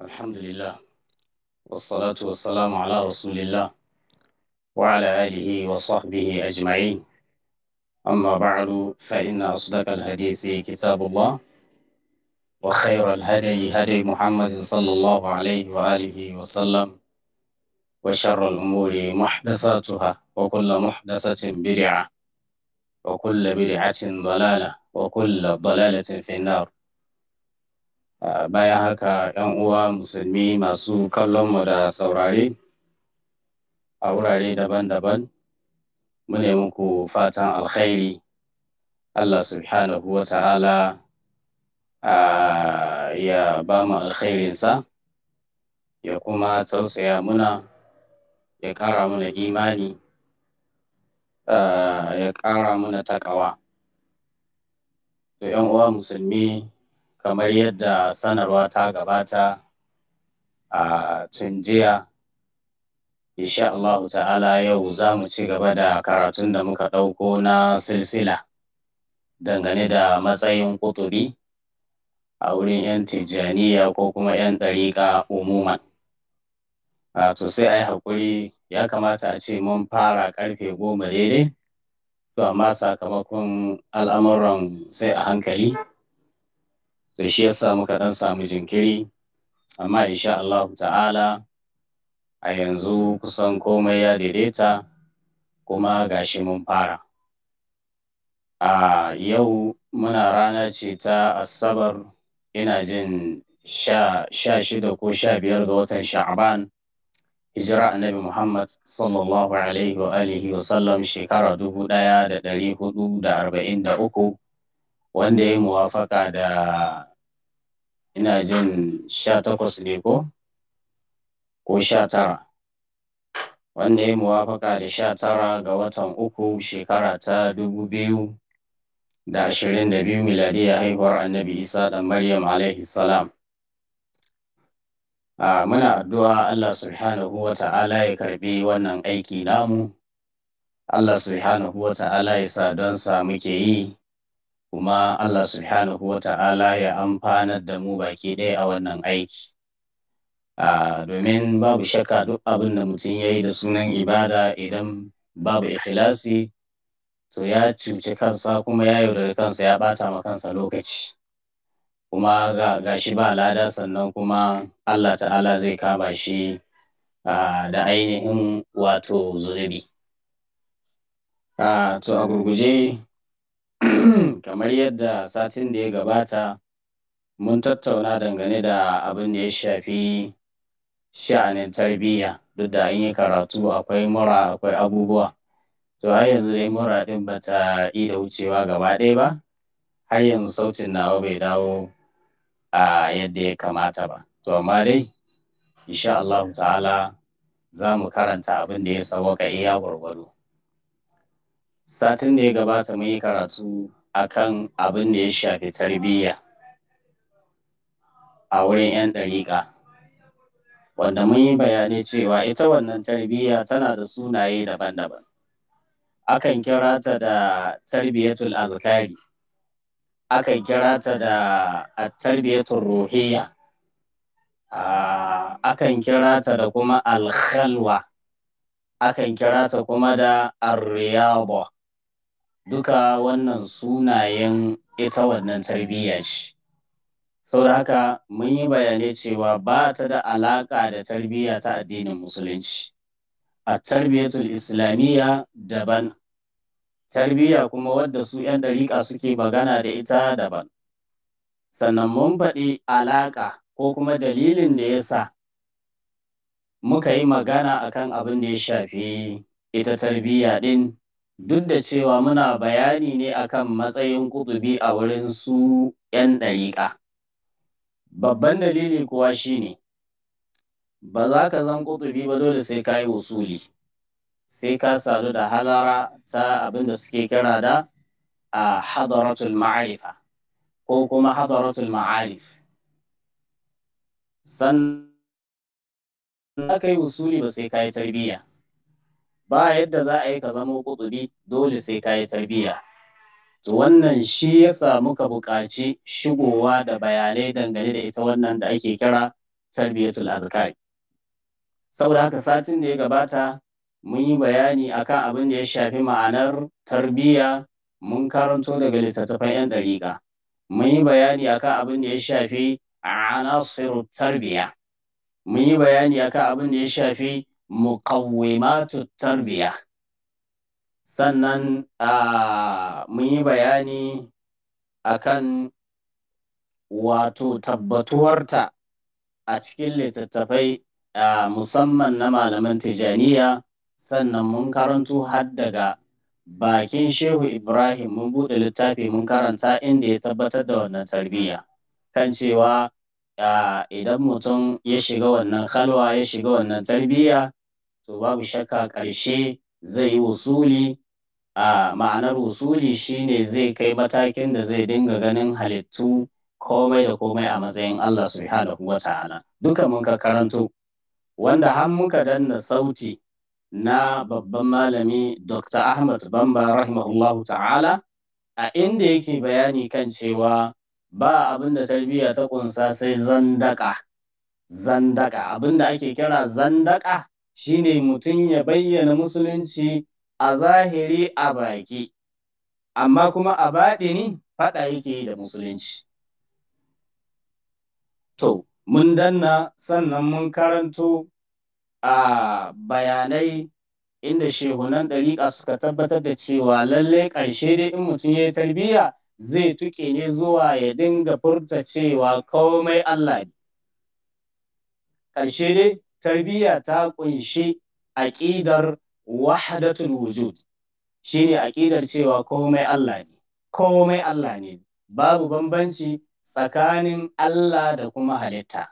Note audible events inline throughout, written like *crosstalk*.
الحمد لله والصلاة والسلام على رسول الله وعلى آله وصحبه أجمعين أما بعد فإن أصدق الحديث كتاب الله وخير الهدي هدي محمد صلى الله عليه وآله وسلم وشر الأمور محدثاتها وكل محدثة بدعة وكل بدعة ضلالة وكل ضلالة في النار bayan haka yan uwa musulmi masu kallonmu da saurare a wurare daban-daban mune muku fatan alkhairi Allah subhanahu wa ta'ala ya ba mu alkhairinsa ya kuma tausaya muna ya ƙara muna imani ya ƙara muna takawa to uwa musulmi kamar yadda sanarwa ta gabata a tun jiya insha Allah ta'ala yau za mu ci gaba da karatun da muka ɗauko na silsila dangane da matsayin kutubi a wurin 'yan tijjaniya ko kuma 'yan ɗariƙa umuman to sai a yi haƙuri ya kamata a ce mun fara ƙarfe goma daidai to amma sakamakon al'amuran sai a hankali Da shi ya muka kaɗan samu jinkiri amma insha Allah ta'ala a yanzu kusan komai ya daidaita kuma ga shi mun fara a yau muna rana ce ta asabar ina jin sha shida ko sha biyar ga watan sha'aban hijira annabi muhammad sallallahu alaihi wa alihi wa sallam shekara dubu ɗaya da ɗari hudu da arba'in da uku wanda ya yi muwafaka da ina jin sha takwas ne ko ko sha tara wanda ya yi muwafaka da sha tara ga watan uku shekara ta dubu biyu da ashirin da biyu miladiyya haihuwar annabi isa da maryam alaihi salam a muna addu'a allah subhanahu wa ta'ala ya karbi wannan aiki namu allah subhanahu wa ta'ala ya sa don sa muke yi kuma Allah subhanahu wa ta'ala ya amfanar da mu baki ɗaya a wannan aiki. Domin babu shaka duk abin da mutum ya yi da sunan ibada idan babu ikhilasi to ya cuci kansa kuma ya yaudari kansa ya ɓata ma kansa lokaci. Kuma ga shi ba lada sannan kuma Allah ta'ala zai kama shi da ainihin wato zunubi. To a gurguje *clears throat* kamar yadda satin da ya gabata mun tattauna dangane da abin da ya shafi sha'anin tarbiyya duk da an yi karatu akwai mura akwai abubuwa to har yanzu dai mura ɗin ba ta iya wucewa gaba ɗaya ba har yanzu sautin nawa bai dawo a yadda ya kamata ba to amma dai insha Allah ta'ala za mu karanta abin da ya sauwaka iya gwargwado satin da ya gabata mun yi karatu kan abin da ya shafi tarbiyya a wurin 'yan ɗariƙa wanda mun yi bayanai cewa ita wannan tarbiyya tana da sunaye daban-daban akan kira ta da tarbiyyatul azkari akan kira ta da tarbiyyatul ruhiyya ah, akan kira ta da kuma alkhalwa akan kira ta kuma da arriyabo duka wannan sunayen ita wannan tarbiyya ce saboda haka mun yi bayanai cewa ba ta da alaƙa da tarbiyya ta addinin musulunci a tarbiyyatul islamiyya daban tarbiyya kuma wadda su 'yan dariƙa suke magana da ita daban sannan mun faɗi alaƙa ko kuma dalilin da ya sa muka yi magana akan abin da ya shafi ita tarbiyya ɗin duk da cewa muna bayani ne akan matsayin kutubi a wurin su 'yan ɗariƙa. Babban dalili kuwa shi ne, ba za ka zan kutubi ba dole sai ka yi usuli, sai ka sadu da halara ta abin da suke kira da a hadaratul ma'arifa ko kuma hadaratul ma'arif. Sannan ka yi usuli ba sai ka yi tarbiyya. ba yadda za a yi ka zama kutubi dole sai ka yi tarbiyya to wannan shi ya yasa muka buƙaci shigowa da bayanai dangane da ita wannan da ake kira tarbiyatul azkari saboda haka satin da ya gabata mun yi bayani akan abin da ya shafi ma'anar tarbiyya mun karanto daga littattafan 'yan ɗariƙa mun yi bayani akan abin da ya shafi anasirut tarbiyya mun yi bayani akan abin da ya shafi muqawwimatu tarbiya sannan mun yi bayani akan wato tabbatuwarta a cikin littattafai musamman na malaman tijaniya sannan mun karanto har daga bakin shehu ibrahim mun buɗe littafi mun karanta inda ya tabbatar da wannan tarbiyya kan cewa idan mutum ya shiga wannan halwa ya shiga wannan tarbiyya to babu shakka ƙarshe zai yi wusuli a ma'anar wusuli shine zai kai matakin da zai dinga ganin halittu komai da komai a matsayin Allah subhanahu wa ta'ala duka mun ka karanto wanda har muka danna sauti na babban malami Dr. Ahmad Bamba rahimahullahu ta'ala a inda yake bayani kan cewa ba abin da tarbiyya ta kunsa sai zandaka zandaka abin da ake kira zandaka shine mutum ya bayyana musulunci a zahiri a baki amma kuma a ni faɗa yake yi da musulunci to mun danna sannan mun karanto a bayanai inda shehunan ɗariƙa suka tabbatar da cewa lallai ƙarshe dai in mutum ya yi tarbiyya zai tuƙe ne zuwa ya dinga furta cewa komai Allah ne. Ƙarshe dai tarbiyya ta kunshi aƙidar wahdatul wujud shine aƙidar cewa komai Allah ne komai Allah ne babu bambanci tsakanin Allah da kuma halitta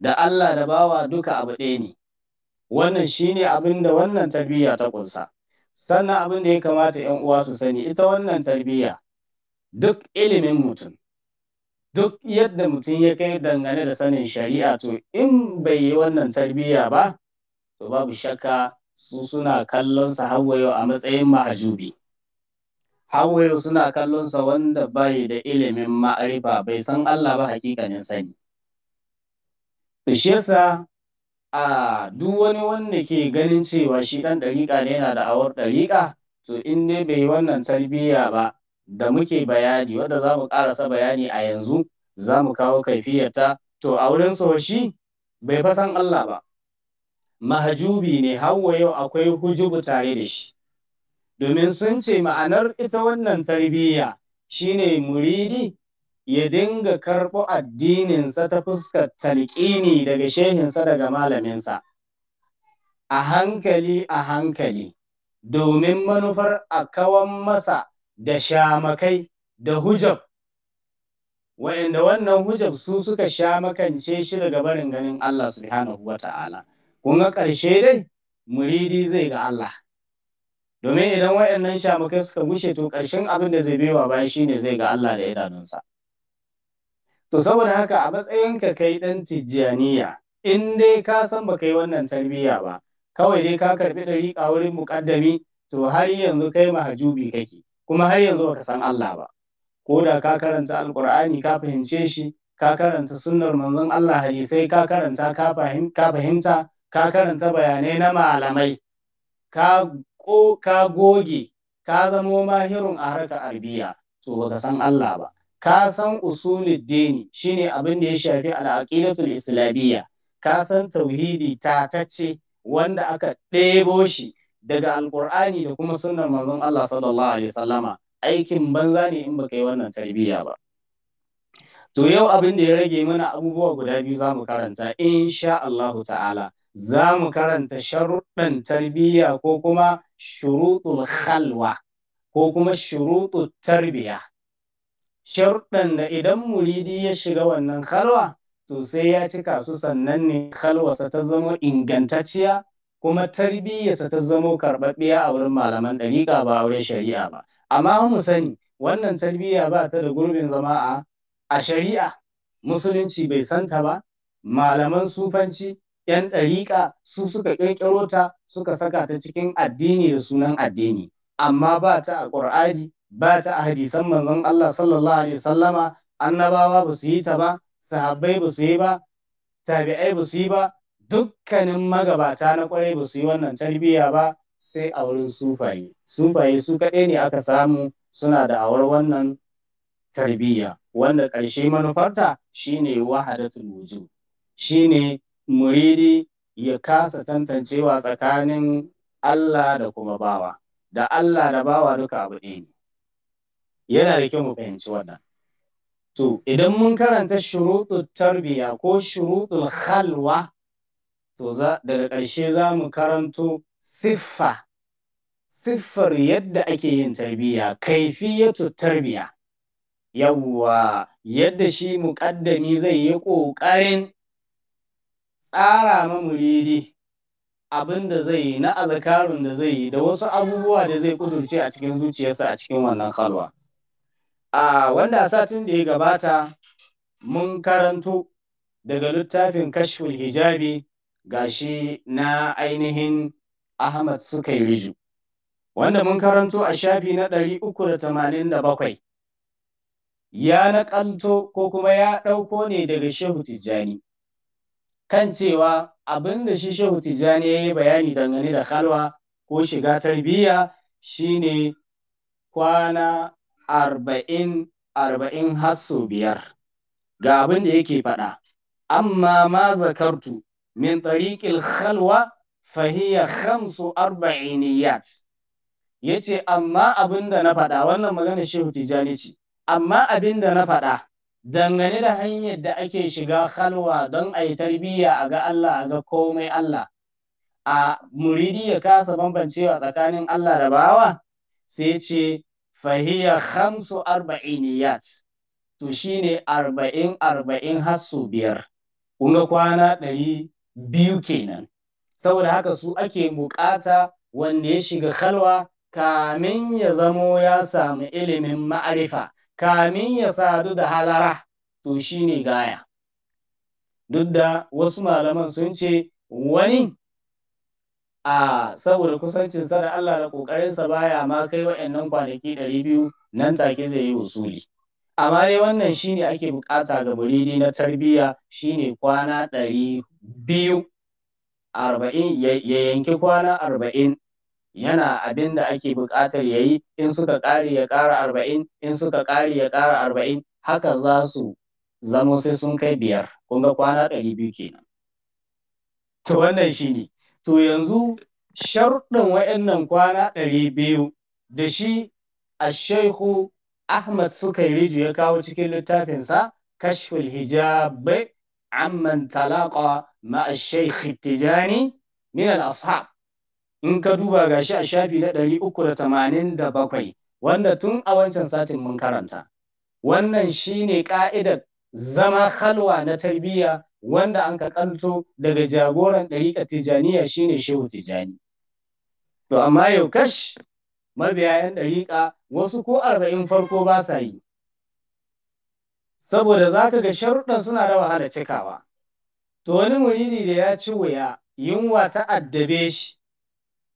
da Allah da bawa duka abu ɗaya ne wannan shine abin da wannan tarbiyya ta kunsa sannan abin da ya kamata 'yan uwa su sani ita wannan tarbiyya duk ilimin mutum duk yadda mutum ya kai dangane da sanin shari'a to in bai yi wannan tarbiyya ba to babu shakka su suna kallon sa hawayo a matsayin mahajubi hawayo suna kallon sa wanda bai da ilimin ma'arifa bai san Allah ba hakikanin sani to yasa a duk wani wanda ke ganin cewa shi dan dariƙa ne yana da awar dariƙa to in dai bai yi wannan tarbiyya ba da muke bayani wanda za mu ƙarasa bayani a yanzu za mu kawo kaifiyarta to a wurin soshi bai fasan Allah ba Mahjubi ne hawa yau akwai hujubu tare da shi domin sun ce ma'anar ita wannan tarbiyya shine muridi ya dinga karɓo addininsa ta fuskar talƙini daga shehinsa daga malaminsa a hankali a hankali domin manufar a kawan masa da shamakai da hujab wa'inda wannan hujab su suka sha makance shi daga barin ganin Allah subhanahu wa ta'ala kun ga ƙarshe dai muridi zai ga Allah domin idan wa'annan shamakai suka gushe to ƙarshen abin da zai baiwa bayan ne zai ga Allah da idanunsa to saboda haka a matsayinka kai dan tijjaniya in dai ka san baka yi wannan tarbiyya ba kawai dai ka karbi dariƙa wurin muƙaddami to har yanzu kai mahajubi kake kuma har yanzu baka san Allah ba ko da ka karanta alkur'ani ka fahimce shi ka karanta sunnar manzon Allah hadisai ka karanta ka fahimta ka karanta bayanai na malamai ka ko ka goge ka zamo mahirun a harka arbiya to baka san Allah ba ka san usulul dini shine abin da ya shafi al'aqidatul islamiyya ka san tauhidi ta tace wanda aka ɗebo shi daga alkur'ani da kuma sunnar manzon Allah sallallahu alaihi wasallama aikin banza ne in baka yi wannan tarbiyya ba to yau abin da ya rage mana abubuwa guda biyu za mu karanta insha Allah ta'ala za mu karanta sharuɗan tarbiyya ko kuma shurutul khalwa ko kuma shurutul tarbiyya sharuɗan da idan muridi ya shiga wannan khalwa to sai ya cika su sannan ne khalwasa ta zama ingantacciya kuma tarbiyyarsa ta zamo karɓaɓɓiya a wurin malaman ɗariƙa ba a wurin shari'a ba amma mu sani wannan tarbiyya ba ta da gurbin zama a A shari'a musulunci bai santa ba malaman sufanci yan ɗariƙa su suka ƙirƙiro ta suka saka ta cikin addini da sunan addini amma ba ta a ƙur'ani ba ta a hadisan manzon Allah sallallahu alaihi wasallama annabawa ba su yi ta ba sahabbai ba su yi ba tabi'ai ba su yi ba dukkanin magabata na kwarai ba su yi wannan tarbiyya ba sai a wurin sufaye sufaye su kaɗai ne aka samu suna da awar wannan tarbiyya wanda ƙarshe manufarta shi shine wahadatul shi ne muridi ya kasa tantancewa tsakanin Allah da kuma bawa da Allah da bawa duka abu ɗaya ne yana da kyau mu fahimci wannan to idan mun karanta shuruɗul tarbiyya ko shuruɗul halwa to daga ƙarshe za mu karanto siffa siffar yadda ake yin tarbiyya kaifiyatu tarbiyya yawwa yadda shi muƙaddami zai yi ƙoƙarin tsara ma muridi abin da zai yi na azkarun da zai yi da wasu abubuwa da zai kudurce a cikin zuciyarsa a cikin wannan halwa a wanda satin da ya gabata mun karanto daga littafin kashful hijabi gashi na ainihin Ahmad suka yi riju, wanda mun karanto a shafi na ɗari uku da tamanin da bakwai. Ya naƙalto ko kuma ya ɗauko ne daga Shehu Tijjani, kan cewa abin da shi Shehu Tijjani ya yi bayani dangane da halwa ko shiga tarbiyya shi ne kwana arba'in arba'in har biyar. Ga abin da yake faɗa, amma ma zakartu min tariqil khalwa fahiya khamsu arba'iniyat yace amma abinda na faɗa wannan magana Shehu Tijani ce amma abinda na faɗa dangane da hanyar da ake shiga khalwa don a yi tarbiyya a ga Allah a ga komai Allah a muridi ya kasa bambancewa tsakanin Allah da bawa sai ce fahiya khamsu arba'iniyat to shine arba'in arba'in har biyar kun kwana ɗari biyu kenan saboda haka su ake buƙata wanda ya shiga khalwa kamin ya zamo ya samu ilimin ma'arifa kamin ya sadu da halara to shine gaya duk da wasu malaman sun ce wani a saboda kusancin sa da Allah da ƙoƙarinsa baya ma kai wa'annan kwanaki 200 nan take zai yi wusuli amma dai wannan shine ake bukata ga buridi na tarbiyya shine kwana ɗari biyu arba'in ya yanki kwana arba'in yana abin da ake buƙatar ya yi in suka ƙari ya ƙara arba'in in suka ƙari ya ƙara arba'in haka za su zamo sai sun kai biyar kun ga kwana ɗari biyu kenan to wannan shi ne to yanzu sharuɗin wa'annan kwana ɗari biyu da shi a shaihu Ahmad Sukairiju ya kawo cikin littafinsa Kashful Hijab amman talaqa ma'a Sheikh Tijani min al-ashab in ka duba gashi a shafi na bakwai, wanda tun a wancan satin mun karanta wannan shine ka'idar zama halwa na tarbiyya wanda an kakanto daga jagoran ɗariƙar tijaniya shine shehu tijani to amma yau kash mabiyayan ɗariƙa wasu ko arba'in farko ba sa yi saboda za ka ga sharuɗan suna da wahala cikawa to wani muridi da ya ci wuya yunwa ta addabe shi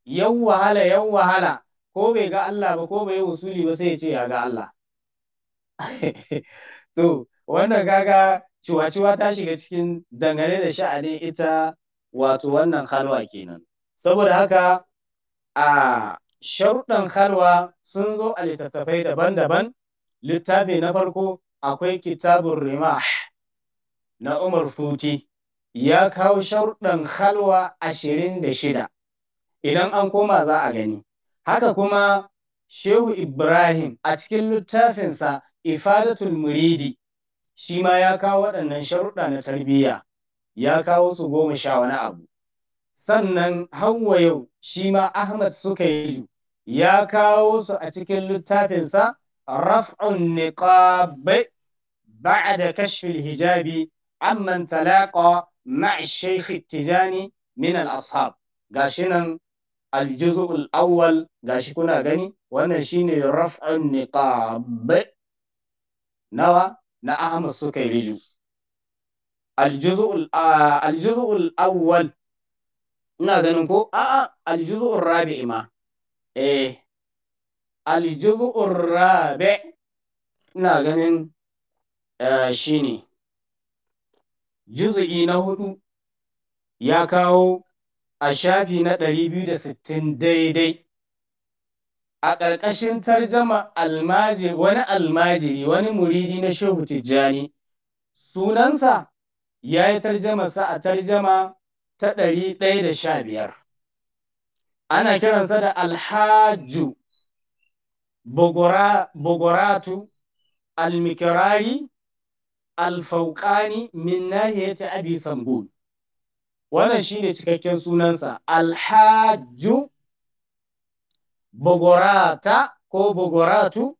yau wahala yau wahala ko bai ga Allah ba ko bai usuli ba sai ya ce ya ga Allah *laughs* to wannan kaga ciwa-ciwa ta shiga cikin dangane da sha'ani ita wato wannan halwa kenan saboda haka a sharuɗan halwa sun zo a littattafai daban-daban littafi na farko akwai kitabun rima na umar futi ya kawo sharuɗan halwa ashirin da shida idan an koma za a gani haka kuma shehu ibrahim a cikin littafinsa ifadatul muridi shi ma ya kawo waɗannan sharuɗa na tarbiyya ya kawo su goma sha wani abu sannan hawa yau shi ma ahmad suka yi ya kawo su a cikin littafinsa raf'un niqabai ba'da kashfil hijabi amma talaƙa ma' ash-shaykh tijani min ashab gashinan al-juz' al-awwal gashi kuna gani wannan shine raf'un niqab nawa na ahmad suka riju al-juz' ah, al ina ganin ko a'a al-juz' ma eh aljuz'ur urrabe ina ganin e, shine juz'i na hudu ya kawo a shafi na 260 daidai a ƙarƙashin tarjama almajiri wani almajiri wani muridi na shehu tijjani sunansa ya yi tarjama sa a tarjama ta ɗari ɗaya da sha biyar ana kiransa da alhaju bogoratu almikirari alfaukani min nahiyati abi sambul wannan shi ne cikakken sunansa alhaju bogorata ko bogoratu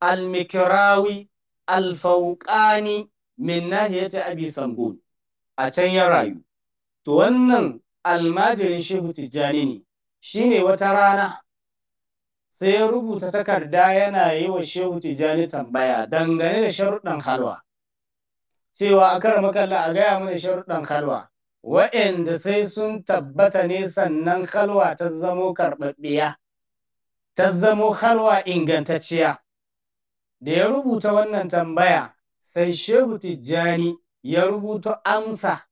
almikirawi alfaukani min nahiyati abi sambul a can ya rayu to wannan almajirin shehu tijjani ne Shi ne wata rana sai ya rubuta takarda yana yi wa shehu tijjani tambaya dangane da sharuɗan halwa cewa a kar makalla a gaya mana sharuɗan halwa wayanda sai sun tabbata ne sannan halwa ta zamo karɓaɓɓiya ta zamo halwa ingantacciya da ya rubuta wannan tambaya sai shehu tijjani ya rubuta amsa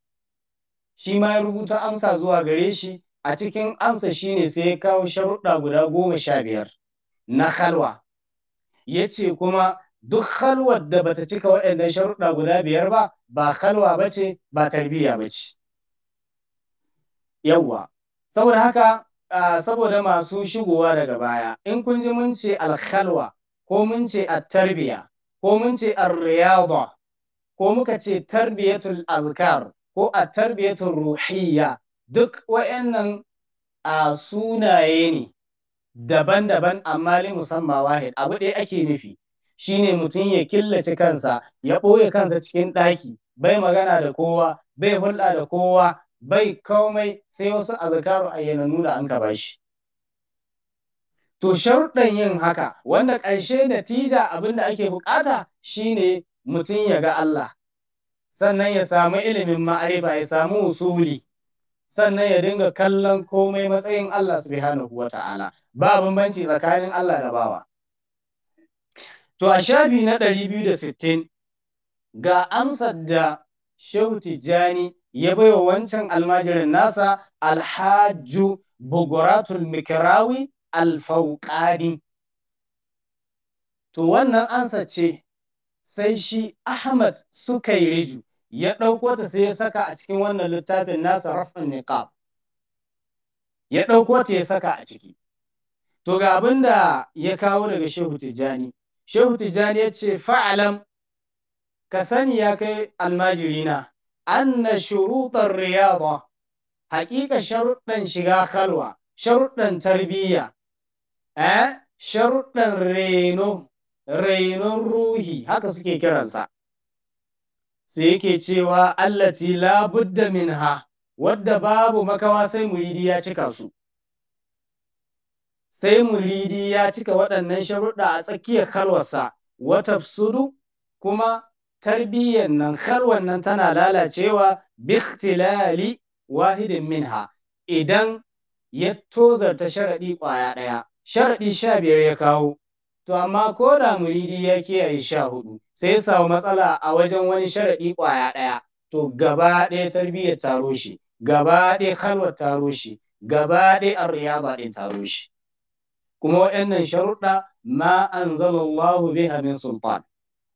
shi ma ya rubuta amsa zuwa gare shi a cikin amsa shine sai ya kawo sharuɗa guda goma sha biyar na halwa ya ce kuma duk halwar da bata cika waɗannan sharuɗa guda biyar ba ba halwa ba ce ba tarbiyya ba ce yawwa saboda haka saboda masu shigowa daga baya in kun ji mun ce alhalwa ko mun ce tarbiyya, ko mun ce arriyada ko muka ce tarbiyatul alkar ko a tarbiyatul ruhiyya duk waɗannan a sunaye ne daban-daban amma li musamman wahid abu ɗaya ake nufi shine mutum ya killace kansa ya ɓoye kansa cikin ɗaki bai magana da kowa bai hulɗa da kowa bai komai sai wasu azkaru ayyananu da an ka bashi to sharuɗan yin haka wanda ƙarshe natija abin da ake buƙata shine mutum ya ga Allah sannan ya samu ilimin ma'arifa ya samu usuli sannan ya dinga kallon komai matsayin Allah subhanahu wa ta'ala ba bambanci tsakanin Allah da bawa to a shafi na ɗari biyu da sittin, ga amsar da Shehu Tijjani ya baiwa wancan almajirin nasa alhaju buguratul mikirawi alfauƙani to wannan ansa ce sai shi Ahmad suka yi riju ya ɗauko ta sai ya saka a cikin wannan littafin nasa rafin niqab ya ɗauko ta ya saka a ciki to ga abin da ya kawo daga shehu tijjani shehu tijjani ya ce fa'alam ka sani ya kai almajirina anna shurutar riyada haƙiƙa sharuɗan shiga kalwa sharuɗan tarbiyya eh sharuɗan reno renon ruhi haka suke kiransa sai yake cewa allati la budda minha wadda babu makawa sai muridi ya cika su sai muridi ya cika waɗannan sharuɗa a tsakiyar kalwarsa wa tafsudu kuma tarbiyyar nan khalwan nan tana lalacewa bi ikhtilali wahidin minha idan ya tozarta sharaɗi ƙwaya ɗaya sharaɗi sha biyar ya kawo to amma ko da muridi ya kiyaye sha hudu sai ya samu matsala a wajen wani sharaɗi ƙwaya ɗaya to gaba ɗaya tarbiyyar taro shi gaba ɗaya halwar taro shi gaba ɗaya arriyaba ɗin taro shi kuma waɗannan sharuɗa ma anzalallahu biha min sultan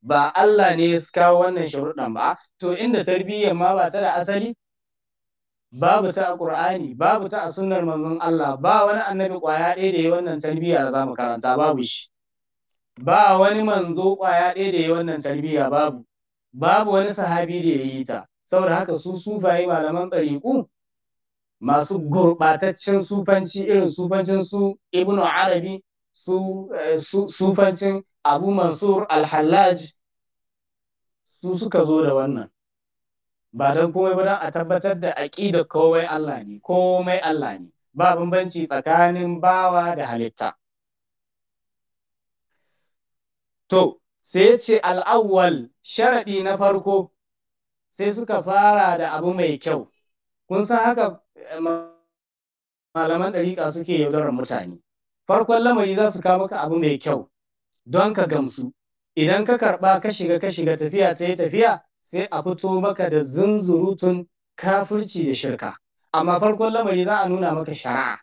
ba Allah ne ya kawo wannan sharuɗan ba to inda tarbiyyar ma ba ta da asali babu ta a Qur'ani babu ta a sunnar manzon Allah ba wani annabi ƙwaya ɗaya da ya wannan tarbiyya za zamu karanta babu shi ba wani manzo ƙwaya ɗaya da ya wannan tarbiyya babu babu wani sahabi da ya yi ta saboda haka su sufaye malaman ɗariƙu masu gurɓataccen sufanci irin sufancin su ibnu arabi su eh, sufancin abu mansur alhallaj su suka zo da wannan ba don komai ba don a tabbatar da aƙida komai Allah ne komai Allah ne ba bambanci tsakanin bawa da halitta To, sai ce al'awwal sharaɗi na farko sai suka fara da abu mai kyau. Kun san haka eh, malaman ɗariƙa suke yaudarar mutane. Farkon lamari za su kawo maka abu mai kyau don ka gamsu. Idan ka karɓa ka shiga ka shiga tafiya ta yi tafiya sai a fito maka da zunzurutun kafirci da shirka. Amma farkon lamari za a nuna maka shari'a.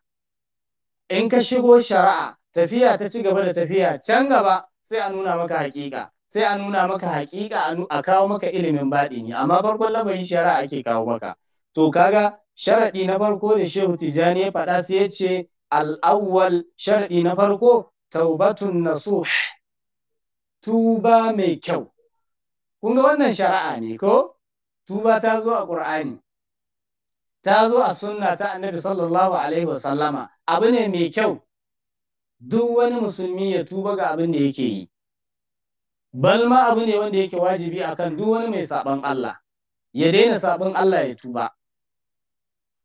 In ka shigo shari'a tafiya ta ci gaba da tafiya can gaba sai a nuna maka haƙiƙa sai a nuna maka haƙiƙa a kawo maka ilimin baɗi ne, amma farkon lamarin shari'a ake kawo maka to kaga sharaɗi na farko da shehu tijjani ya faɗa sai ya ce al'awwal sharaɗi na farko taubatun nasuh tuba mai kyau kun ga wannan shari'a ne ko tuba ta zo a ƙur'ani ta zo a sunna ta annabi sallallahu alaihi wasallama abu ne mai kyau duk wani musulmi ya tuba ga abin da yake yi Balma abu ne wanda yake wajibi akan duk wani mai saban Allah ya daina saban Allah ya tuba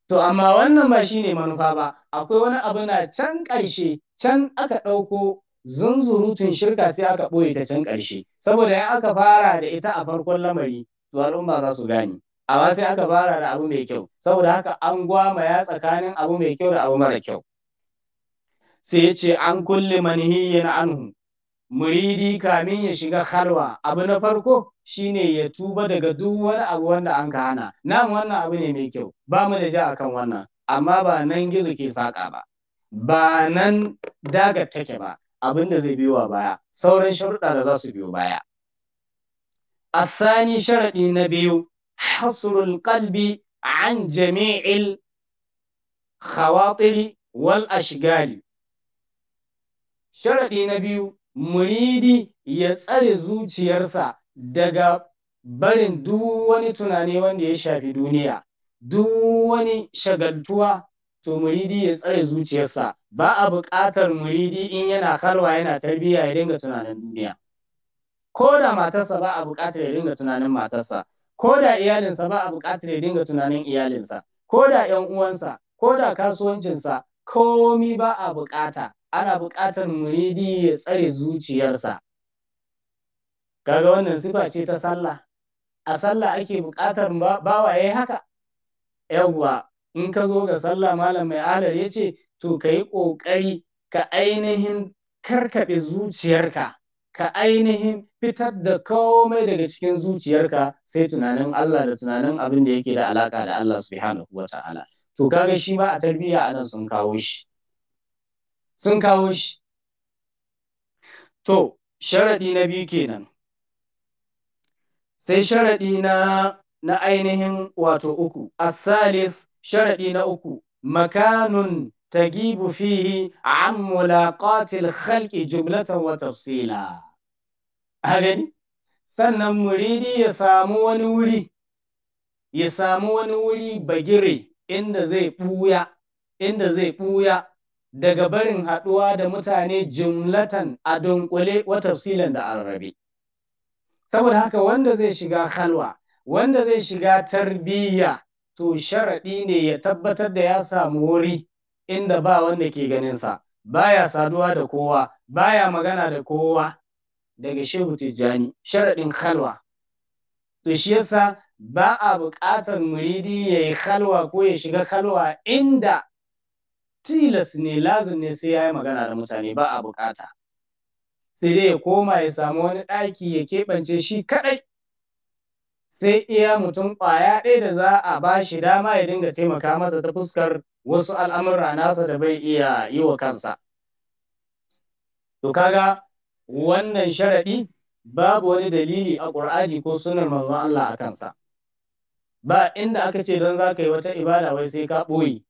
to amma wannan ba shi ne manufa ba akwai wani abu na can ƙarshe can aka ɗauko zunzurutun shirka sai aka ɓoye ta can ƙarshe saboda ya aka fara da ita a farkon lamari to al'umma za su gane amma sai aka fara da abu mai kyau saboda haka an gwama ya tsakanin abu mai kyau da abu mara kyau sai ya ce an kulle manhiyin anhu muridi kamin ya shiga halwa abu na farko shine ya tuba daga duk wani abu wanda an ka hana nan wannan abu ne mai kyau ba mu da ja akan wannan amma ba nan gizo ke saƙa ba ba nan dagar take ba abin da zai biyo baya sauran sharuɗa da za su biyo baya na biyu نبيو حصر an jami'il khawatiri wal والأشغال Sharaɗi na biyu, muridi ya tsare zuciyarsa daga barin duk wani tunani wanda ya shafi duniya, duk wani shagaltuwa to muridi ya tsare zuciyarsa ba a buƙatar muridi in yana harwa yana tarbiyya ya dinga tunanin duniya. Ko da matarsa ba a buƙatar ya dinga tunanin matarsa, ko da iyalinsa ba a buƙatar ya dinga tunanin iyalinsa, ko da ‘yan uwansa, ko da kasuwancinsa, komi ba a buƙata. ana buƙatar muridi ya tsare zuciyarsa kaga wannan sifa ce ta sallah a sallah ake buƙatar bawa yi haka yawwa in ka zo ga sallah malam mai alar ya ce to ka yi ƙoƙari ka ainihin karkaɓe zuciyarka ka ainihin fitar da komai daga cikin zuciyarka sai tunanin Allah da tunanin abin da yake da alaƙa da Allah subhanahu wa ta'ala to kaga shi ma a tarbiyya anan sun kawo shi sun kawo shi to sharaɗi na biyu kenan sai sharaɗi na na ainihin wato uku asalis sharaɗi na uku makanun tagibu fihi an mulaqatil khalqi jumlatan wa tafsila a gani sannan muridi ya samu wani wuri ya samu wani wuri bagire inda zai ɓuya inda zai ɓuya daga barin haɗuwa da mutane jumlatan a dunkule wa tafsilan da arrabe saboda haka wanda zai shiga halwa wanda zai shiga tarbiyya to sharaɗi ne ya tabbatar da ya samu wuri inda ba wanda ke ganinsa baya saduwa da kowa baya magana da kowa daga shehu tijjani sharaɗin halwa to shi yasa ba a buƙatar muridi ya yi halwa ko ya shiga halwa inda tilas ne lazim ne sai ya yi magana da mutane ba a bukata sai dai ya koma ya samu wani ɗaki ya keɓance shi kaɗai sai iya mutum ƙwaya ɗaya da za a ba shi dama ya dinga taimaka masa ta fuskar wasu al'amura nasa da bai iya yi wa kansa to kaga wannan sharaɗi babu wani dalili a ƙur'ani ko sunan manzon Allah a kansa ba inda aka ce don za ka yi wata ibada wai sai ka ɓoye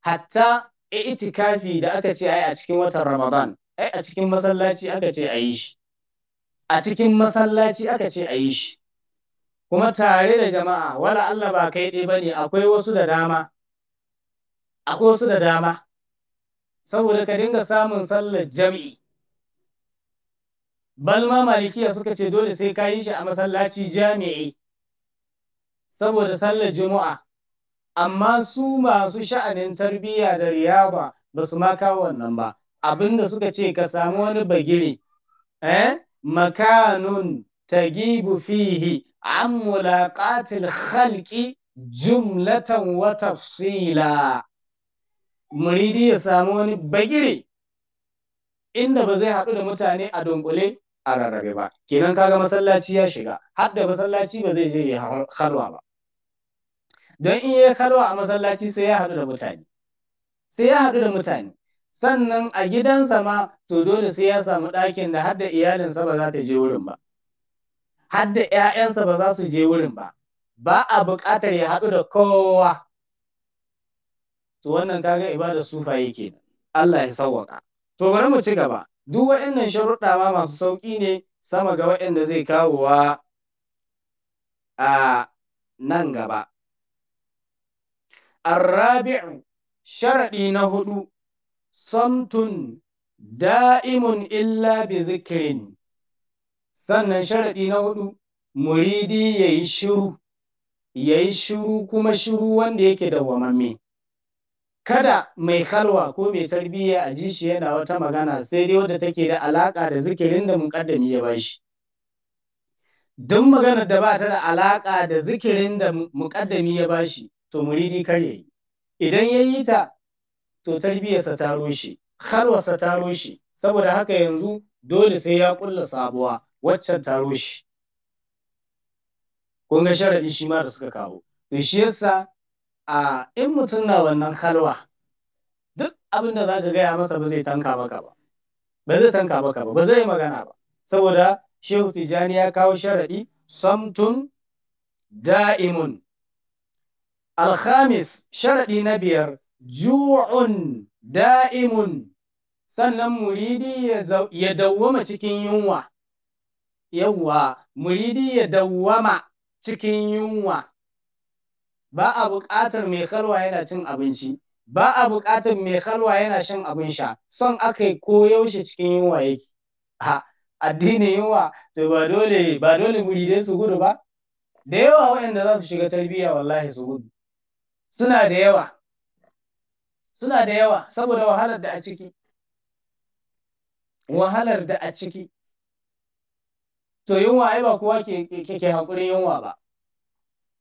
hatta Eh, itikafi da aka ce a cikin watan Ramadan ai a cikin masallaci aka ce a yi shi a cikin masallaci aka ce a yi shi kuma tare da jama'a wala Allah ba kai ba ne, akwai wasu da dama akwai wasu da dama saboda ka dinga samun sallar jam'i balma malikiya suka ce dole sai ka yi shi a masallaci jami'i saboda sallar juma'a amma su masu sha'anin tarbiyya da riyaba ba su ma kawo wannan ba abinda suka ce ka samu wani bagire eh makanun tagibu fihi an mulaqatil khalqi jumlatan wa tafsila muridi ya samu wani bagire inda ba zai haɗu da mutane a dunkule a rarrabe ba kenan kaga masallaci ya shiga Hadda masallaci ba zai je ya halwa ba don in ya karo a masallaci sai ya haɗu da mutane sai ya haɗu da mutane sannan a gidansa ma to dole sai ya samu ɗakin da hadda iyalinsa ba za ta je wurin ba hadda 'ya'yansa ba za su je wurin ba ba a buƙatar ya haɗu da kowa to wannan kaga ibada sufa yake Allah ya sauwaka to bari mu ci gaba duk waɗannan sharuɗa ma masu sauƙi ne sama ga waɗanda zai kawo wa a nan gaba Arrabi'u sharaɗi na hudu samtun da'imun illa zikirin sannan sharaɗi na hudu muridi ya yi shiru ya shiru kuma shiru wanda yake dawwamamme kada mai halwa ko mai tarbiyya a ji shi yana wata magana sai dai wadda take da alaƙa da zikirin da muƙaddami ya bashi duk maganar da bata da alaƙa da zikirin da muƙaddami ya bashi to muridi kar ya yi. idan ya yi ta to tarbiyarsa ta roshe halwarsa ta roshe saboda haka yanzu dole sai ya kulla sabuwa waccan ta roshe kun ga sharaɗi shi ma da suka kawo to shi yasa a in mutum na wannan halwa duk abinda da za ka gaya masa ba zai tanka maka ba ba zai tanka maka ba ba zai yi magana ba saboda shehu tijjani ya kawo sharaɗi samtun da'imun Alkhamis sharaɗi na biyar ju'un da'imun sannan muridi ya dawwama cikin yunwa. Yawwa, muridi ya dawwama cikin yunwa. Ba a buƙatar mai kalwa yana cin abinci, ba a buƙatar mai kalwa yana shan abin sha, son aka yi ko yaushe cikin yunwa yake. Ha, addinin yunwa, to ba dole, ba muridai su gudu ba? Da yawa waɗanda za su shiga tarbiyya wallahi su gudu. suna da yawa suna da yawa saboda wahalar da a ciki wahalar da a ciki to yunwa ai ba kowa ke ke hakurin yunwa ba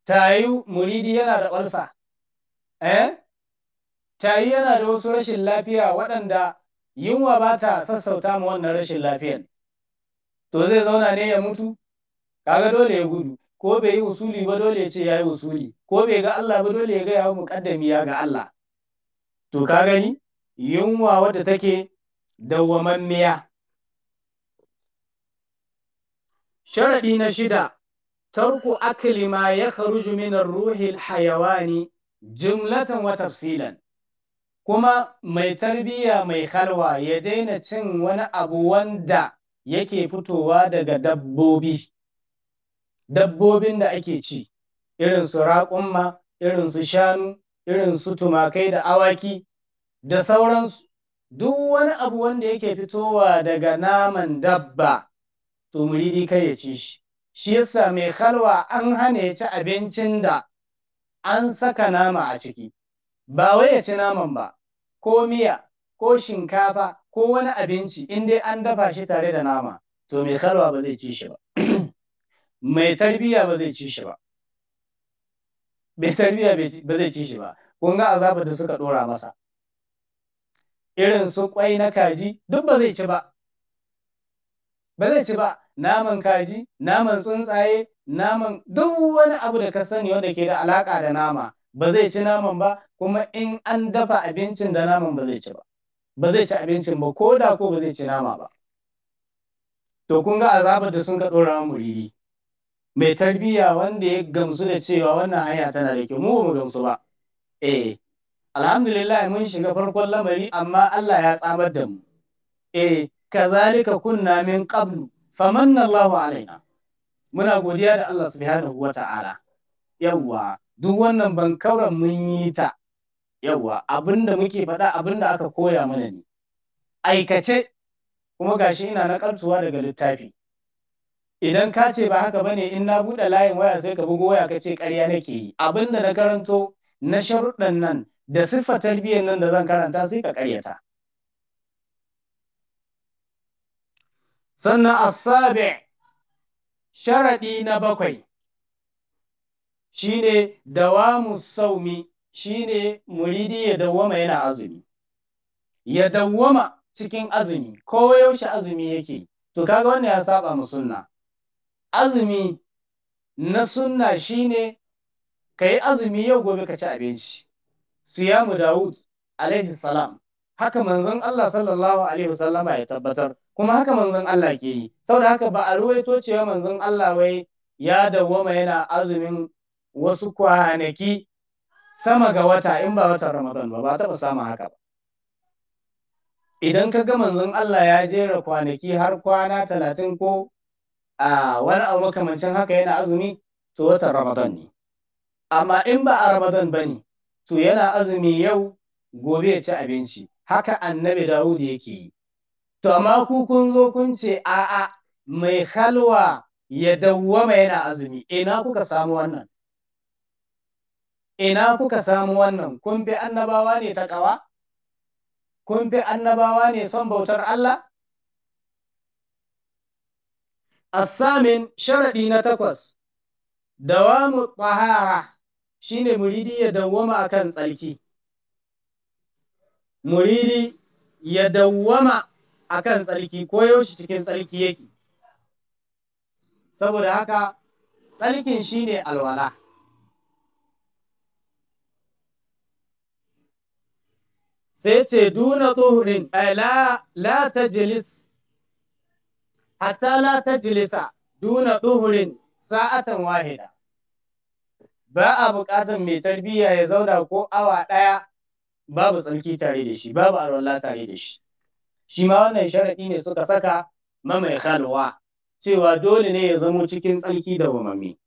tayu muridi yana da ƙwarsa eh tayu yana da wasu rashin lafiya waɗanda yunwa ba ta sassauta ma wannan rashin lafiyan to zai zauna ne ya mutu kaga dole ya gudu ko bai yi usuli ba dole ya ce ya yi usuli ko bai ga Allah ba dole ya ga ya muƙaddami ya ga Allah to ka gani yunwa wadda take dawwamammiya sharaɗi na shida tarku akli ma ya kharuju min al hayawani jumlatan wa tafsilan kuma mai tarbiyya mai halwa ya daina cin wani abu wanda yake fitowa daga dabbobi dabbobin da ake ci irin su raƙumma irin su shanu irin su tumakai da awaki da sauransu duk wani abu wanda yake fitowa daga naman dabba to muridi kai ya ci shi shi yasa mai halwa an hana ya ci abincin da an saka nama a ciki ba wai ya ci naman ba ko miya ko shinkafa ko wani abinci in dai an dafa shi tare da nama to mai halwa ba zai ci shi ba mai tarbiya ba zai ci shi ba mai tarbiya ba zai ci shi ba kun ga azaba da suka ɗora masa irin su kwai na kaji duk ba zai ci ba ba zai ci ba naman kaji naman tsuntsaye naman duk wani abu da ka sani wanda ke da alaƙa da nama ba zai ci naman ba kuma in an dafa abincin da naman ba zai ci ba ba zai ci abincin ba ko da ko ba zai ci nama ba to kun ga azabar da sun ka dora muridi mai tarbiyya wanda ya gamsu da cewa wannan hanya tana da kyau mu mu gamsu ba eh alhamdulillah mun shiga farkon lamari amma Allah ya tsamar da mu eh kazalika kunna min qablu famanna Allahu alaina muna godiya da Allah subhanahu wata'ala yawwa duk wannan bankauran mun yi ta yawwa abinda muke faɗa abinda aka koya mana ne aikace kuma gashi ina na daga littafi idan ka ce ba haka bane in na buɗe layin waya sai ka bugo waya ka ce ƙarya nake yi abin da na karanto na sharuɗan nan da siffar tarbiyyar nan da zan karanta sai ka ƙaryata sannan asabe sharaɗi na bakwai shine dawamu saumi shine muridi ya dawwama yana azumi ya dawwama cikin azumi ko yaushe azumi yake to kaga wannan ya saba mu sunna azumi na sunna shine ka yi azumi yau gobe ka ci abinci siyamu dawud alaihi salam haka manzon Allah sallallahu alaihi wasallama ya tabbatar kuma haka manzon Allah ke yi saboda haka ba a ruwaito cewa manzon Allah wai ya dawoma yana azumin wasu kwanaki sama ga wata in ba watan Ramadan ba ba taba samun haka ba idan ka ga manzon Allah ya jera kwanaki har kwana talatin ko a wani abu makamancin haka yana azumi to watan ramadan ne amma in ba a ramadan ba ne to yana azumi yau gobe ya ci abinci haka annabi dawud yake yi to amma ku kun zo kun ce a'a mai halwa ya dawwama yana azumi ina kuka samu wannan ina kuka samu wannan kun bi annabawa ne ta ƙawa kun bi annabawa ne son bautar Allah الثامن شرعي نتاكوس دوام الطهارة شين مريدي يدوم أكن سلكي مريدي يدوم أكن سلكي كويوش تكن سلكي يكي saboda haka tsarkin shine alwala سيتي دون طهر لا لا تجلس hatta la jilisa, duna duhurin sa'atan wahida ba a buƙatar mai tarbiyya ya zauna ko awa ɗaya babu tsarki tare da shi babu alwala tare da shi shi ma wannan sharaɗi ne suka saka mamai halwa cewa dole ne ya zamo cikin tsarki da wamami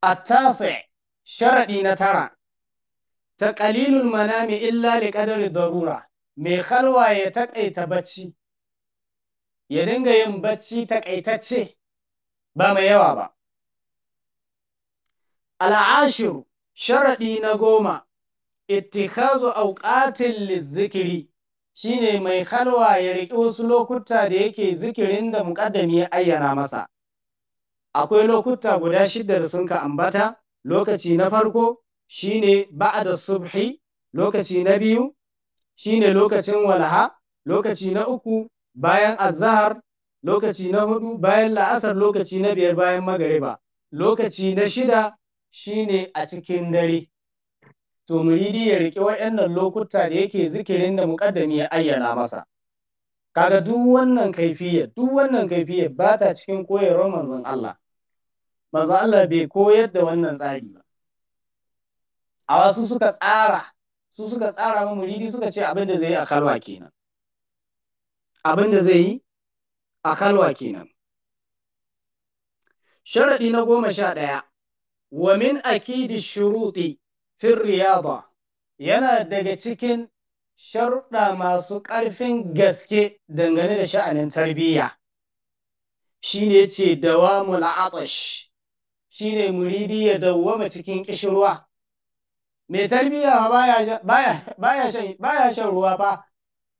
a tasa sharaɗi na tara ta ƙalilul manami illa li ƙadarin darura mai halwa ya taƙaita bacci ya dinga yin bacci takaitacce ba mai yawa ba. Al'ashiru sharaɗi na goma, ittikhazu auƙatin lizzikiri shi ne mai halwa ya riƙi wasu lokuta da yake zikirin da muƙaddami ya ayyana masa. Akwai lokuta guda shidda da sun ka ambata, lokaci na farko shi ne ba'ada subhi, lokaci na biyu shi ne lokacin walaha, lokaci na uku bayan azahar lokaci na hudu bayan la'asar lokaci na biyar bayan magariba lokaci na shida shine a cikin dare to muridi ya riƙe waɗannan lokuta da yake zikirin da muƙaddami ya ayyana masa kaga duk wannan kaifiyar duk wannan kaifiyar ba ta cikin koyarwar manzon Allah manzon Allah bai koyar da wannan tsari ba a wasu suka tsara su suka tsara ma muridi suka ce abin da zai yi a kalwa kenan abin da zai yi a kalwa kenan sharaɗi na goma sha ɗaya wa min akidi shuruɗi fin riyaba yana daga cikin sharuɗa masu ƙarfin gaske dangane da sha'anin tarbiyya Shi ne ce dawamul atash ne muridi ya dawwama cikin ƙishirwa mai tarbiyya ya shan ruwa ba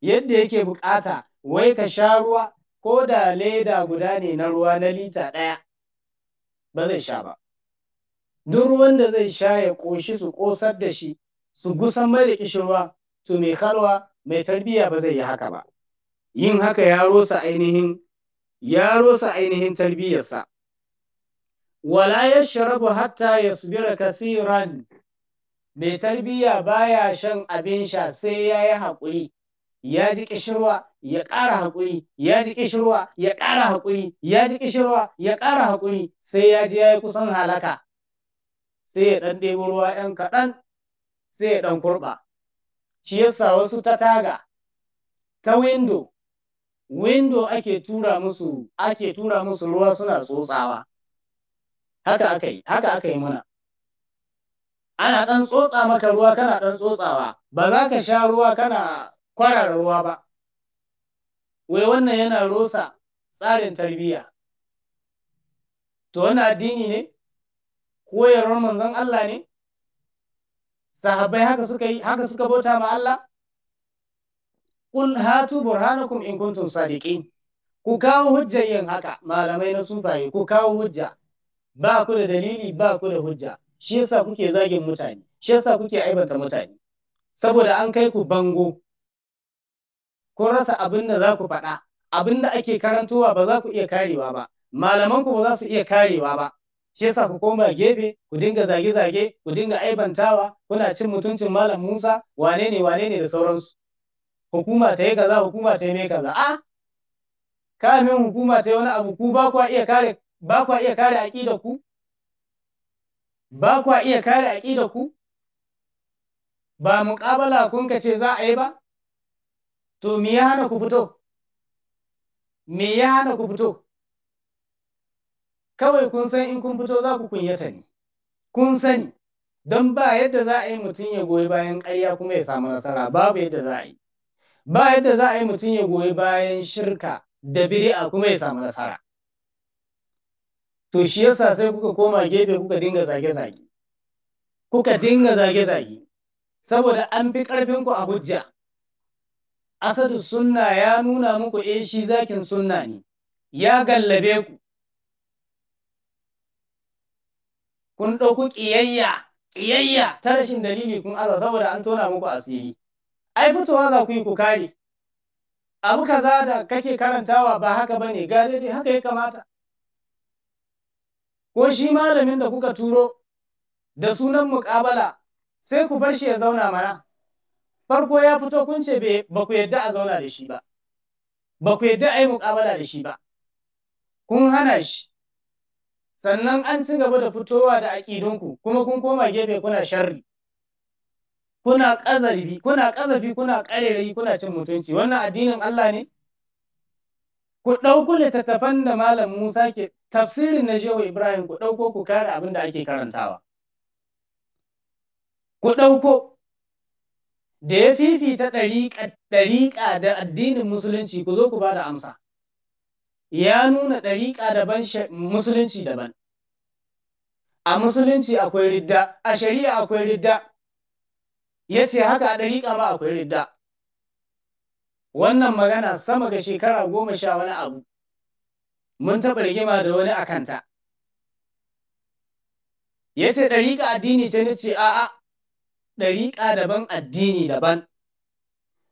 yadda yake buƙata. wai ka sha ruwa ko da leda guda ne na ruwa na lita ɗaya ba zai sha ba duk ruwan da zai sha ya ƙoshi su ƙosar da shi su gusan mai da ƙishirwa to mai kalwa mai tarbiyya ba zai yi haka ba yin haka ya rosa ainihin ya rosa ainihin tarbiyyarsa wala sharabu hatta ya subira kasiran mai tarbiyya baya shan abin sha sai ya yi haƙuri ya ji ƙishirwa, ya ƙara haƙuri ya ji ƙishirwa, ya ƙara haƙuri ya ji ƙishirwa, ya ƙara haƙuri sai ya ji ya yi kusan halaka sai ya ɗan ɗebo ruwa ‘yan kaɗan sai ya ɗan kurɓa shi yasa wasu ta taga ta windo windo ake tura musu ake tura musu ruwa suna tsotsawa haka aka yi haka aka yi muna ana ɗan tsotsa maka ruwa kana ɗan tsotsawa ba za ka sha ruwa kana kwarara ruwa ba wai wannan yana rosa tsarin tarbiyya to wani addini ne koyarwar manzon Allah ne sahabbai haka suka yi haka suka bauta ma Allah kul hatu burhanakum in kuntum sadiqin ku kawo hujjar yin haka malamai na sufaye ku kawo hujja ba ku da dalili ba ku da hujja shi yasa kuke zagin mutane shi yasa kuke aibanta mutane saboda an kai ku bango kun rasa abin da za ku faɗa abin da ake karantowa ba za ku iya karewa ba malamanku ba za su iya karewa ba shi yasa ku koma gefe ku dinga zage-zage ku dinga aibantawa kuna cin mutuncin malam Musa wane ne wane ne da sauransu hukuma ta yi kaza hukuma ta yi mai kaza a ah! kamin hukuma ta yi wani abu ku ba kwa iya kare ba kwa iya kare aƙida ku ba kwa iya kare aƙida ku ba muqabala kun ka ce za a yi ba to me ya hana ku fito me ya hana ku fito kawai kun san in kun fito za ku kunyata ne kun sani don ba yadda za a yi mutum ya goyi bayan ƙarya kuma ya samu nasara babu yadda za a yi ba yadda za a yi mutum ya goyi bayan shirka da biri'a kuma ya samu nasara to shi yasa sai kuka koma gefe kuka dinga zage-zage kuka dinga zage-zage saboda an fi ƙarfinku a hujja asadu sunna ya nuna muku eh shi zakin sunna ne ya gallabe ku kun ɗauku ƙiyayya ƙiyayya ta rashin dalili kun aza saboda an tona muku asiri ai fitowa za ku yi ku kare abu kaza da kake karantawa ba haka bane ga dai haka ya kamata ko shi malamin da kuka turo da sunan muƙabala sai ku bar shi ya zauna mana farko ya fito kun ce ba ku yadda a zauna da shi ba ba ku yadda a yi muƙabala da shi ba kun hana shi sannan an ci gaba da fitowa da aƙidunku kuma kun koma gefe kuna sharri kuna ƙazafi kuna ƙazafi kuna ƙarerayi kuna cin mutunci wannan addinin Allah ne ku ɗauko littattafan da malam Musa ke tafsirin na Shehu Ibrahim ku ɗauko ku kare abin da ake karantawa ku ɗauko da ya fifita ɗariƙa da addinin musulunci ku zo ku ba da amsa ya nuna ɗariƙa daban musulunci daban a musulunci akwai ridda a shari'a akwai ridda ya ce haka a ɗariƙa ma akwai ridda wannan magana sama ga shekara goma sha wani abu mun taɓa rigima da wani a kanta ya ce ɗariƙa addini ce na ce a'a ɗariƙa daban addini daban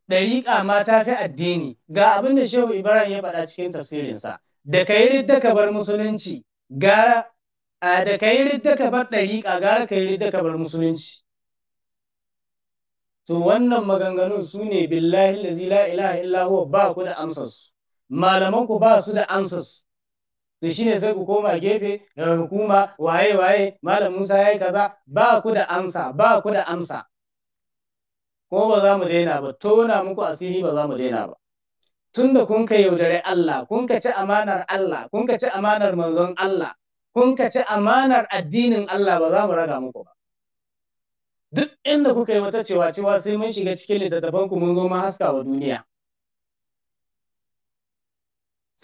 ɗariƙa ma ta fi addini ga abin da shehu ibrahim ya faɗa cikin tafsirinsa da ka yi ridda ka bar musulunci gara da ka yi ridda ka bar ɗariƙa gara ka yi ridda ka bar musulunci to wannan maganganun su ne billahi lazi la ilaha illa huwa ba ku da amsarsu malaman ku ba su da amsarsu to shine sai ku koma gefe da hukuma waye waye malam Musa yayi kaza ba ku da amsa ba ku da amsa ko ba za mu daina ba tona muku asiri ba za mu daina ba tunda kun ka yaudare Allah kun ka ci amanar Allah kun ka ci amanar manzon Allah kun ka ci amanar addinin Allah ba za mu raga muku ba duk inda kuka yi wata cewa cewa sai mun shiga cikin littattafan ku mun zo ma haska wa duniya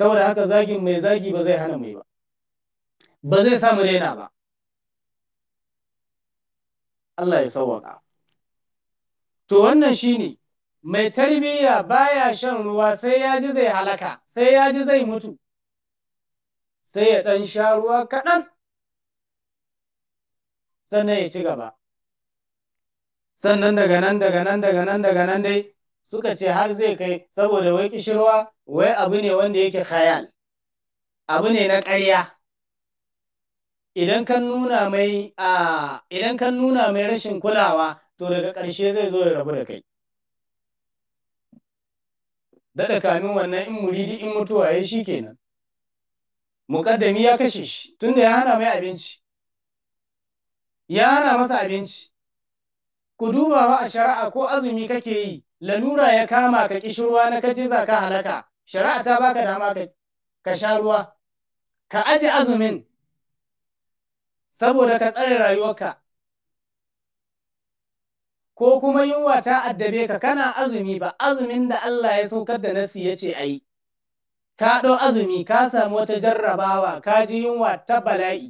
saboda haka zagin mai zagi ba zai hana mai ba ba zai samu rena ba Allah ya sauwaka to wannan shine mai tarbiyya baya shan ruwa sai ya ji zai halaka sai ya ji zai mutu sai ya ɗan sha ruwa kaɗan sannan ya ci gaba sannan daga nan daga nan daga nan daga nan dai suka ce har zai kai saboda wai kishirwa wai abu ne wanda yake khayal abu ne na ƙarya idan kan nuna mai a idan kan nuna mai rashin kulawa to daga ƙarshe zai zo ya rabu da kai daɗa kamin wannan in muridi in mutuwa ya shi kenan muƙaddami ya kashe shi tunda ya hana mai abinci ya hana masa abinci ku duba a shari'a ko azumi kake yi lalura ya kama ka kishirwa na kaji za ka halaka shari'a ta baka dama ka sha ruwa ka aje azumin saboda ka tsare rayuwarka ko kuma yunwa ta addabe ka kana azumi ba azumin da Allah ya saukar da nasi ya ce ayi ka ɗau azumi ka samu wata jarrabawa ka ji yunwa ta bala'i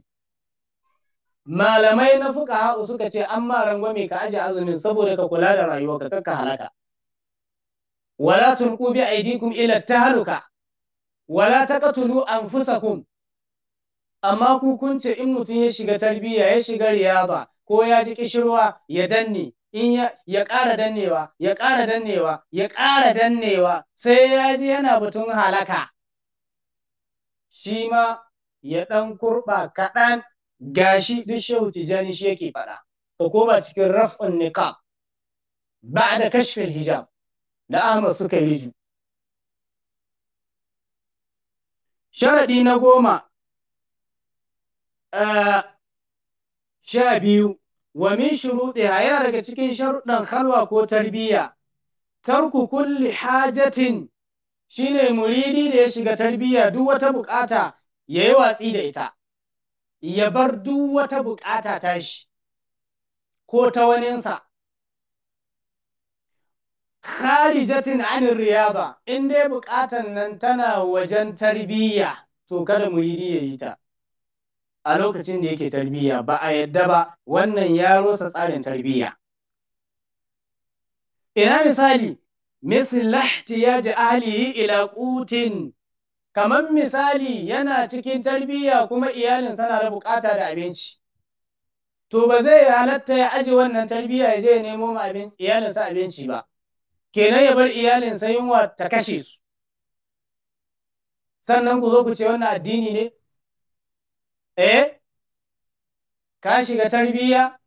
malamai na fuka suka ce an ma rangwame ka aje azumin saboda ka kula da rayuwarka kakka halaka wala tulqu bi aydikum ila tahluka wala taqtulu anfusakum amma ku kun ce in mutum ya shiga tarbiyya ya shiga riyaba ko ya ji kishirwa ya danne in ya ƙara dannewa ya ƙara dannewa ya ƙara dannewa sai ya ji yana batun halaka shi ma ya ɗan kurɓa kaɗan gashi duk shehu tijani shi yake faɗa ko ba cikin raf'un niqab ba'da kashfil hijab da Ahmad suka yi riju. Sharaɗi na goma eh, sha biyu wa min shuruɗi daga cikin sharuɗan halwa ko tarbiyya tarku kulli hajatin shine muridi da ya shiga tarbiyya duk wata buƙata ya yi watsi da ita ya bar duk wata buƙata tashi ko ta waninsa kharijatin anir riyada in dai bukatan nan tana wajen tarbiyya to kada mu ya yi ta a lokacin da yake tarbiyya ba a yadda ba wannan ya rosa tsarin tarbiyya ina misali misl lahtiyaji ahlihi ila qutin kamar misali yana cikin tarbiyya kuma iyalin sana da bukata da abinci to ba zai halatta ya aji wannan tarbiyya ya je nemo ma iyalin abinci ba kenan ya bar iyalin sa yunwa ta kashe su sannan ku zo ku ce wannan addini ne eh ka shiga tarbiyya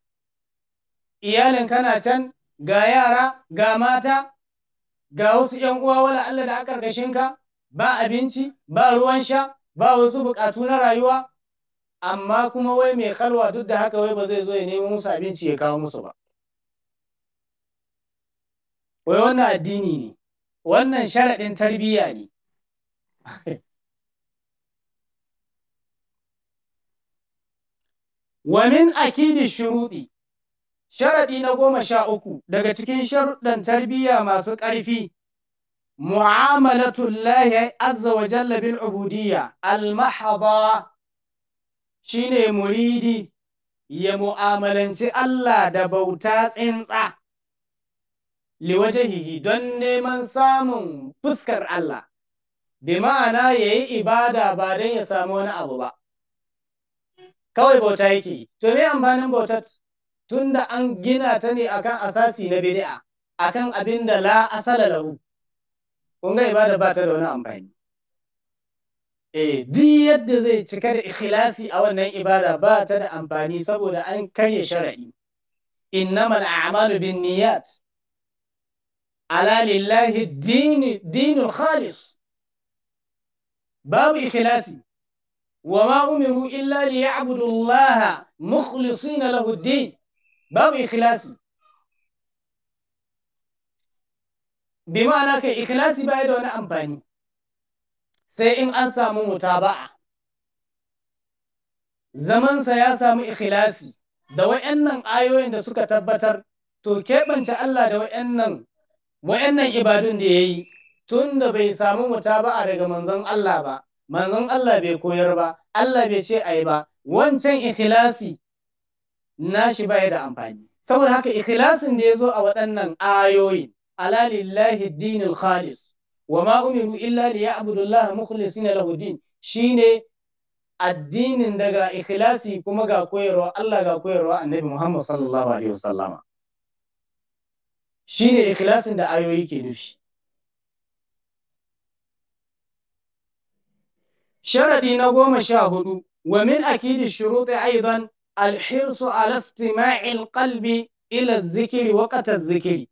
iyalin kana can ga yara ga mata ga wasu ‘yan uwa wala Allah da aka ka ba abinci ba ruwan sha ba wasu bukatu na rayuwa amma kuma wai mai kalwa duk da haka wai ba zai zo ya nemi musu abinci ya kawo musu ba wai wannan addini ne wannan sharaɗin tarbiyya ne *laughs* wamin akidi shuruɗi sharaɗi na goma sha uku daga cikin sharuɗan tarbiyya masu ƙarfi mu'amalatullahi azza wa jalla bil ubudiyya al mahaba shine muridi ya mu'amalanci Allah da bauta tsintsa liwajahihi don neman samun fuskar Allah bi ma'ana ya yi ibada ba don ya samu wani abu ba kawai bauta yake to me amfanin tun tunda an gina ta ne akan asasi na bid'a akan abin da la asala lahu kun ga ibada ba ta da wani amfani eh duk yadda zai cika da ikhlasi a wannan ibada ba ta da amfani saboda an karya shara'i innamal a'malu binniyat ala lillahi dinul khalis babu ikhlasi wa ma umiru illa liya'budu Allah mukhlisina lahu din babu ikhlasi bi ma'ana kai ikhlasi bai da wani amfani sai in an samu mutaba'a zamansa ya samu ikhlasi da wayannan ayoyin da suka tabbatar to keɓance Allah da wayannan wa'annan ibadun da yayi tun da bai samu mutaba'a daga manzon Allah ba manzon Allah bai koyar ba Allah bai ce ayi ba wancan ikhlasi shi ba da amfani saboda haka ikhlasin da ya zo a waɗannan ayoyin ala lillahi dinul khalis wa ma umiru illa li na mukhlisina lahu din shine addinin daga ikhlasi kuma ga koyarwa Allah ga koyarwa Annabi Muhammad sallallahu alaihi wasallama shine ikhlasin da ayoyi ke nufi sharadi na goma sha hudu wa min akidi shuruti aidan alhirsu ala istima'i alqalbi ila dhikri waqta zikiri,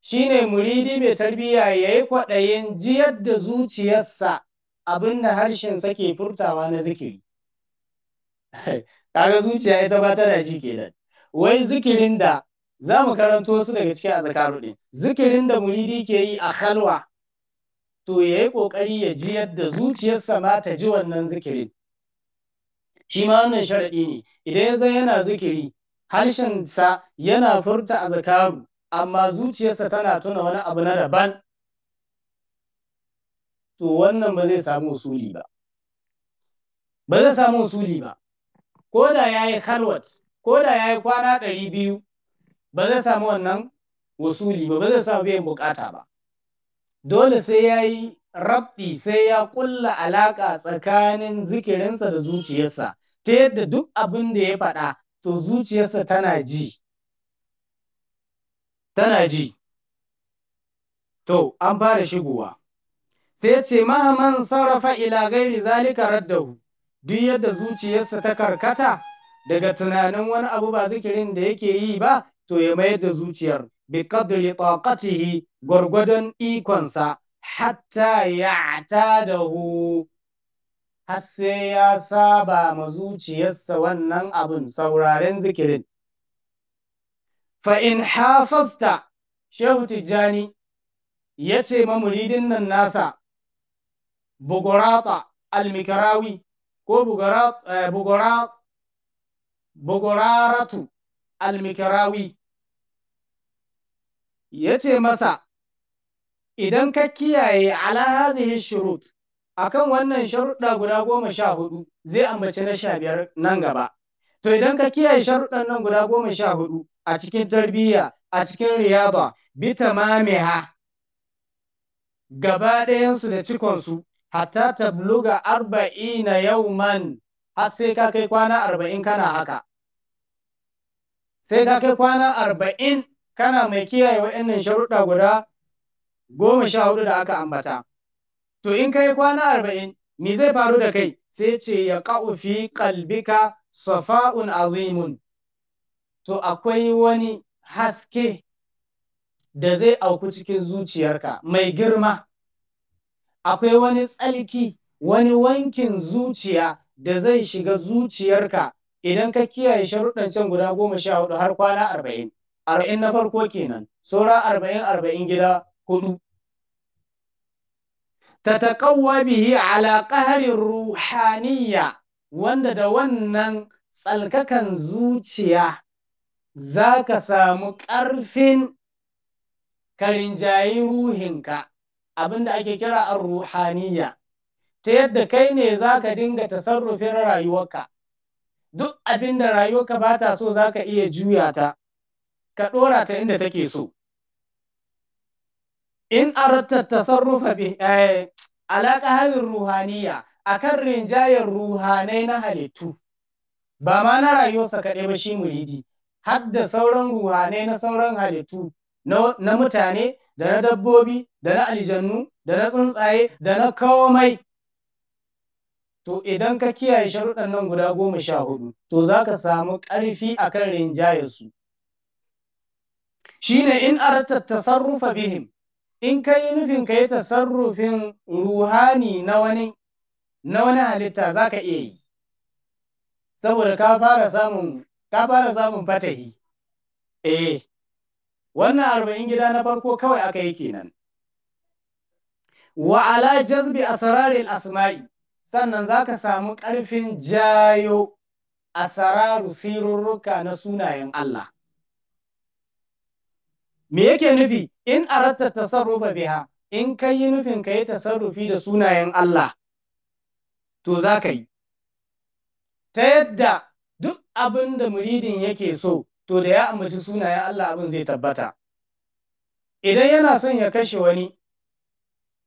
shine muridi mai tarbiyya yayi kwaɗayin jiyar da zuciyarsa abin da harshensa ke furtawa na zikiri *laughs* kaga zuciya ita ba tana ji kenan wai zikirin da za mu karanto su daga cikin azkaru din zikirin da muridi ke yi a halwa to ya yi ƙoƙari ya ji yadda zuciyarsa ma ta ji wannan zikirin shi ma wannan sharaɗi ne idan ya zai yana zikiri harshen sa yana furta azkaru amma zuciyarsa tana tuna wani abu na daban to wannan ba zai samu usuli ba ba zai samu usuli ba ko da ya yi halwat ko da ya yi kwana ɗari biyu ba zai samu wannan wasuli ba ba zai samu biyan bukata ba dole sai ya yi rabbi sai ya kulla alaka tsakanin zikirinsa da zuciyarsa ta yadda duk abin da ya faɗa to zuciyarsa tana ji tana ji to an fara shigowa sai ce mahaman sarrafa ila gairi zalika raddahu duk yadda zuciyarsa ta karkata daga tunanin wani abu ba zikirin da yake yi ba to ya mayar da zuciyar bi ya taqatihi gwargwadon ikonsa hatta ya'tadahu har sai ya saba ma zuciyarsa wannan abin sauraren zikirin fa in hafazta shehu tijjani ya ce ma muridin nan nasa bugurata almikarawi ko eh, buguraratu almikarawi ya ce masa idan ka kiyaye ala hadhihi shurut akan wannan sharuɗa guda goma sha hudu zai ambaci na sha biyar nan gaba to idan ka kiyaye sharuɗan nan guda goma sha hudu a cikin tarbiyya a cikin riyada bi ha, gaba ɗayansu da cikonsu hatta tabluga arba'ina yauman har sai ka kai kwana arba'in kana haka sai ka kai kwana arba'in kana mai kiyaye waɗannan sharuɗa guda goma sha hudu da aka ambata. To in kai kwana arba'in, me zai faru da kai? Sai ce ya ƙaufi fi ƙalbika safa'un azimun. To akwai wani haske da zai auku cikin zuciyarka mai girma. Akwai wani tsalki, wani wankin zuciya da zai shiga zuciyarka idan ka kiyaye sharuɗan can guda goma sha hudu har kwana arba'in. arba'in na farko kenan saura arba'in arba'in gida hudu Ta bihi ala qahrin ruhaniya, wanda da wannan tsalkakan zuciya za ka samu ƙarfin karinjayin ruhinka abinda ake kira an ruhaniya ta yadda kai ne za ka dinga tasarrufin rayuwarka duk abinda rayuwarka ba ta so za ka iya juya ta ka ɗora ta inda take so in aratta tasarrufa bi eh, alaƙa halin ruhaniya a kan rinjayen ruhanai na halittu ba ma na rayuwarsa kaɗai ba shi muridi har da sauran ruhanai na sauran halittu na mutane da na dabbobi da na aljannu da na tsuntsaye da na komai to idan ka kiyaye sharuɗan nan guda goma sha hudu to za ka samu ƙarfi a akan su. shine in arta tasarrufa bihim in ka yi nufin ka yi tasarrufin ruhani na wani halitta za ka iya yi saboda ka fara samun ka fatahi eh wannan arba'in gida na farko kawai aka yi kenan wa ala jazbi asraril asma'i sannan za ka samu ƙarfin jayo asararu sirurruka na sunayen Allah me yake nufi in aratta tasarrufa biha in ka yi nufin ka yi tasarrufi da sunayen Allah to za ka yi ta yadda duk abin da muridin yake so to da ya ambaci sunayen Allah abin zai tabbata idan yana son ya kashe wani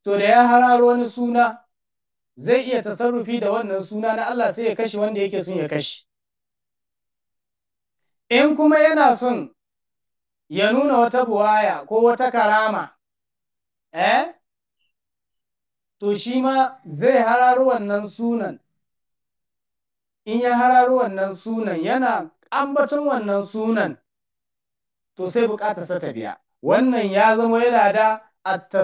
to da ya hararo wani suna zai iya tasarrufi da wannan suna na Allah sai ya kashe wanda yake son ya kashe in kuma yana son ya nuna wata buwaya ko wata karama eh to shi ma zai hararo wannan sunan in ya hararo wannan sunan yana ambaton wannan sunan to sai bukata ta biya wannan ya zama yana da at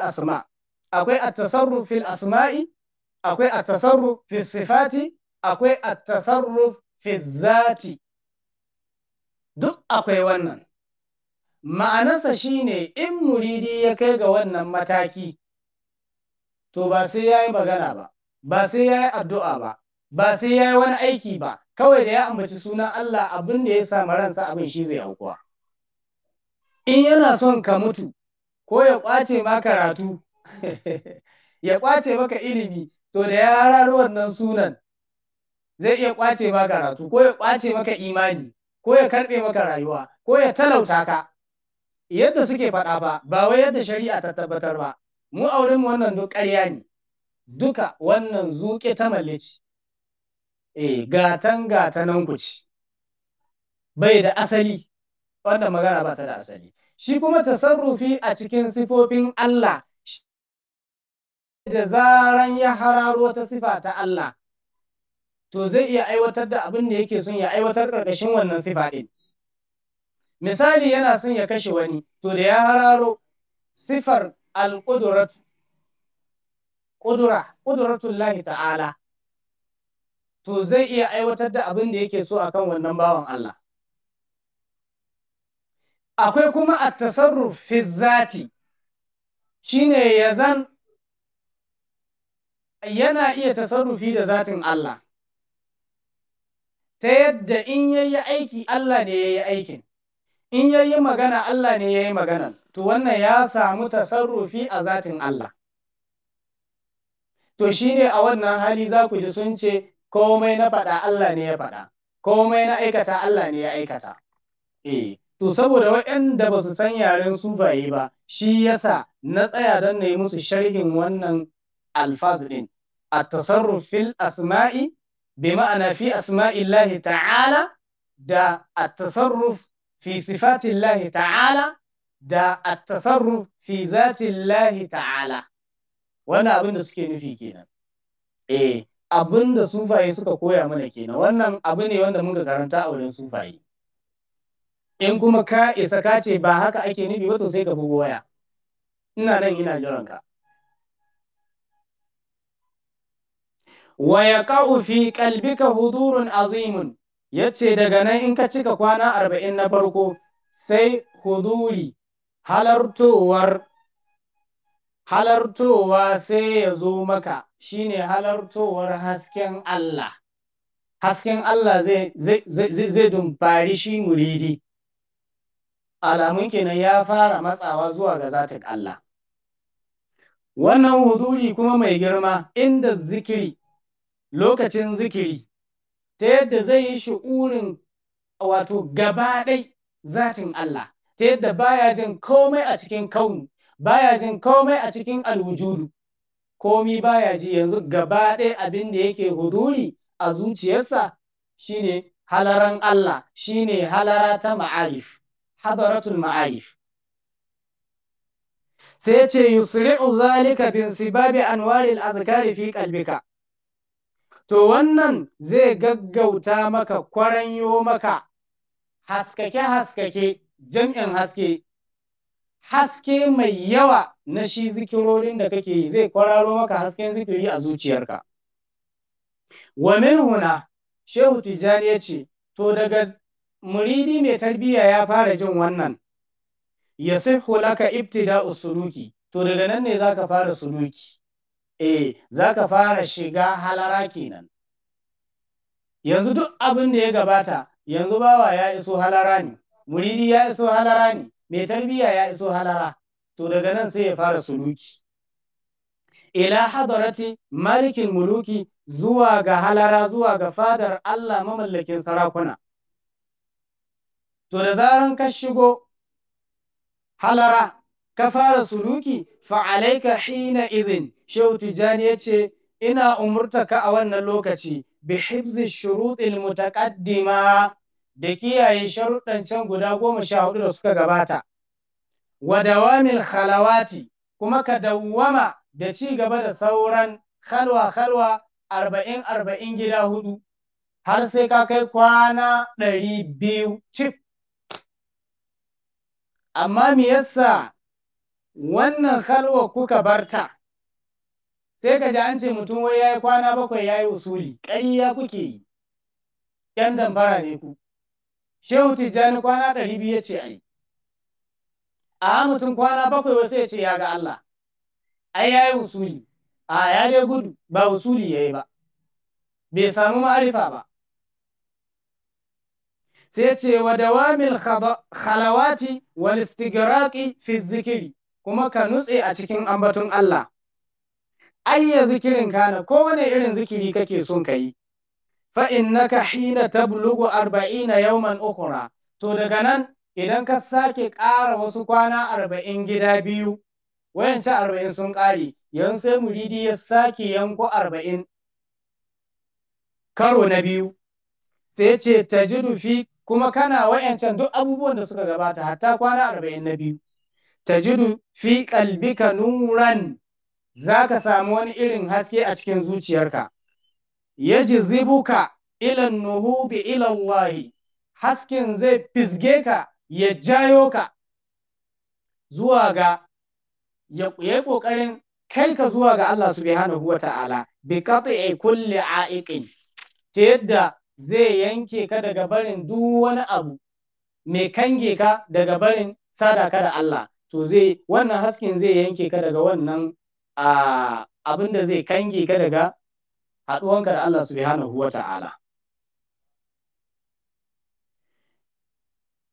asma akwai at asma'i akwai at sifati akwai at zati, duk akwai wannan ma'anarsa shine in muridi ya kai ga wannan mataki to ba sai ya yi magana ba ba sai ya yi addu'a ba ba sai ya yi wani aiki ba kawai da ya ambaci sunan Allah abin da ya samu ransa abin shi zai aukuwa in yana son ka mutu ko ya kwace ma karatu *laughs* ya kwace maka ilimi to da ya hararo wannan sunan zai iya kwace ma karatu ko ya kwace maka imani ko ya karɓe maka rayuwa ko ya talauta ka yadda suke faɗa ba ba wai yadda shari'a ta tabbatar ba mu auren mu wannan duk ƙarya ne duka wannan zuƙe ta malle ce eh gatan gatanan ku ce bai da asali wannan magana ba ta da asali shi kuma tasarrufi a cikin sifofin Allah da zaran ya hararo ta sifa ta Allah to zai iya aiwatar da abin da yake son ya aiwatar ƙarƙashin wannan sifa ɗin misali yana son ya kashe wani to da ya hararo sifar al Ƙudura, qudra lahi ta'ala to zai iya aiwatar da abin da yake so akan wannan bawan Allah akwai kuma at-tasarruf fi dhati shine ya zan yana iya tasarrufi da zatin Allah ta yadda in yayi aiki Allah ne yayi aikin in ya yi magana Allah ne ya yi magana to wannan ya samu tasarrufi a zatin Allah to shi ne a wannan hali za ku ji sun ce komai na faɗa Allah ne ya faɗa komai na aikata Allah ne ya aikata eh to saboda waɗanda ba su san yaren su baye ba shi yasa na tsaya don na yi musu sharhin wannan alfaz din a tasarrufin asma'i bi ma'ana fi asma'illahi ta'ala da a tasarruf fi sifatillahi ta'ala da at-tasarruf fi zatillahi ta'ala wannan abin da suke nufi kenan eh abin da sufaye suka koya mana kenan wannan abu ne wanda muka karanta a wurin sufaye in kuma ka isa ka ce ba haka ake nufi ba to sai ka bugo waya ina nan ina jiran ka wa yaqa'u fi qalbika hudurun azimun ya ce daga nan in ka cika kwana arba'in na farko sai huduri halartowar halartowa sai ya zo maka shine halartowar hasken Allah hasken Allah zai dumfari shi muridi alamun kenan ya fara matsawa zuwa ga zata Allah wannan huduri kuma mai girma inda zikiri lokacin zikiri ta yadda zai yi shi'urin wato gabaɗai zatin Allah ta yadda baya jin komai a cikin kaunu baya jin komai a cikin alwujudu komi baya ji yanzu gabaɗai abin da yake huduri a zuciyarsa shi ne halaran Allah shine halara ta ma'arif hadaratul ma'arif sai ce yusri'u zalika bin sibabi anwaril azkari fi kalbika. to wannan zai gaggauta maka kwaranyo maka haskake-haskake jam'in haske haske mai yawa na shi zikirorin da kake yi zai kwararo maka hasken zikiri a zuciyarka wa min huna shehu tijjani ya ce to daga muridi mai tarbiyya ya fara jin wannan ya laka ibtida usuluki to daga nan ne za ka fara suluki eh za ka fara shiga halara kenan yanzu duk abin da ya gabata yanzu bawa ya iso halara ne muridi ya iso halara ne mai tarbiyya ya iso halara to daga nan sai ya fara suluki ila hadarati malikin muluki zuwa ga halara zuwa ga fadar Allah mamallakin sarakuna to da zaran ka shigo halara ka fara suluki fa'alaika hina izin, shehu tijjani ya ce ina umurtaka a wannan lokaci bi hibzi shuruɗin mutaƙaddima da kiyaye sharuɗan can guda goma sha hudu da suka gabata wa dawamil khalawati kuma ka dawwama da ci gaba da sauran khalwa khalwa arba'in arba'in gida hudu har sai ka kai kwana ɗari biyu cif amma me yasa wannan halwa kuka barta sai ka ji an ce mutum wai ya yi kwana bakwai ya yi usuli ƙarya kuke yi ‘yan dambara ne ku shehu tijjani kwana ɗari biyu ya ce ai a mutum kwana bakwai wasu ya ce ya ga Allah ai ya yi usuli a ya dai gudu ba usuli ya yi ba bai samu ma'arifa ba sai ce wa dawamil khalawati wani istigraqi fi zikiri kuma ka nutse a cikin ambaton Allah ayya zikirin kana kowane irin zikiri kake son ka yi fa hina ta tablughu arba'ina yauman ukura, to daga nan idan ka sake ƙara wasu kwana arba'in gida biyu ci arba'in sun ƙare yan sai muridi ya sake yanko arba'in karo na biyu sai ce ta ji dufi kuma kana wayancan duk abubuwan da suka gabata hatta kwana arba'in na biyu tajidu fi kalbika nuran zaka samu wani irin haske a cikin zuciyarka yajzibuka ila nuhubi ila Allah hasken zai fisge ka ya jayo ka zuwa ga ya ƙoƙarin kai ka zuwa ga Allah subhanahu wa ta'ala bi qati'i kulli a'iqin ta yadda zai yanke ka daga barin duk wani abu mai kange ka daga barin sadaka da Allah to zai wannan hasken zai yanke ka daga wannan abin da zai kange ka daga haɗuwanka da Allah subhanahu wa ta'ala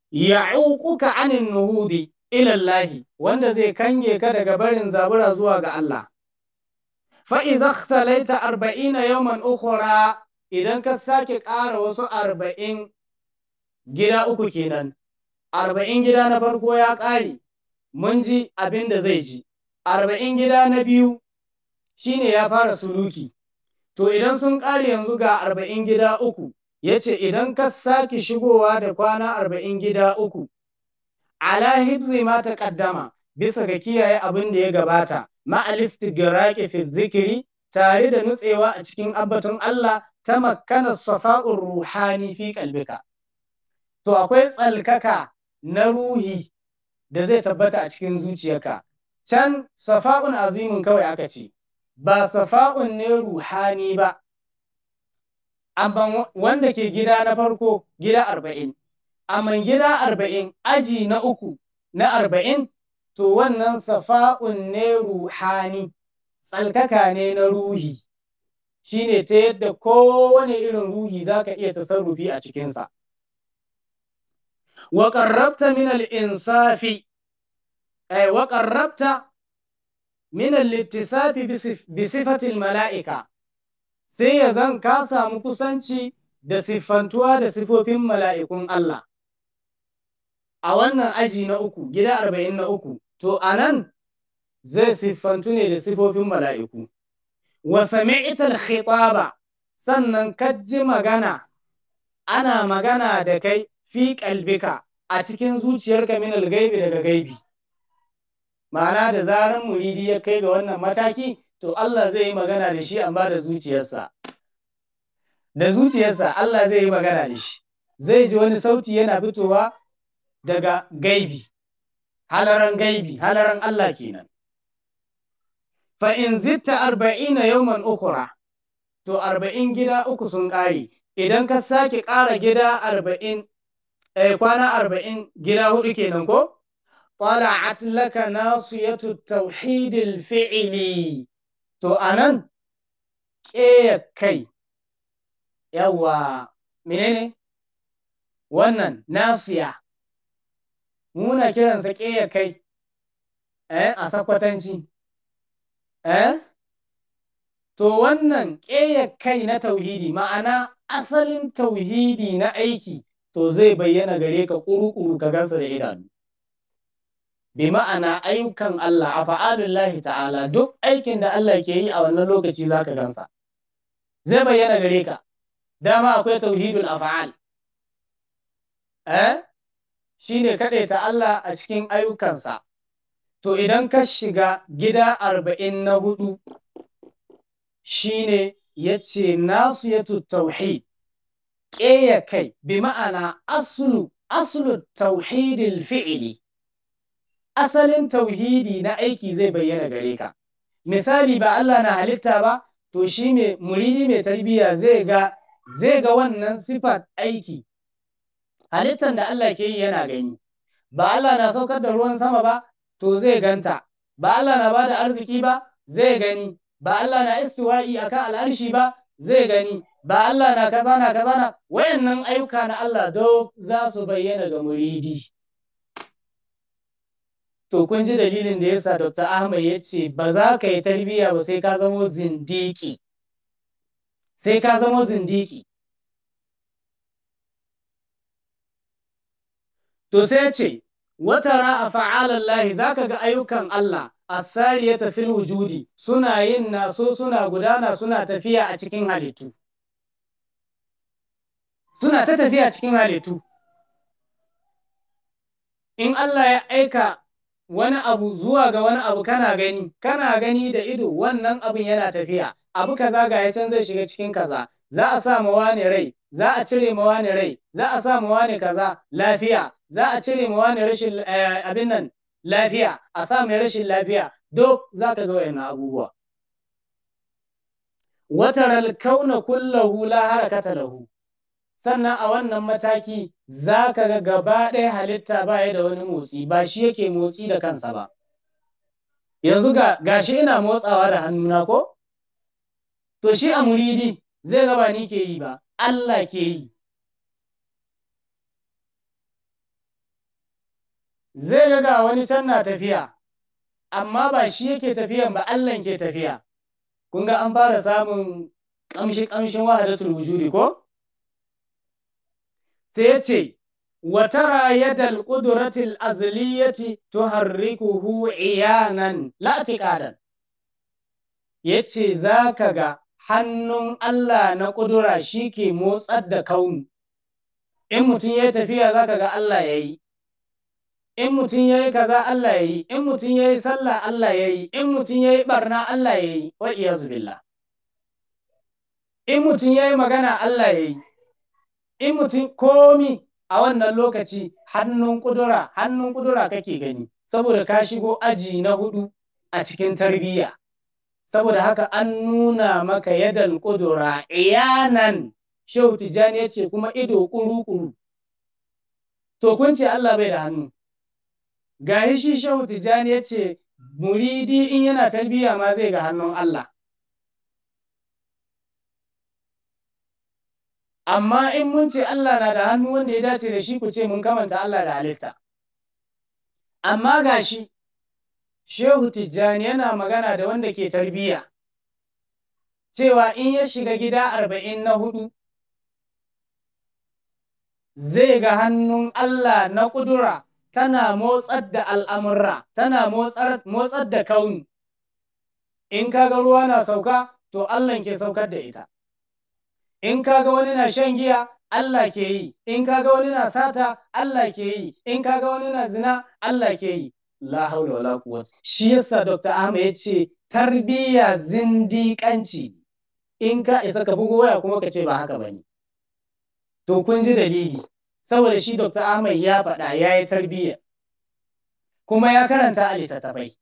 ya'uquka anin nuhudi ila Allah wanda zai kange ka daga barin zabura zuwa ga Allah fa idza ikhtalaita 40 yawman ukhra idan ka sake ƙara wasu arba'in gida uku kenan arba'in gida na farko ya ƙare mun ji abin da zai ji arba'in gida na biyu Shi ne ya fara suluki to idan sun ƙare yanzu ga arba'in gida uku ya ce idan ka sake shigowa da kwana arba'in gida uku ala hibzi ma ta ƙaddama bisa ga kiyaye abin da ya gabata ma'alisti giraƙi fi zikiri tare da nutsewa a cikin abbatun Allah ta makana safa'ur ruhani fi kalbika. To akwai tsalkaka na ruhi da zai tabbata a cikin zuciyarka can safa'un azimin kawai aka ce ba safa'un ne ruhani ba amma wanda ke gida na farko gida arba'in amma gida arba'in aji na uku na arba'in to wannan safa'un ne ruhani tsalkaka ne na ruhi shine ta yadda kowane irin ruhi za ka iya tasarrufi a cikinsa wa qarrabta min insafi ay wa qarrabta min al malaika sai ya zan ka samu kusanci da siffantuwa da sifofin mala'ikun Allah a wannan aji na uku gida arba'in na uku to anan zai siffantu ne da sifofin mala'iku wa sami'ta khitaba sannan ka ji magana ana magana da kai fi ƙalbika a cikin zuciyar min gaibi daga gaibi ma'ana da zaran muridi ya kai ga wannan mataki to Allah zai yi magana da shi amma da zuciyarsa da zuciyarsa Allah zai yi magana da shi zai ji wani sauti yana fitowa daga gaibi halaran gaibi halaran Allah kenan fa in zitta 40 yawman ukhra to arba'in gida uku sun ƙare idan ka sake ƙara gida arba'in Eh, kwana arba'in gida hudu kenan ko طلعت لك ناصية التوحيد fi'ili. to anan ƙeya kai yawa menene wannan nasiya muna kiransa ƙeya kai eh a sakwatanci eh? to wannan ƙeya kai na tauhidi ma'ana asalin tauhidi na aiki to zai bayyana gare ka ƙuruƙuru ka gansa da idanu bi ma'ana ayyukan Allah a fa'alullahi ta'ala duk aikin da Allah ke yi a wannan lokaci za ka gansa zai bayyana gare ka dama akwai tauhidul afa'al eh shi ne ta Allah a cikin ayyukansa to idan ka shiga gida arba'in na hudu Shi ne ya ce yace nasiyatu tauhid ƙeya kai bi ma'ana aslu aslu tauhidil fi'ili asalin tauhidi na aiki zai bayyana gare ka misali ba Allah na halitta ba to shi mai muridi mai tarbiyya zai ga zai ga wannan sifat aiki Halittan da Allah ke yi yana gani ba Allah na saukar da ruwan sama ba to zai ganta ba Allah na bada arziki ba zai gani ba Allah na istiwa'i akan al'arshi ba zai gani ba Allah na kaza na kaza na wayannan ayyuka na Allah duk za su bayyana ga muridi to kun ji dalilin da yasa Dr. Ahmad ya ce ba za ka yi tarbiyya ba sai ka zamo zindiki sai ka zamo zindiki to sai ce watara a fa'alallahi za ka ga ayyukan Allah asariyata tafi wujudi suna yin naso suna gudana suna tafiya a cikin halittu suna ta tafiya cikin halittu in Allah ya aika wani abu zuwa ga wani abu kana gani kana gani da ido wannan abin yana tafiya abu kaza ga ya can zai shiga cikin kaza za a sa mawa ne rai za a cire mawa ne rai za a sa mawa ne kaza lafiya za a cire mawa ne rashin eh, abin nan lafiya a sa mai rashin lafiya duk za ka ga wayannan abubuwa wataral kauna kullahu la harakata lahu sannan a wannan mataki za ka ga gaba ɗaya halitta ya da wani motsi ba shi yake motsi da kansa ba yanzu ga gashi ina motsawa da hannuna ko to shi a muridi zai gaba ni ke yi ba Allah ke yi zai ga ga wani can na tafiya amma ba shi yake tafiyan ba Allah ke tafiya kun ga an fara samun kamshi kamshin wahadatul wujudi ko sai ya ce watara yadal ƙuduratil azliyati tuharrikuhu iyanan ce, yace zaka ga hannun Allah na ƙudura shi ke motsar da kauni in mutum ya tafiya zaka ga Allah ya yi. in mutum ya yi kaza Allah ya yi. in mutum ya yi sallah Allah ya yi. in mutum ya yi ɓarna Allah ya yi. wa iyaz billah in mutum ya yi magana Allah ya yi. in mutum komi a wannan lokaci hannun kudura hannun kudura kake gani saboda ka shigo aji na hudu a cikin tarbiyya saboda haka an nuna maka yadal kudura iyanan shehu tijjani ya ce kuma ido kuru-kuru to kun ce Allah bai da hannu gashi shi shehu tijjani ya ce muridi in yana tarbiyya ma zai ga hannun Allah amma in mun ce Allah na da hannu wanda ya dace da shi ku ce mun kamanta Allah da halitta amma ga shi, Shehu Tijjani yana magana da wanda ke tarbiyya cewa in ya shiga gida arba'in na hudu zai ga hannun Allah na ƙudura tana motsar da al'amurra, tana motsar da kauni. In kaga ruwa na sauka, to Allah ke saukar da ita. in kaga wani na shan giya Allah ke yi in kaga wani na sata Allah ke yi in kaga wani na zina Allah ke yi la haula wala quwwata shi yasa Dr. Ahmed yace tarbiya zindiƙanci in ka isa ka bugo waya kuma ka ce ba haka bane to kun ji dalili saboda shi Dr. Ahmed ya faɗa ya yi tarbiyya kuma ya karanta a littattafai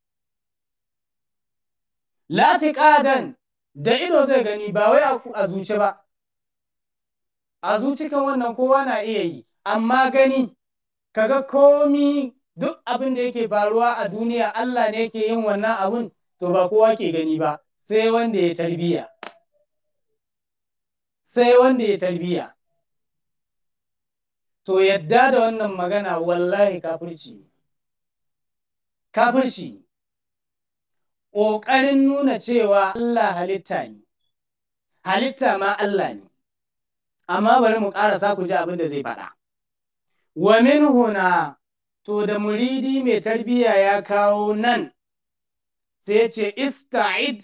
ƙadan, da ido zai gani ba wai a zuci ba a zucikan wannan kowa na iya yi amma gani kaga komi duk abin da yake faruwa a duniya Allah ne yake yin wannan abin to ba kowa ke gani ba sai wanda ya tarbiya sai wanda ya tarbiya to yadda da wannan magana wallahi kafirci kafirci ƙoƙarin nuna cewa Allah halitta ne halitta ma Allah ne amma bari mu ƙarasa ku ji abin da zai faɗa wa min huna to da muridi mai tarbiyya ya kawo nan sai ce ista'id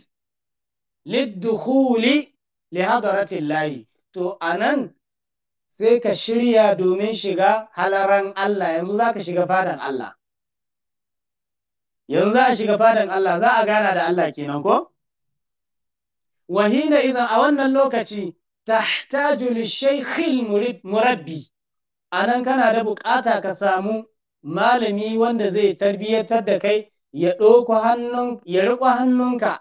liddukhuli li hadaratillahi to anan sai ka shirya domin shiga halaran Allah yanzu za ka shiga fadan Allah yanzu za a shiga fadan Allah za a gana da Allah kenan ko wahina idan a wannan lokaci tahtaju lishaykhi murabbi anan kana da bukata ka samu malami wanda zai tarbiyyatar da kai ya ɗauko hannunka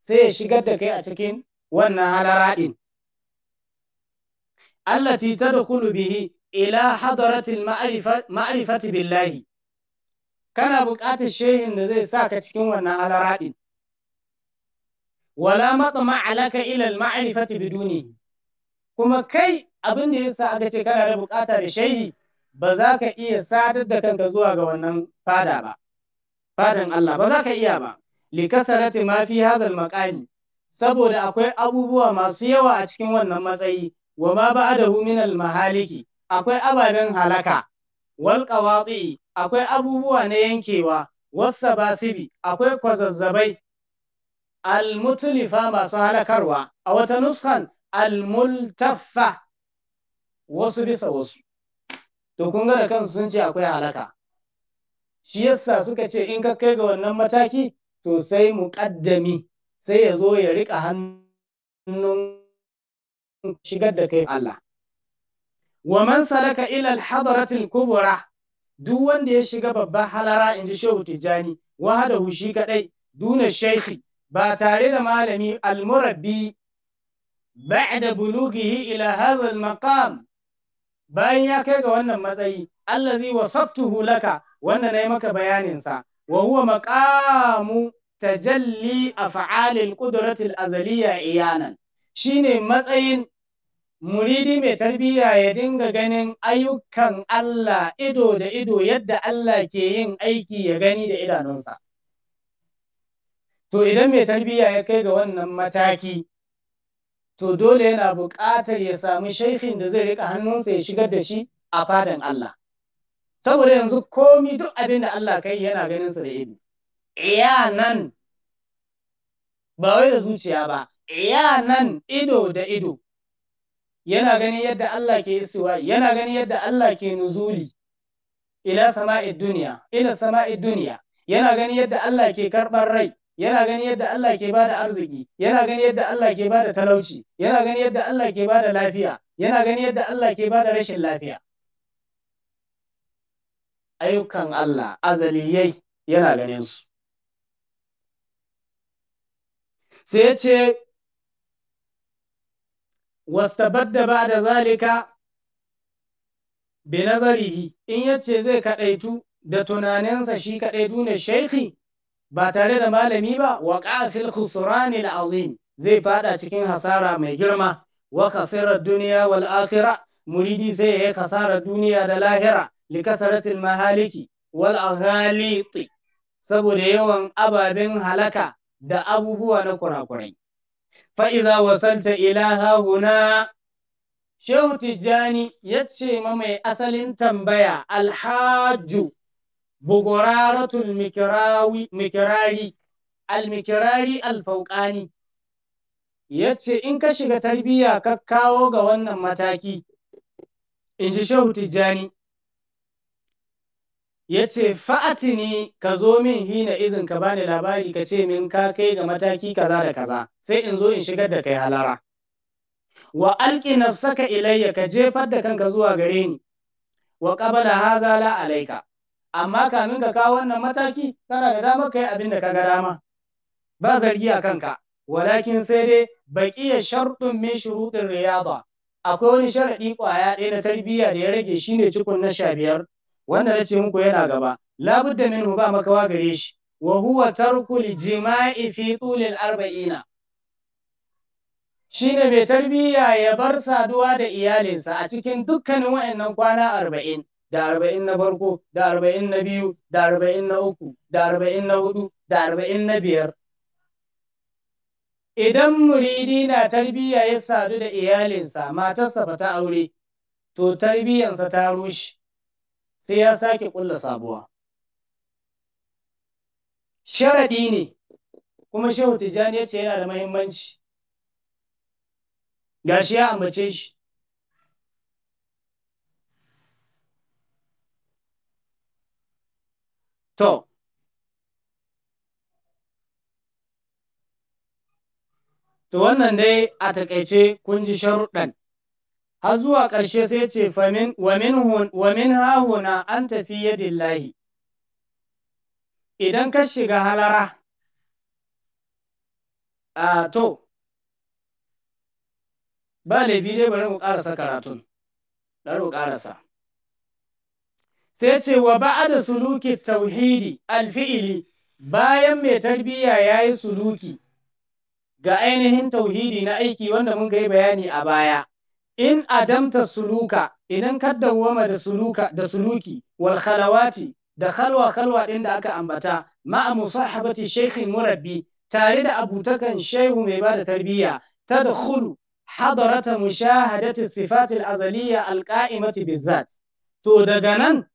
sai ya shigar da kai a cikin wannan halara ɗin allati tadkhulu bihi ila hadaratil ma'rifati billahi kana buƙatar shehin da zai sa ka cikin wannan halara ɗin wala matma alaka ila al ma'rifati bidunihi kuma kai abin da yasa aka ce kana da bukata da shehi ba za ka iya sadar da kanka zuwa ga wannan fada ba fadan Allah ba za ka iya ba li kasarati ma fi hadal maqami saboda akwai abubuwa masu yawa a cikin wannan matsayi wa ma ba'adahu min al mahaliki akwai ababen halaka wal qawati akwai abubuwa na yankewa wasa basibi akwai kwazazzabai al mutulifa masu halakarwa a wata nuskan al-multaffa wasu bisa wasu to kun ga da kansu sun ce akwai halaka shi yasa suka ce in ka kai ga wannan mataki to sai muƙaddami sai ya zo ya riƙa hannun shigar da kai Allah wa man salaka ila al-hadaratil kubra duk wanda ya shiga babban halara in ji Shehu Tijani wahadahu shi kadai duna shaykhi ba tare da malami almurabbi ba'da bulughihi ila hadha al-maqam bayan ya kai ga wannan matsayi allazi wasaftuhu laka wanda nayi maka bayanin sa wa huwa maqamu tajalli af'al al-qudrat al-azaliyya iyanan shine matsayin muridi mai tarbiyya ya dinga ganin ayyukan Allah ido da ido yadda Allah ke yin aiki ya gani da idanunsa. To idan mai tarbiyya ya kai ga wannan mataki, to dole yana buƙatar ya samu shaikhin da zai rika hannunsa ya shigar da shi a fadan Allah saboda yanzu komi duk abin da Allah kai yana ganin da ido iya nan ba wai da zuciya ba iya nan ido da ido yana ganin yadda Allah ke istiwa yana ganin yadda Allah ke nuzuli ila sama'id duniya ila sama'id duniya yana ganin yadda Allah ke karɓar rai yana gani yadda Allah ke bada arziki yana gani yadda Allah ke bada talauci yana gani yadda Allah ke bada lafiya yana gani yadda Allah ke bada rashin lafiya ayyukan Allah azaliyai yana ganin su sai ya ce wastabadda ba da zalika bi nazarihi in yace zai kadaitu da tunaninsa shi kadaitu ne shaykhi ba tare da malami ba wa qafil khusran azim zai fada cikin hasara mai girma wa khasirar duniya wal akhirah muridi zai yi kasarar duniya da lahira li kasaratil mahaliki wal aghaliti saboda yawan ababen halaka da abubuwa na kurakurai fa'iza wasalta ila hahuna shehu tijjani ya ce ma mai asalin tambaya alhaju buguraratul mikirari almikirari mikirari al ya ce in ka shiga tarbiyya ka kawo ga wannan mataki in ji shehu tijjani ya ce fa'atini ka zo min hina izin ka bani labari ka ce min ka kai ga mataki kaza da kaza sai in zo in shigar da kai halara wa alƙi nafsaka ilayya ka jefar da kanka zuwa gare ni wa ƙabala hadha la alaika. amma kamin ka kawo wannan mataki kana da damar kai abin da ka ga dama ba zargi a kanka walakin sai dai ya shartun min shurutin riyada akwai wani sharadi kwaya ɗaya na tarbiyya da ya rage shine cikun na sha biyar wanda na ce muku yana gaba labudda minhu ba makawa gare shi wa huwa tarkul jima'i fi tulil arba'ina shine mai tarbiyya ya bar saduwa da iyalinsa a cikin dukkanin wa'annan kwana arba'in da arba'in na farko da arba'in na biyu da arba'in na uku da arba'in na hudu da arba'in na biyar idan muridi na tarbiyya ya sadu da iyalinsa matarsa ba ta aure to tarbiyyansa ta rushe sai ya sake ƙulla sabuwa sharaɗi ne kuma shehu tijjani ya ce yana da mahimmanci gashi ya ambace shi To, to wannan dai a taƙaice kun ji sharuɗan. Har zuwa ƙarshe sai ce wamin hahuna an tafi lahi. Idan ka shiga halara, a to, ba laifi dai bari ku ƙarasa karatun, bari mu ƙarasa. sai ce wa da suluki tauhidi alfi'ili bayan mai tarbiyya ya yi suluki ga ainihin tauhidi na aiki wanda mun yi bayani a baya in adamta suluka idan ka da suluka da suluki wal khalawati da khalwa khalwa din da aka ambata ma'a musahabati shaykhin murabbi tare da abutakan shehu mai ba da tarbiyya tadkhulu hadarata mushahadati sifatil azaliyya al-qa'imati bizat to daga nan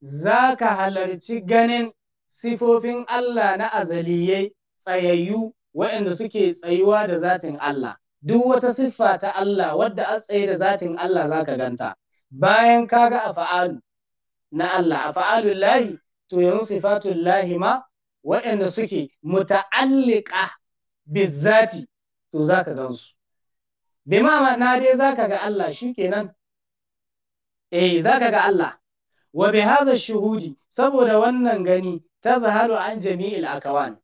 za ka halarci ganin sifofin Allah na azaliyai tsayayyu waɗanda suke tsayuwa da zatin Allah duk wata siffa ta Allah wadda a tsaye da zatin Allah za ka ganta bayan ka ga afa’alu na Allah afa’alu lahi to yanzu sifatun lahi ma waɗanda suke muta'alliqa bizzati to za ka gansu bi na dai za ka ga Allah shi kenan? eh za ka ga Allah wa bi hadha shuhudi saboda wannan gani tazharu an jami'il akawan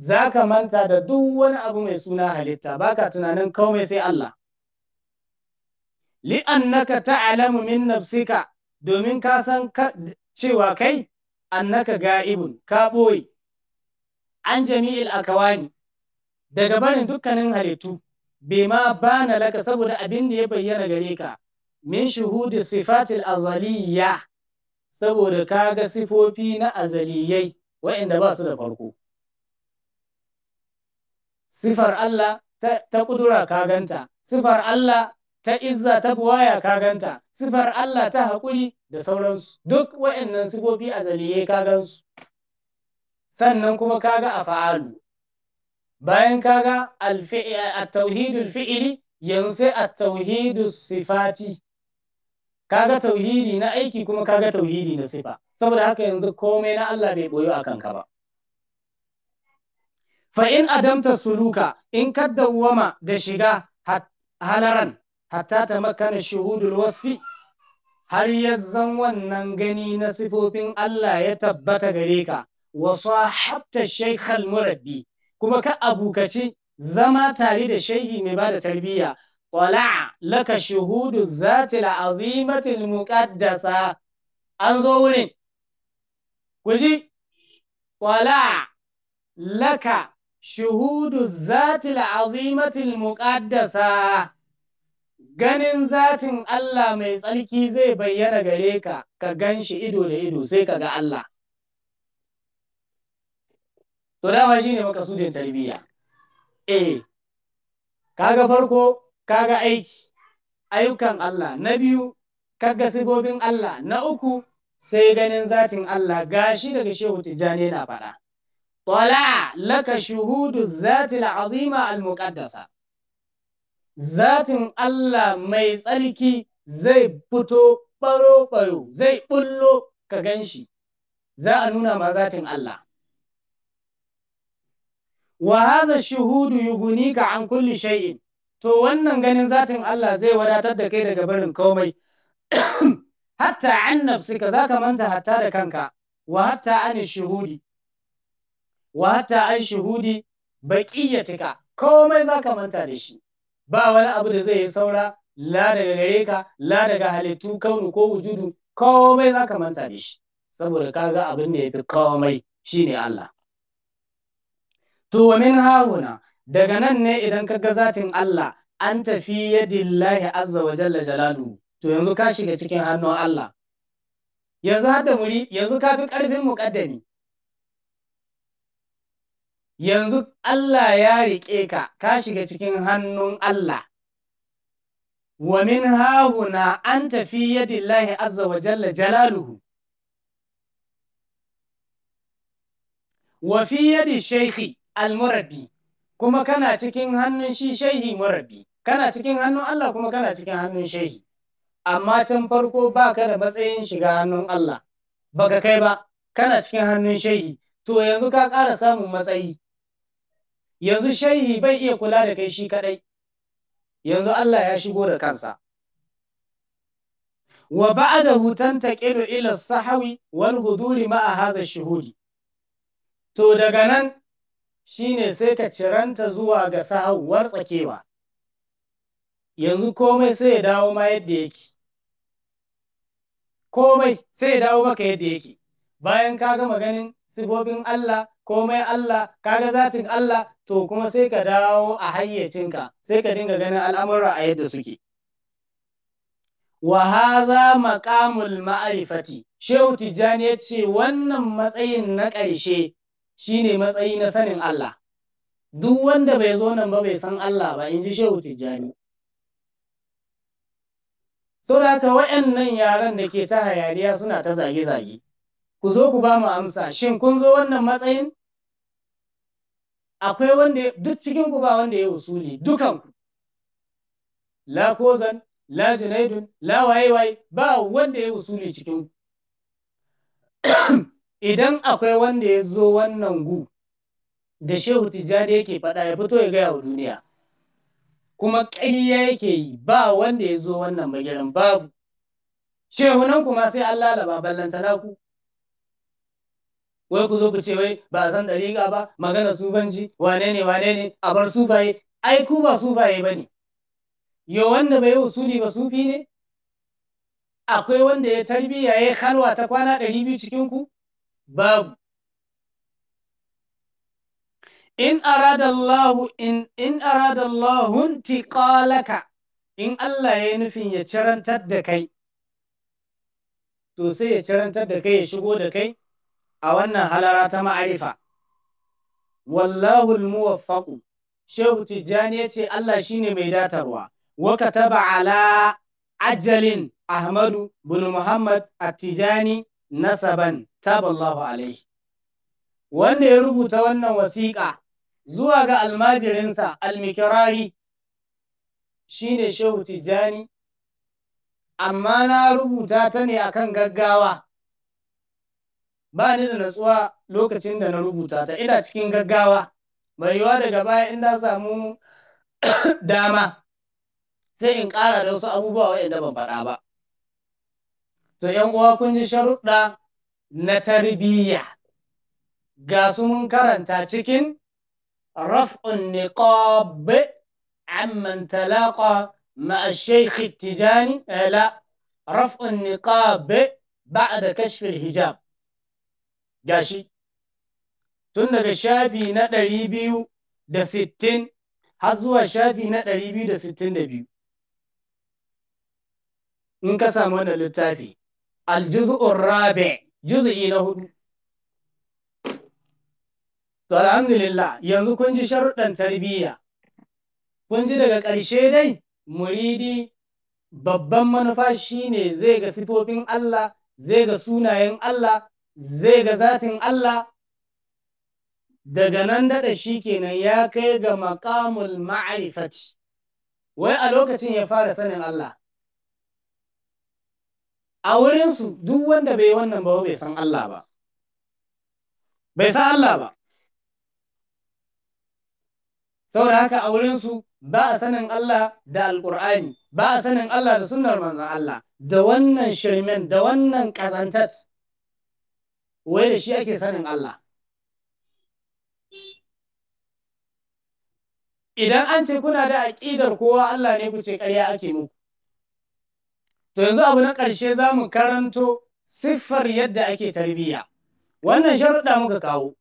zaka manta da duk wani abu mai suna halitta baka tunanin komai sai Allah li'annaka ta'lamu min nafsika domin ka san cewa kai annaka ga'ibun ka ɓoye an jami'il akawani daga barin dukkanin halittu bai ma bana laka saboda abin da ya bayyana gare ka min shuhudi sifatil azaliya saboda kaga sifofi na azaliyai waɗanda ba su da farko sifar Allah ta ƙudura ka ganta sifar Allah ta izza ta buwaya ka ganta sifar Allah ta haƙuri da sauransu duk waɗannan sifofi azaliyai ka gansu sannan kuma kaga a fa'alu bayan kaga a tauhidul fi'ili yanzu sai a tauhidus sifati kaga tauhidi na aiki kuma kaga tauhidi na sifa saboda haka yanzu komai na Allah bai boyo akan ka ba fa in adamta suluka in ka dawwama da shiga halaran hatta ta makana shuhudul wasfi har ya zan wannan gani na sifofin Allah ya tabbata gare ka wa sahabta shaykhal murabbi kuma ka abukaci zama tare da shehi mai bada tarbiyya طلع لك شهود الذات العظيمة المقدسة أنظرين كجي طلع لك شهود الذات العظيمة المقدسة ganin zatin Allah mai tsarki zai bayyana gare ka ka gan shi ido da ido sai ka ga Allah to dama shine makasudin tarbiyya eh kaga farko ga aiki ayyukan Allah na biyu ka ga sibobin Allah na uku sai ganin zatin Allah gashi daga shehu tijjani na faɗa shuhudu لك شهود الذات العظيمة المقدسة zatin Allah mai tsarki zai fito baro-baro zai bullo ka gan shi za a nuna ma zatin Allah wa hadha shuhudu ka an kulli sha'in. to wannan ganin zatin Allah zai wadatar da kai daga barin komai *coughs* hatta an nafsika za ka manta hatta da kanka wa hatta an shuhudi wa hatta an shuhudi baqiyatika komai za ka manta da shi ba wani abu da zai yi saura la daga gare ka la daga halittu kaunu ko wujudu komai za ka manta da shi saboda kaga abin da ya komai shine Allah to wa min daga nan ne idan ka ga zatin Allah an tafi yadillahi azza wa jalla jalalu to yanzu ka shiga cikin hannun Allah yanzu har da muri yanzu ka fi karfin muqaddami yanzu Allah ya riƙe ka ka shiga cikin hannun Allah wa min hahuna an tafi yadillahi azza wa jalla jalaluhu wa fi yadi shaykhi al-murabbi kuma kana cikin hannun shi shehi murabi kana cikin hannun Allah kuma kana cikin hannun shehi amma can farko ba ka da matsayin shiga hannun Allah Ba ka kai ba kana cikin hannun shehi to yanzu ka ƙara samun matsayi yanzu shehi bai iya kula da kai shi kadai yanzu Allah ya shigo da kansa wa ba'dahu tantaqilu ila sahawi wal huduri ma'a hadha shuhudi to daga nan shine sai ka ciranta zuwa ga sahuwar tsakewa yanzu komai sai ya dawo ma yadda yake komai sai ya dawo maka yadda yake bayan ka gama ganin sifofin Allah komai Allah ka ga zatin Allah to kuma sai ka dawo a hayyacinka sai ka dinga ganin al'amura a yadda suke wa haza maqamul ma'rifati shehu tijani yace wannan matsayin na ƙarshe ne matsayi na sanin Allah duk wanda bai zo nan ba bai san Allah ba in ji Shehu Tijjani saboda waɗannan yaran da ke ta hayaniya suna ta zage-zage ku zo ku ba mu amsa shin kun zo wannan matsayin akwai wanda duk cikin ku ba wanda ya usuli dukan ku la kozan la junaidun la waye ba wanda ya usuli cikin ku idan akwai wanda ya zo wannan gu da shehu tijjani yake faɗa ya fito ya gaya wa duniya kuma ƙarya yake yi ba wanda ya zo wannan magirin babu Shehu nan kuma sai an lalaba ballantana ku wai ku zo ku ce wai ba zan san ɗariƙa ba magana sufanci wane ne wane ne a bar sufaye ai ku ba sufaye ba ne yo wanda bai usuli ba sufi ne akwai wanda ya tarbiyya ya yi ta kwana ɗari biyu cikin ku babu in aradallahu in in aradallahu tiqalaka in Allah ya nufin ya cirantar da ya cirantar da kai ya shigo da kai a wannan halara ta ma'arifa wallahu almuwaffaqu shehu tijjani ya ce Allah shine mai datarwa wa kataba ala ajalin ahmadu bin muhammad at-tijani nasaban taballahu alaihi wanda ya rubuta wannan wasiƙa zuwa ga almajirinsa almikirari shine shehu tijjani amma na rubuta ta ne akan gaggawa ba ni da natsuwa lokacin da na rubuta ta ina cikin gaggawa mai yiwuwa daga baya in na samu *coughs* dama sai in ƙara da wasu abubuwa waɗanda ban faɗa ba to yan uwa kun ji sharuɗa na tarbiyya ga su mun karanta cikin raf'un niqab amman talaqa ma'a shaykh tijani eh, la raf'un niqab ba'da kashf hijab gashi tun daga shafi na ɗari biyu da sittin har zuwa shafi na ɗari biyu da sittin da biyu in ka samu wannan littafi aljuz'ur rabi' juz'i na hudu to alhamdulillah yanzu kun ji sharuɗan tarbiyya kun ji daga ƙarshe dai muridi babban manufa shine zai ga sifofin Allah zai ga sunayen Allah zai ga zatin Allah daga nan daɗa shi kenan ya kai ga maƙamul ma'arifati wai a lokacin ya fara sanin Allah a wurinsu duk wanda bai wannan ba bai san Allah ba bai san Allah ba saboda haka a wurinsu ba a sanin Allah da alƙur'ani ba a sanin Allah da sunnar manzon Allah da wannan shirmen da wannan kazantat wai da shi ake sanin Allah idan an ce kuna da aƙidar kowa Allah ne ku ce ƙarya ake muku To yanzu abu na ƙarshe za mu karanto siffar yadda ake tarbiyya. Wannan sharuɗa muka kawo.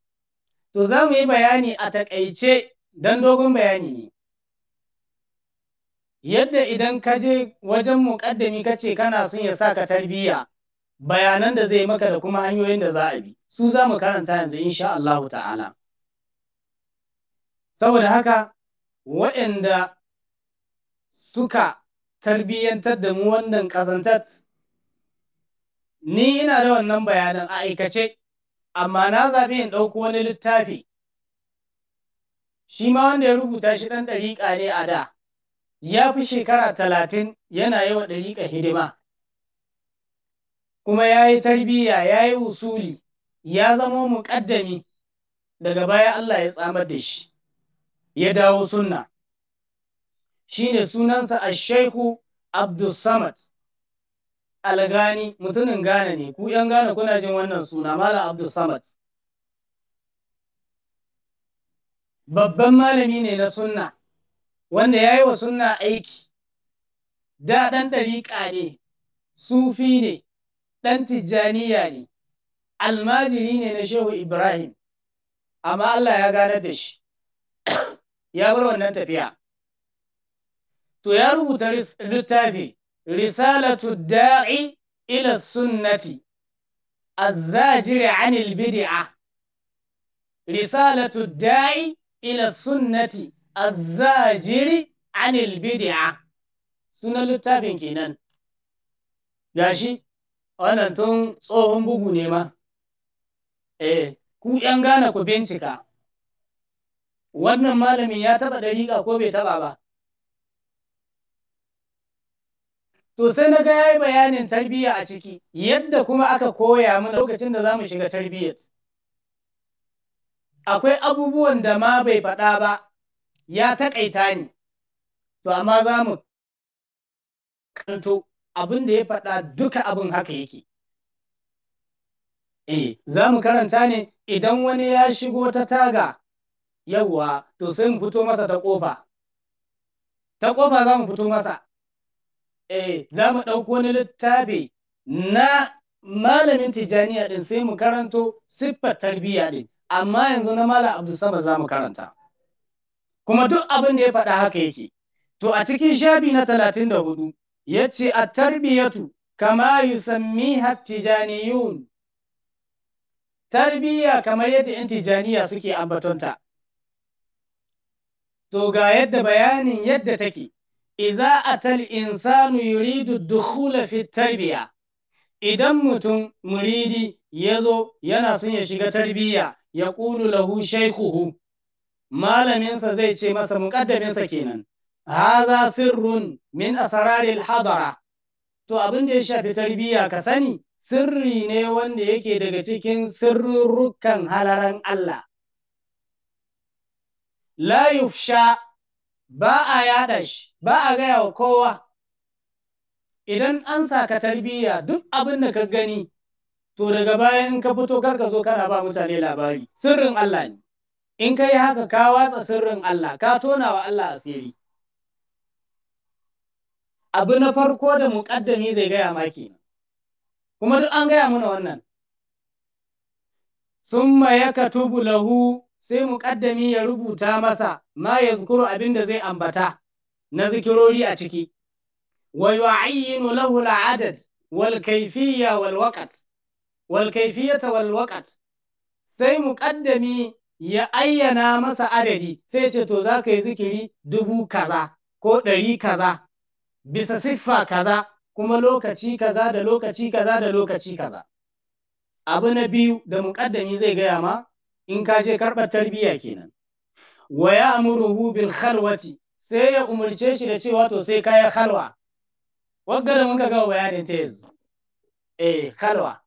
To za mu yi bayani a taƙaice don dogon bayani ne. Yadda idan ka je wajen muƙaddami ka ce kana son ya sa ka tarbiyya bayanan da zai maka da kuma hanyoyin da za a bi. Su za mu karanta yanzu insha Allahu ta'ala. Saboda haka waɗanda suka tarbiyyantar da mu wannan ƙazantar ni ina da wannan bayanan a aikace amma na zaɓi in ɗauko wani littafi shi ma wanda ya rubuta shi ɗan ɗariƙa ne a da ya fi shekara talatin yana yawa ɗariƙa hidima kuma ya yi tarbiyya ya yi usuli ya zama muƙaddami daga baya Allah ya tsamar da shi ya dawo sunna shine sunansa Shehu Abdul Samad Algani mutumin Ghana ne ku yan Ghana kuna jin wannan suna Malam Abdul Samad babban malami ne na sunna wanda yayi wa sunna aiki da ɗan ɗariƙa ne sufi ne ɗan tijjaniya ne almajiri ne na shehu Ibrahim amma Allah ya ganar da shi *coughs* ya bar wannan tafiya to ya rubuta littafi risalatu da'i ila sunnati الزاجر anil bid'a risalatu da'i ila sunnati الزاجر anil bid'a sunan littafin kenan gashi wannan tun tsohon bugu ne ma eh ku yan gane ku bincika wannan malamin ya taba dariƙa ko bai taba ba to sai na ga yayi bayanin tarbiyya a ciki yadda kuma aka koya mana lokacin da zamu shiga tarbiyyat. akwai abubuwan da ma bai faɗa ba ya taƙaita ni to amma za mu kanto abin da ya faɗa duka abin haka yake eh za mu karanta ne idan wani ya shigo ta taga yawwa to sai mu fito masa ta ƙofa ta ƙofa za mu fito masa eh za mu ɗauko wani littafi na malamin tijaniya ɗin sai mu karanto siffar tarbiyya ɗin amma yanzu na malam abdulsaba za mu karanta kuma duk abin da ya faɗa haka yake to a cikin shabi na talatin da hudu ya ce a tarbiyyatu kama yusammiha tijaniyun tarbiyya kamar yadda 'yan tijaniya suke ambatonta to ga yadda bayanin yadda take iza atal insanu yuridu dukhula fi tarbiya idan mutum muridi ya zo yana son ya shiga tarbiyya ya ƙulu lahu shaikuhu malaminsa zai ce masa muƙaddaminsa kenan haza sirrin min asraril hadara to abin da ya shafi tarbiyya ka sani sirri ne wanda yake daga cikin sirrukan halaran Allah la yufsha ba a yaɗa shi ba a gaya wa kowa idan an sa ka tarbiyya duk abin da ka gani to daga baya in ka fito kar ka zo kana ba mutane labari sirrin Allah ne in ka yi haka ka watsa sirrin Allah ka tona wa Allah asiri abu na farko da muƙaddami zai gaya maki. kuma duk an gaya mana wannan summa yakatubu lahu sai muƙaddami ya rubuta masa ma ya zukuru abin da zai ambata na zikirori a ciki wa yu'ayyinu lahu al'adad wal kayfiyya wal wal wal sai muƙaddami ya ayyana masa adadi sai ce to za ka yi zikiri dubu kaza ko ɗari kaza bisa siffa kaza kuma lokaci kaza da lokaci kaza da lokaci kaza abu na biyu da muƙaddami zai gaya ma in ka je karɓar tarbiyya kenan wa ya'muruhu bil khalwati sai ya umurce shi da cewa to sai kaya khalwa wagga ka ga bayanin ta yanzu eh khalwa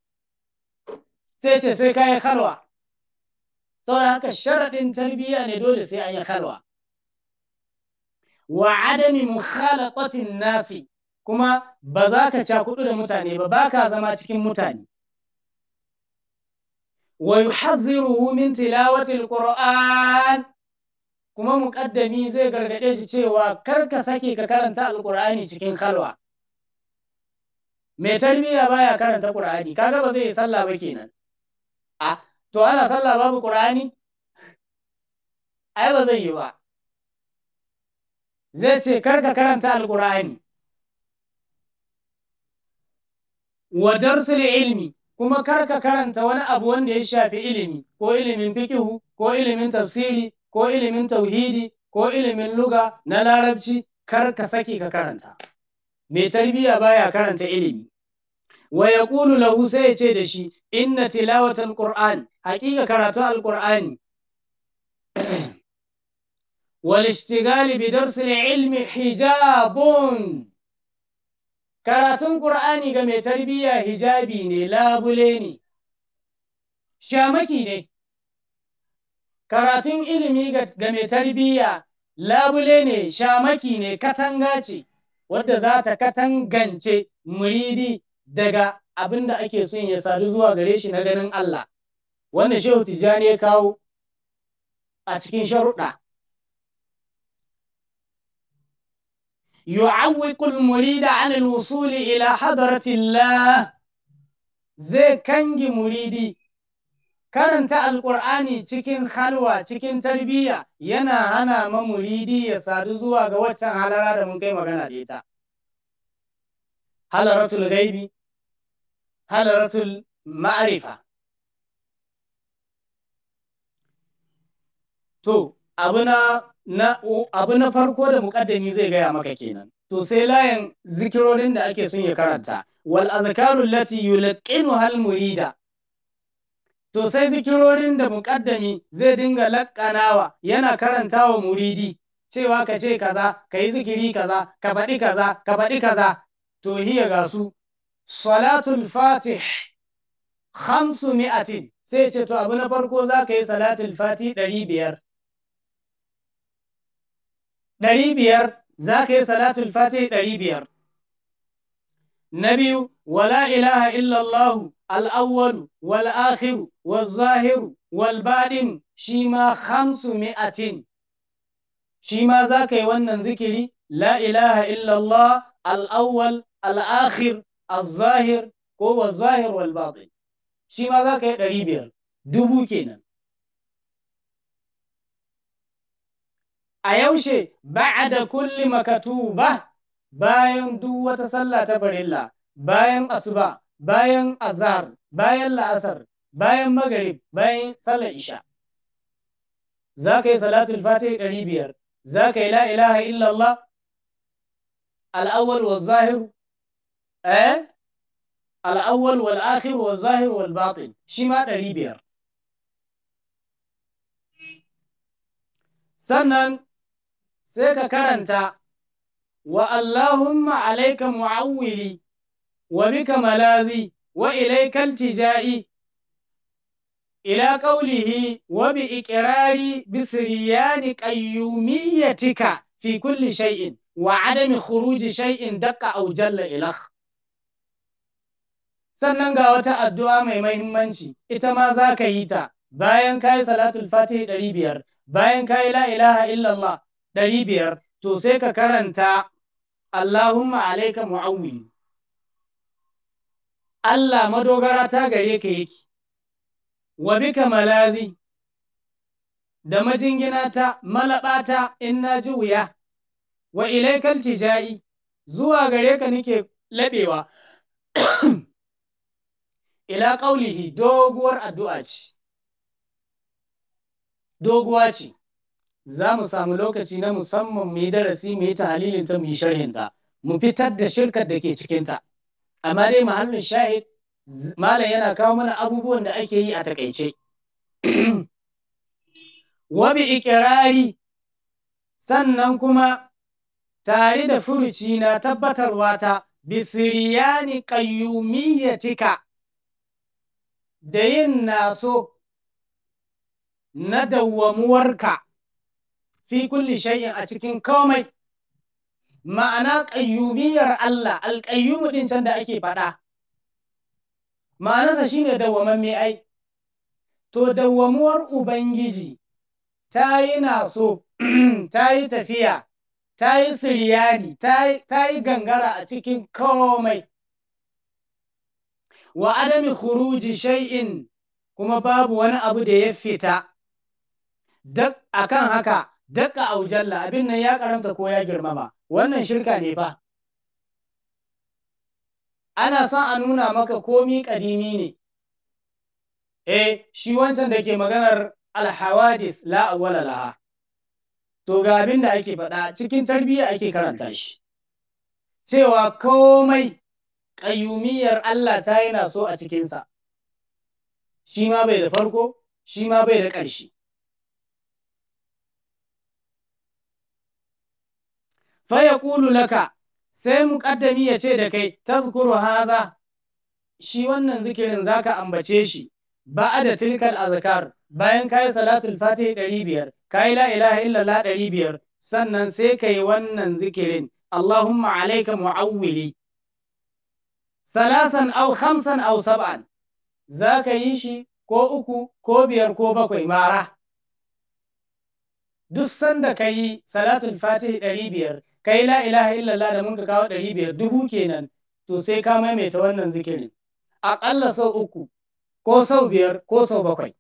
sai ce sai kaya khalwa saboda haka sharadin tarbiyya ne dole sai an yi khalwa wa adami mukhalaqatin nasi kuma ba za ka cakudu da mutane ba ba ka zama cikin mutane ويحذره من تلاوة القرآن kuma muƙaddami zai gargaɗe shi cewa kar ka sake ka karanta alƙur'ani cikin kalwa mai tarbiyya baya karanta ƙur'ani kaga ba zai yi sallah ba kenan a to ana sallah babu ƙur'ani ai ba zai yi ba zai ce kar ka karanta alƙur'ani wa darsul ilmi kuma kar ka karanta wani abu wanda ya shafi ilimi ko ilimin fikihu ko ilimin tafsiri ko ilimin tauhidi ko ilimin luga na larabci kar ka sake ka karanta mai tarbiyya baya karanta ilimi wa yaqulu lahu sai ya ce da shi inna tilawatal qur'an haqiqa karatu alqur'ani *clears throat* wal ishtigali bi darsil ilmi hijabun karatun Kur'ani ga mai tarbiyya hijabi ne labule ne shamaki ne karatun ilimi ga mai tarbiyya labule ne shamaki ne katanga ce wadda za ta katangance muridi daga abin da ake son ya sadu zuwa gare shi na ganin Allah wanda shehu tijjani ya kawo a cikin sharuɗa yu'awwiqu al-murida 'an al-wusuli ila hadarati Allah zai kangi muridi karanta alƙur'ani cikin halwa cikin tarbiyya yana hana ma muridi ya sadu zuwa ga waccan halara da mun kai magana da ita halaratul gaibi halaratul ma'arifa to abu na na abu na farko da muƙaddami zai gaya maka kenan to sai layin zikirorin da ake son ya karanta wal azkaru lati yulqinu hal murida to sai zikirorin da muƙaddami zai dinga laƙanawa yana karantawa muridi cewa ka ce kaza ka yi zikiri kaza ka faɗi kaza ka faɗi kaza to hiya ga su salatul fatih khamsu mi'atin sai ce to abu na farko za ka yi salatul fatih ɗari biyar ɗari biyar za ka yi salatul fati ɗari biyar na biyu wala ilaha illallahu al'awwalu wal akhiru wal zahiru wal shi ma hamsu mi'atin shi ma za ka yi wannan zikiri la ilaha illallah al'awwal al'akhir azahir ko wal zahir shi ma za ka yi ɗari biyar dubu kenan a yaushe ba'da kulli makatuba bayan duk wata sallah ta farilla bayan asuba bayan azhar bayan la'asar bayan magarib bayan sallar isha za ka yi salatul fatih ɗari biyar za ka yi la ilaha illallah al'awwal wa zahiru eh al'awwal wal akhir wa zahiru wal batin shi ma ɗari biyar sannan sai ka karanta wa Allahumma alaika mu'awwili wa bika malazi wa ilaika iltija'i ila qawlihi wa bi iqrari bi siryani qayyumiyyatika fi kulli shay'in wa adami khuruji shay'in daqqa aw jalla ilakh sannan ga wata addu'a mai mahimmanci ita ma za ka yi ta bayan ka yi salatul Fati ɗari biyar bayan ka yi la ilaha illallah ɗari biyar to sai ka karanta Allahumma alaika mu'awwin Allah madogara ta gare ka yake wa bika malazi da majingina majinginata malaɓata in na ji wuya wa ilaikal tija'i zuwa gare ka nike laɓewa *coughs* ila ƙaulihi doguwar addu'a ce doguwa ce za mu samu lokaci na musamman mu yi darasi mu yi tahalilin ta mu yi sharhinta mu fitar da shirkar da ke cikinta amma dai mahallin shahid malam yana kawo mana abubuwan da ake yi a takaice *clears throat* wabi ikirari sannan kuma tare da furuci na tabbatarwa ta bisiriyani ƙayyumiyyatika da yin naso na dawwamuwarka fi kulli shay'in a cikin komai ma'ana ƙayyumiyar Allah alƙayyumu din can da ake faɗa ma'anarsa shine me ai to dawwamuwar ubangiji ta yi so *clears throat* ta yi tafiya ta yi siriyani ta yi gangara a cikin komai wa adami khuruji shay'in kuma babu wani abu da ya fita duk akan haka dakka aujalla abin nan ya karanta ko ya girmama wannan shirka ne ba ana son a nuna maka komi kadimi ne eh shi wancan da ke maganar alhawadis la awwala laha to ga abin da ake faɗa cikin tarbiyya ake karanta shi cewa komai ƙayyumiyar Allah ta yana so a cikinsa shi ma bai da farko shi ma bai da ƙarshe Faya Kulu laka sai muƙaddami ya ce da kai tazkuru haza shi wannan zikirin zaka ambace shi da tilkal azkar bayan kayi salatul fatih 500 kayi la ilaha illallah 500 sannan sai kayi wannan zikirin Allahumma alayka mu'awwili salasan aw khamsan aw sab'an zaka yi shi ko uku ko biyar ko bakwai mara duk sanda kayi salatul fatih 500 kai la ilaha illallah da mun ka kawo ɗari biyar dubu kenan to sai ka maimaita wannan zikirin aƙalla sau uku ko sau biyar ko sau bakwai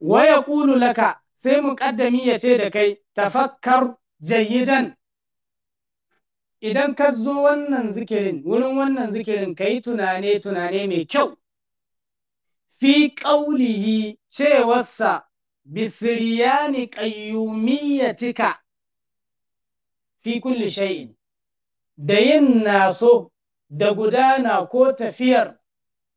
waya ƙulu laka sai muƙaddami ya ce da kai tafakkar jayyidan idan ka zo wannan zikirin wurin wannan zikirin ka yi tunane tunane mai kyau fi ƙaulihi cewarsa bisiriyani ƙayyumiyatika fi kulli shay'in da yin naso da gudana ko tafiyar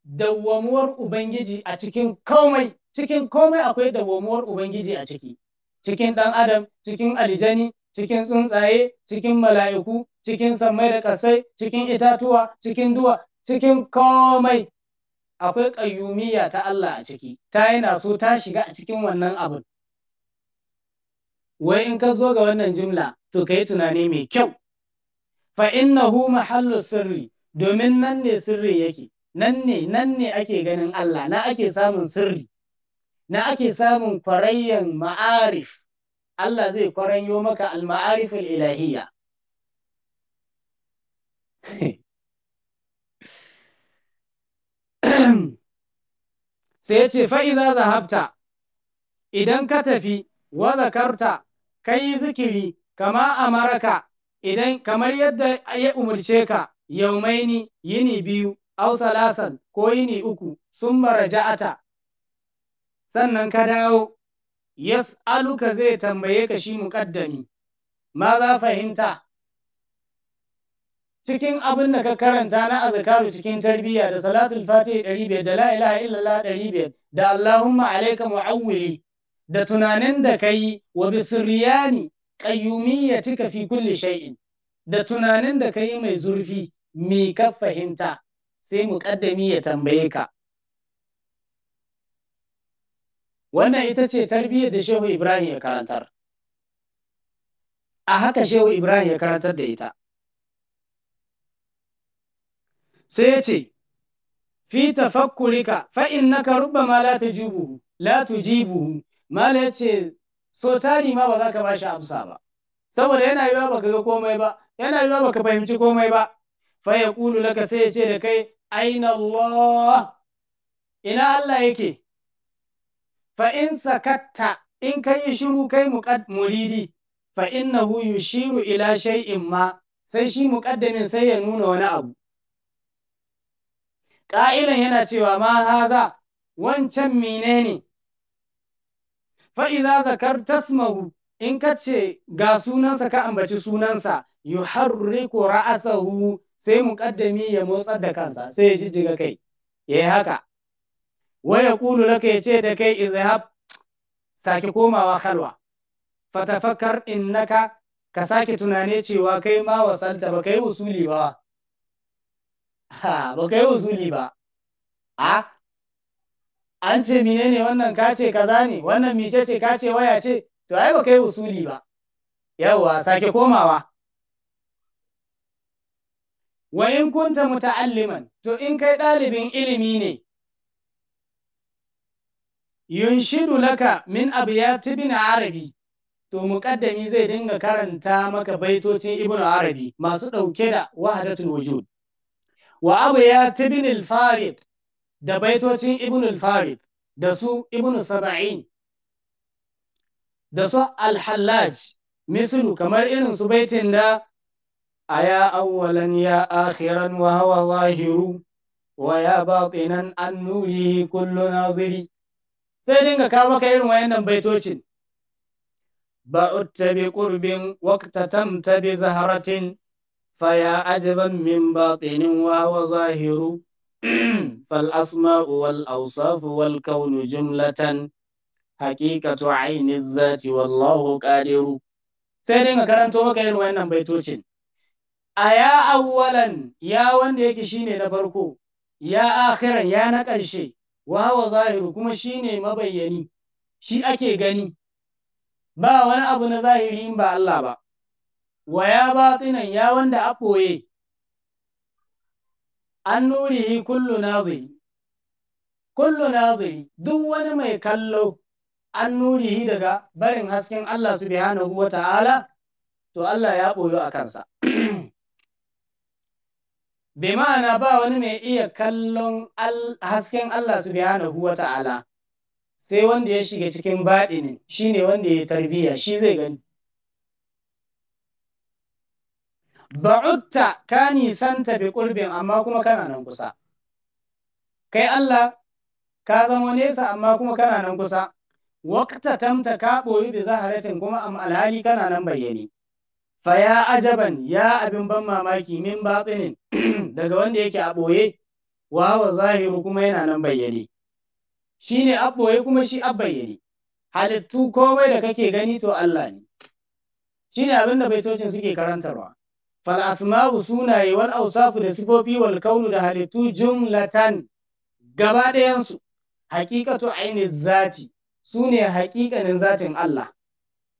dawwamuwar ubangiji a cikin komai cikin komai akwai dawwamuwar ubangiji a ciki cikin ɗan adam cikin aljani cikin tsuntsaye cikin mala'iku cikin sammai da ƙasai cikin itatuwa cikin duwa cikin komai akwai ƙayyumiya ta Allah a ciki ta yi naso ta shiga a cikin wannan abin wai in ka zo ga wannan jimla to kai tunani mai kyau fa hu! mahallu sirri domin nan ne sirri yake nan ne nan ne ake ganin Allah na ake samun sirri na ake samun kwarayyan ma'arif Allah zai kwaranyo maka al-ma'ariful ilahiyya *coughs* sai ya ce fa'iza zahabta idan ka tafi wa zakarta ka yi zikiri kama amaraka idan kamar yadda ya umarce ka yaumaini yini biyu au salasan ko yini uku sun maraja'ata sannan ka dawo aluka zai tambaye ka shi muƙaddami ma za fahimta cikin abin da ka karanta na azkaru cikin tarbiyya da salatul fatih 500 da la ilaha illallah 500 da allahumma alayka mu'awwili da tunanin da kai wa bisriyani cika fi kulle shay'in da tunanin da kai mai zurfi mi ka fahimta sai mu muƙaddami ya tambaye ka wannan ita ce tarbiyyar da Shehu Ibrahim ya karantar a haka Shehu Ibrahim ya karantar da ita sai ya ce fi tafakkurika fa innaka rubbama la tujibuhu la tujibuhu mala ce. so tari ma ba za ka ba shi amsa ba saboda yana yiwuwa baka ga komai ba yana yiwuwa baka fahimci komai ba fa Kulu laka sai ya ce da kai aina Allah ina Allah yake fa in sakatta in kai shiru kai muqad muridi fa innahu yushiru ila shay'in ma sai shi muqaddamin sai ya nuna wani abu ƙa'ilan yana cewa ma haza wancan menene fa'iza zakar tasmahu in ka ce ga sunansa ka ambaci sunansa yuharriku ra'asahu sai muƙaddami ya motsar da kansa sai ya jijjiga kai ya yi haka waya ya ƙulu laka ya ce da kai izhab sake komawa halwa fatafakar innaka ka sake tunane cewa kai ma wasalta ba kai usuli ba ba kai usuli ba a an ce mine wannan ka ce kaza ne wannan mice ce ka ce waya ce to ai ba kai usuli ba yawa sake komawa wa in kunta muta'alliman to in kai ɗalibin ilimi ne yunshidu laka min abiyat ibn arabi to muƙaddami zai dinga karanta maka baitocin ibn arabi masu dauke da wahdatul wujud wa abiyat ibn al-farid da baitocin ibn al-farid da su ibn saba'in da su al-hallaj misalu kamar irin su baitin da aya awwalan ya akhiran wa huwa zahiru wa ya batinan an nuri kullu naziri sai dinga kawo maka irin wayannan baitocin bi zaharatin fa ya ajaban min batinin wa huwa zahiru. فالأسماء والأوصاف والكون جملة حقيقة عين الذات والله قادر sai dinga karanto maka irin wannan baitocin a ya awwalan ya wanda yake shine na farko ya akhiran ya na ƙarshe wa hawa zahiru kuma shine mabayyani shi ake gani ba wani abu na zahiri in ba Allah ba wa ya batinan ya wanda a ɓoye an nurihi kullu naziri kullu naziri duk wani mai kallo an nurihi daga barin hasken Allah subhanahu wa ta'ala to Allah ya ɓoyo a kansa *clears throat* bai ma'ana ba wani mai iya kallon hasken Allah subhanahu wa ta'ala sai wanda ya shiga cikin baɗinin shine wanda ya tarbiyya shi zai gani ba'utta ka nisan bi kurbin, amma kuma kana nan kusa kai Allah ka zama nesa amma kuma kana nan kusa waqta tamta ka boyi bi zaharatin kuma am alhali kana nan bayyane fa ya ajaban ya abin ban mamaki min batinin *clears throat* daga wanda yake a boye wa wa zahiru kuma yana nan bayyane shine a boye kuma shi a halittu komai da kake gani to Allah ne shine abin da baitocin suke karantarwa fal asma'u sunaye wal awsafu da sifofi wal kaunu da halittu jumlatan gaba ɗayansu haƙiƙatu aini zati sune haƙiƙanin zatin Allah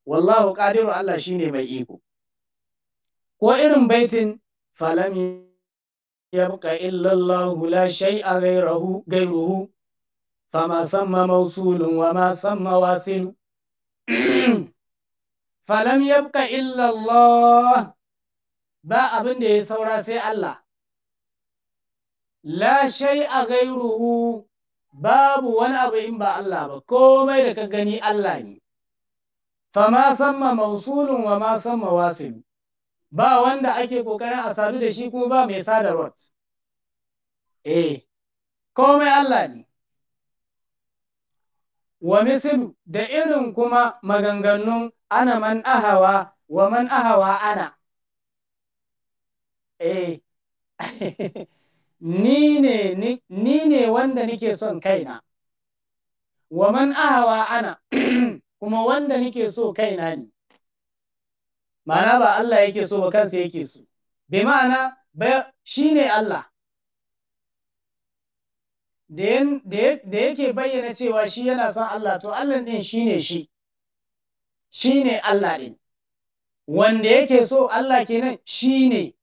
wallahu ƙadiru Allah shine mai iko ko irin baitin falam yabqa illa Allah la shay'a ghayruhu ghayruhu fama thamma mawsulun wa ma thamma wasilu *clears throat* falam ya illa Allah ba abin da ya saura sai Allah la shay a gairuhu babu wani abu in ba Allah ba komai da ka gani Allah ne Fa ma samma mausulun wa ma samma wasil ba wanda ake kokarin a sadu da shi kuma ba mai sadarwa eh komai Allah ne wa Misilu da irin kuma maganganun ana man ahawa wa man ahawa ana eh *laughs* ni ne ni ne wanda nike son kaina wa man ahawa ana *clears throat* kuma wanda nike so kaina ne ma'ana ba Allah yake so ba kansa yake so bi ma'ana shi ne Allah da yake bayyana cewa shi yana son Allah to Allah ɗin shi ne shi shi Allah ɗin wanda yake so Allah kenan shi ne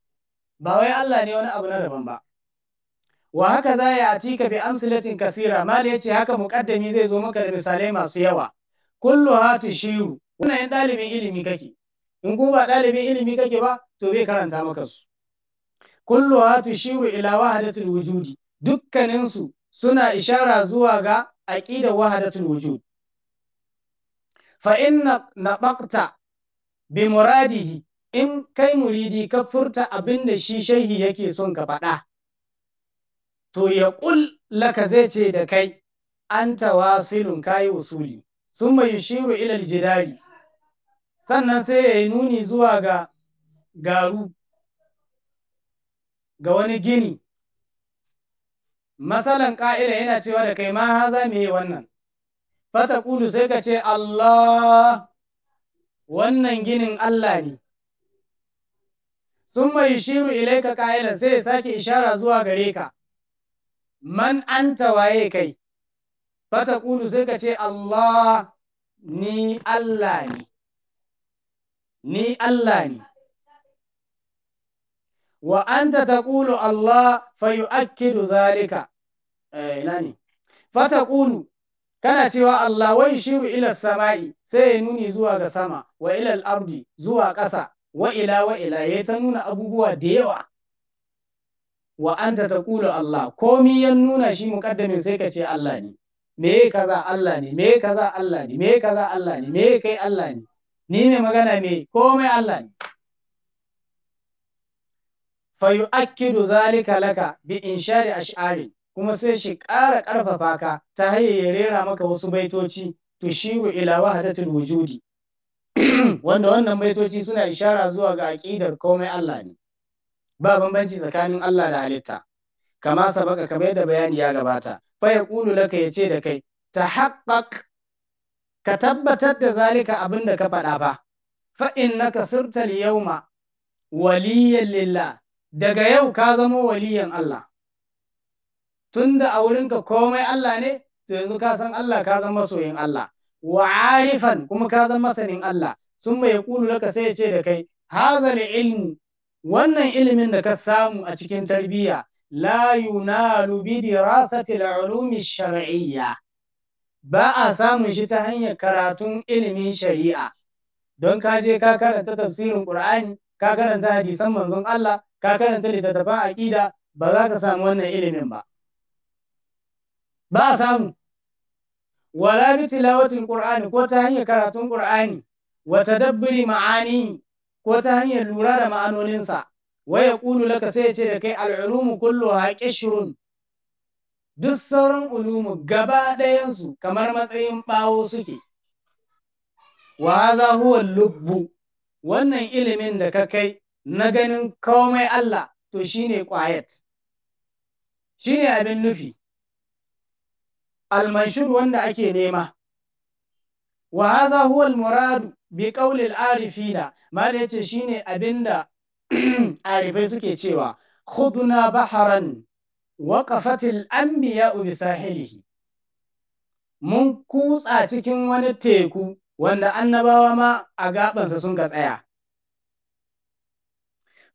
ba wai Allah ne wani abu na daban ba wa haka za ya ka bi amsalatin kasira ya ce haka muqaddami zai zo maka da misalai masu yawa kullu ha tushiru kuna yan dalibin ilimi kake in ko ba dalibin ilimi kake ba to bai karanta maka su kullu ha tushiru ila wahdatul wujudi dukkanin su suna ishara zuwa ga aqidar wahdatul Wujudi. fa inna naqta bi muradihi in kai muridi ka furta abin da shi shehi yake son ka faɗa to ya ƙul laka zai ce da kai an tawasilun kayi usuli sun mai shiru ilal jidari sannan sai ya yi nuni zuwa ga garu ga wani gini masalan ƙa'ila yana cewa da kai ma haza me wannan fata ƙulu sai ka ce Allah wannan ginin Allah ne sun mai shiru ilaika ƙa'ilan sai ya sake ishara zuwa gare ka man an tawaye kai fata Kulu, sai ka ce Allah ni Allah ne ni Allah ne wa anta taqulu Allah yu'akkidu zalika eh ina ne fata ƙulu kana cewa Allah wai shiru ila sama'i sai ya nuni zuwa ga sama wa ila al-ardi zuwa ƙasa wa'ila wa'ila ya ta nuna abubuwa da yawa wa ta taqulu Allah komi ya nuna shi muƙaddamin sai ka ce Allah ne me ka za Allah ne me ka za Allah ne me ka za Allah ne me kai Allah ne ni ne magana me komai Allah ne fa yu'akkidu zalika laka bi in inshari ash'ari kuma sai shi ƙara ƙarfafa ka ta hanyar rera maka wasu baitoci tushiru ila wahdatul wujudi *clears throat* wanda wannan baitoci suna ishara zuwa ga aƙidar komai Allah ne ba bambanci tsakanin Allah da halitta kama sabaka kamar yadda bayani ya gabata fa ya kulu laka ya ce da kai Ta tahaqqaq ka tabbatar da zalika abin da ka faɗa fa fa innaka sirta yauma yawma waliyan lillah daga yau ka zama waliyan Allah tunda a wurinka komai Allah ne to yanzu ka san Allah ka zama soyin Allah wa arifan kuma ka zama masanin Allah sun mai kulu laka sai ya ce da kai hazal ilmu wannan ilimin da ka samu a cikin tarbiyya la yunalu bi dirasati al-ulumi shar'iyya ba a samun shi ta hanyar karatun ilimin shari'a don ka je ka karanta tafsirin Qur'ani ka karanta hadisan manzon Allah ka karanta littattafan aqida ba za ka samu wannan ilimin ba ba a samu wala bi tilawatil qur'ani ko ta hanyar karatun qur'ani wa tadabburi ma'ani ko ta hanyar lura da ma'anoninsa wa yaqulu laka sai ce da kai al ulumu kulluha qishrun duk sauran ulumu gaba ɗayansu kamar matsayin bawo suke wa hadha huwa lubbu wannan ilimin da ka kai na ganin komai Allah to shine quiet shine abin nufi almanshur wanda ake nema wa hadha huwa almurad bi qawli al-arifina mal yace shine abinda *clears throat* arifai suke cewa khudna baharan waqafat al-anbiya bi sahilihi mun kutsa cikin wani teku wanda annabawa ma a gaɓansa sun ka tsaya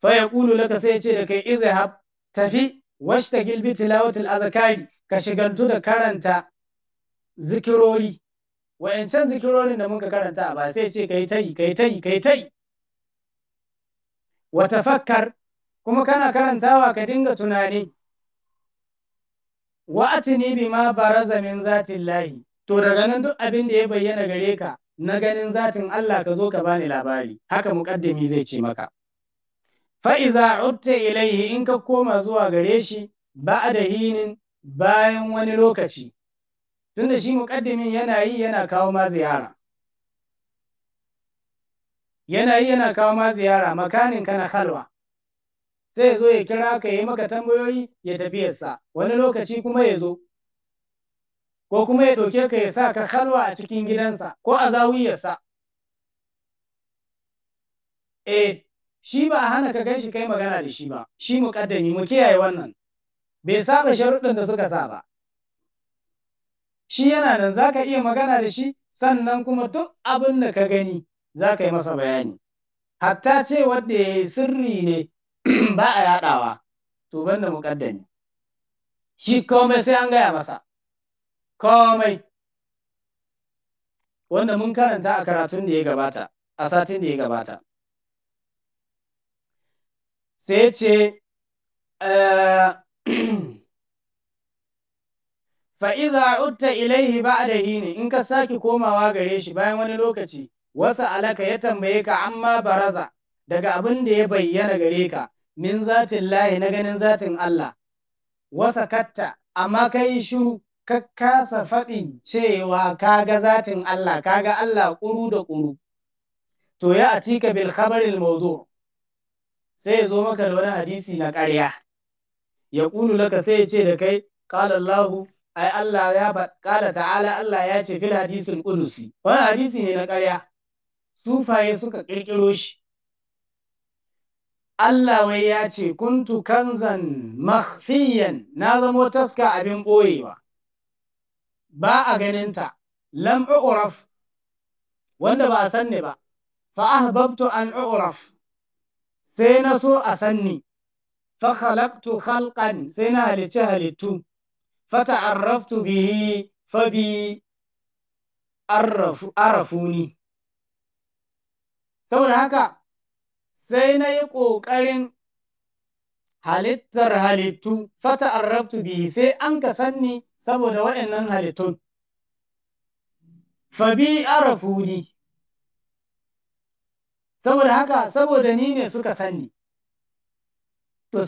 fa yaqulu laka sai yace da kai izhab tafi washtagil bi tilawati al-azkari ka shigantu da karanta zikirori wayancan zikirorin da muka karanta ba sai ce kai tai kai tai kai tai wa tafakkar kuma kana karantawa ka dinga tunani wa atini bima baraza min zatillahi to daga nan duk abin da ya bayyana gare ka na ganin zatin Allah ka zo ka bani labari haka muƙaddami zai ce maka fa'iza utta ilaihi in ka koma zuwa gare shi ba da hinin bayan wani lokaci tunda shi muƙaddimin yana yi yana kawo ma ziyara yana yi yana kawo ma ziyara makanin kana halwa sai ya zo ya kira ka yi maka tambayoyi ya tafi yasa wani lokaci kuma ya zo ko kuma ya ɗauke ka ya sa ka halwa a cikin gidansa ko a sa? eh shi ba a hana ka gan shi kai magana da shi ba shi muƙaddami mu kiyaye wannan bai saba sharuɗin da suka sa ba shi yana nan za ka iya magana da shi sannan kuma duk abin da ka gani za ka yi masa bayani hatta ce wadda ya yi sirri ne *clears throat* ba a yaɗawa to banda muƙaddami shi komai sai an gaya masa komai wanda mun karanta a karatun da ya gabata a satin da ya gabata sai ce eh, fa'iza utta ilaihi ba da ne, in ka sake komawa gare shi bayan wani lokaci wasa alaka ya tambaye ka amma baraza daga abin da ya bayyana gare ka min zatin lahi na ganin zatin Allah wasa katta amma ka yi shiru ka kasa faɗin cewa ka ga zatin Allah ka ga Allah ƙuru da ƙuru to ya a cika bil sai ya zo maka da wani hadisi na ƙarya ya ƙulu laka sai ya ce da kai ƙalallahu. ai Allah ya kala ta'ala Allah ya ce fil hadisin kudusi wani hadisi ne na ƙarya sufaye suka ƙirƙiro shi Allah wai ya ce kuntu kanzan makhfiyan na zamo taska abin ɓoyewa. ba a ganinta lam uraf wanda ba a sanni ba fa ahbabtu an uraf sai na so a sanni fa khalaqtu khalqan sai na halicci halittu fata'arraftu bihi fabi arafuni saboda haka sai na yi ƙoƙarin halittar halittu fata'arraftu bihi sai an ka sanni saboda waɗannan halittun fabi arafuni saboda haka saboda ni ne suka sanni to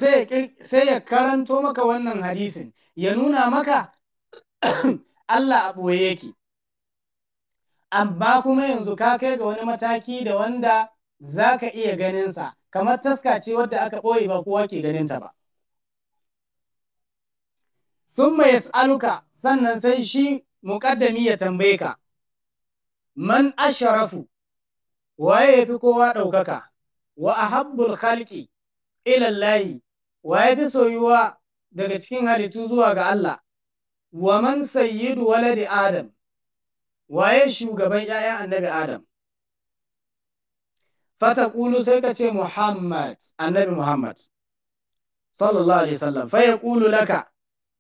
sai ya karanto maka wannan hadisin ya nuna maka *coughs* Allah a ɓoye yake amma kuma yanzu ka kai ga wani mataki da wanda za ka iya ganinsa kamar taska ce wadda aka ɓoye ba kowa ke ganinta ba sun mai tsaluka sannan sai shi muƙaddami ya tambaye ka man asharafu waye ya fi kowa ɗaukaka wa ahabbul khalqi ilallahi wa ya fi soyuwa daga cikin halittu zuwa ga Allah wa man sayyidu waladi adam waye shugaban ‘ya'yan annabi adam fata ƙulu sai ka ce muhammad annabi muhammad sallallahu alaihi wasallam fa ya ƙulu laka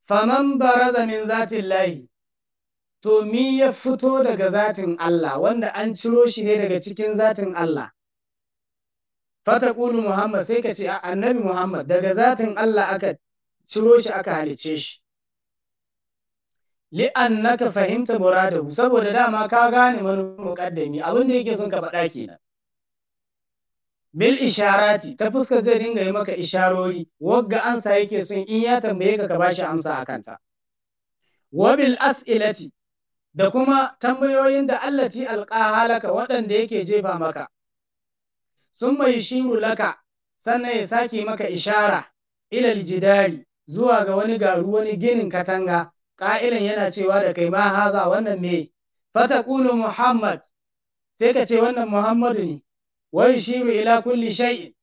faman baraza min zatin lahi to mi ya fito daga zatin Allah wanda an ciro shi ne daga cikin zatin Allah Fata ƙulu muhammad sai ka ce annabi muhammad daga zatin Allah aka ciro shi aka halice shi li'annaka fahimta muradahu saboda dama ka gane manufar muqaddami abin da yake son ka faɗa kenan bil isharati ta fuska zai dinga yi maka isharori wagga ansa yake son in ya tambaye ka ka bashi amsa a kanta wa bil as'ilati da kuma tambayoyin da Allah allati alqahalaka waɗanda yake jefa maka sun mai shiru laka sannan ya sake maka ishara ilal jidari zuwa ga wani garu wani ginin katanga kailan yana cewa da kai ma haza wannan me fatakulu muhammad sai ka ce wannan muhammadu ne wa yushiru ila kulli shay'in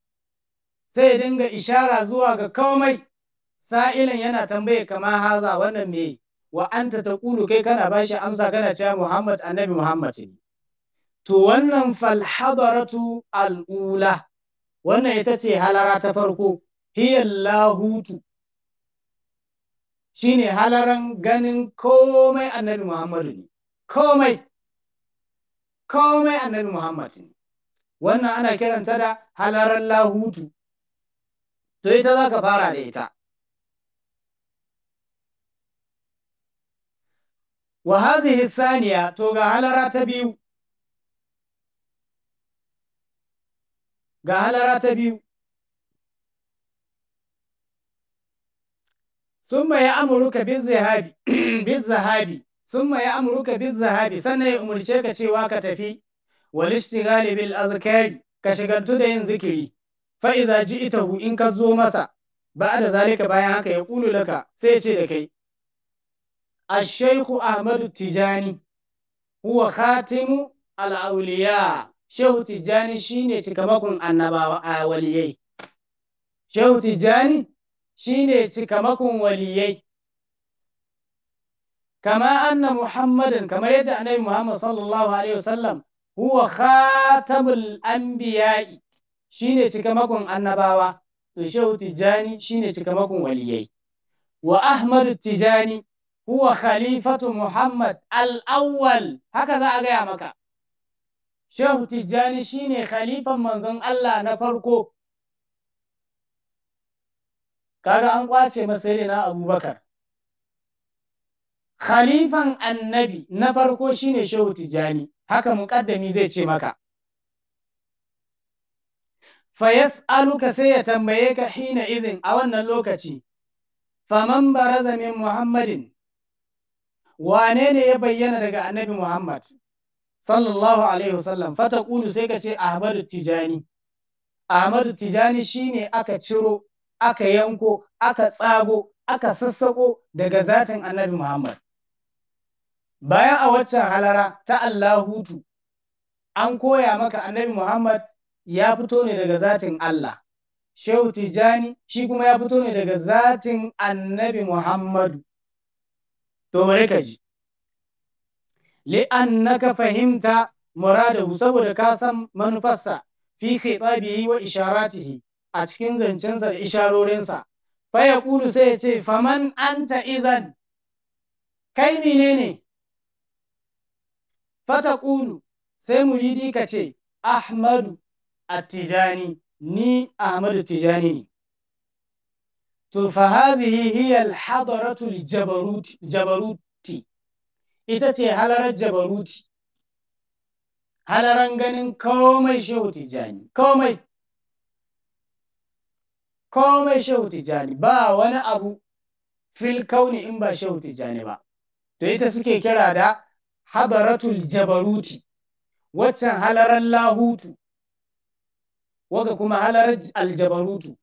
sai ya dinga ishara zuwa ga komai sa'ilan yana tambaye kama haza wannan me wa anta taqulu kai kana bashi amsa kana cewa muhammad annabi muhammad ne to wannan falhabaratu al'ula wannan ita ce halara ta farko hiyar lahutu shine halaran ganin komai annabi muhammadu ne komai komai annabi Muhammadu ne wannan ana kiranta da halaran lahutu to ita za ka fara da ita wa hazihi saniya to ga halara ta biyu ga halara ta biyu Sun ya amurka bin zahabi bin zahabi summa ya bin zahabi sannan ya umurce ka cewa ka tafi Wani istighali bil azkari ka shigantu da yin zikiri ji ita hu, in ka zo masa Ba da zalika bayan haka ya ƙulu laka sai ce da kai A ahmadu tijani huwa khatimu al auliya shehu tijjani shine cikamakon annabawa a waliyai shehu tijjani shine cikamakon waliyai kama anna muhammadin kamar yadda annabi muhammad sallallahu alaihi wasallam huwa khatamul anbiya'i shine cikamakon annabawa to shehu tijjani shine cikamakon waliyai wa ahmad tijjani huwa khalifatu muhammad al-awwal haka za a gaya maka Shehu Tijjani shine khalifan manzon Allah na farko kaga an kwace masa na Abubakar khalifan annabi na farko shine Shehu Tijjani haka muƙaddami zai ce maka aluka sai ya tambaye ka hina izin a wannan lokaci faman baraza muhammadin wane ne ya bayyana daga annabi muhammad sallallahu alaihi wasallam fata kulu sai ka ce ahmadu tijani ahmadu tijani shine aka ciro aka yanko aka tsago aka sassako daga zatin annabi muhammad bayan a waccan halara ta allahutu an koya maka annabi muhammad ya fito ne daga zatin allah shehu tijani shi kuma ya fito ne daga zatin annabi muhammadu to bari ka ji naka fahimta muradahu saboda ka san manufarsa fi khitabihi wa isharatihi a cikin zancensa da isharorinsa fa yaqulu sai ya ce faman anta idan kai menene fa taqulu sai muridi ka ce ahmadu at-tijani ni ahmadu tijani ne to fa hadhihi hiya al jabarut ita ce halarar jabaruti halaran ganin komai shehuti jani, komai komai shehuti jani, ba wani abu fil kauni in ba shehuti jani ba to ita suke kira da habaratuljabaruti, jabaruti waccan halaran lahutu waga kuma halarar aljabarutu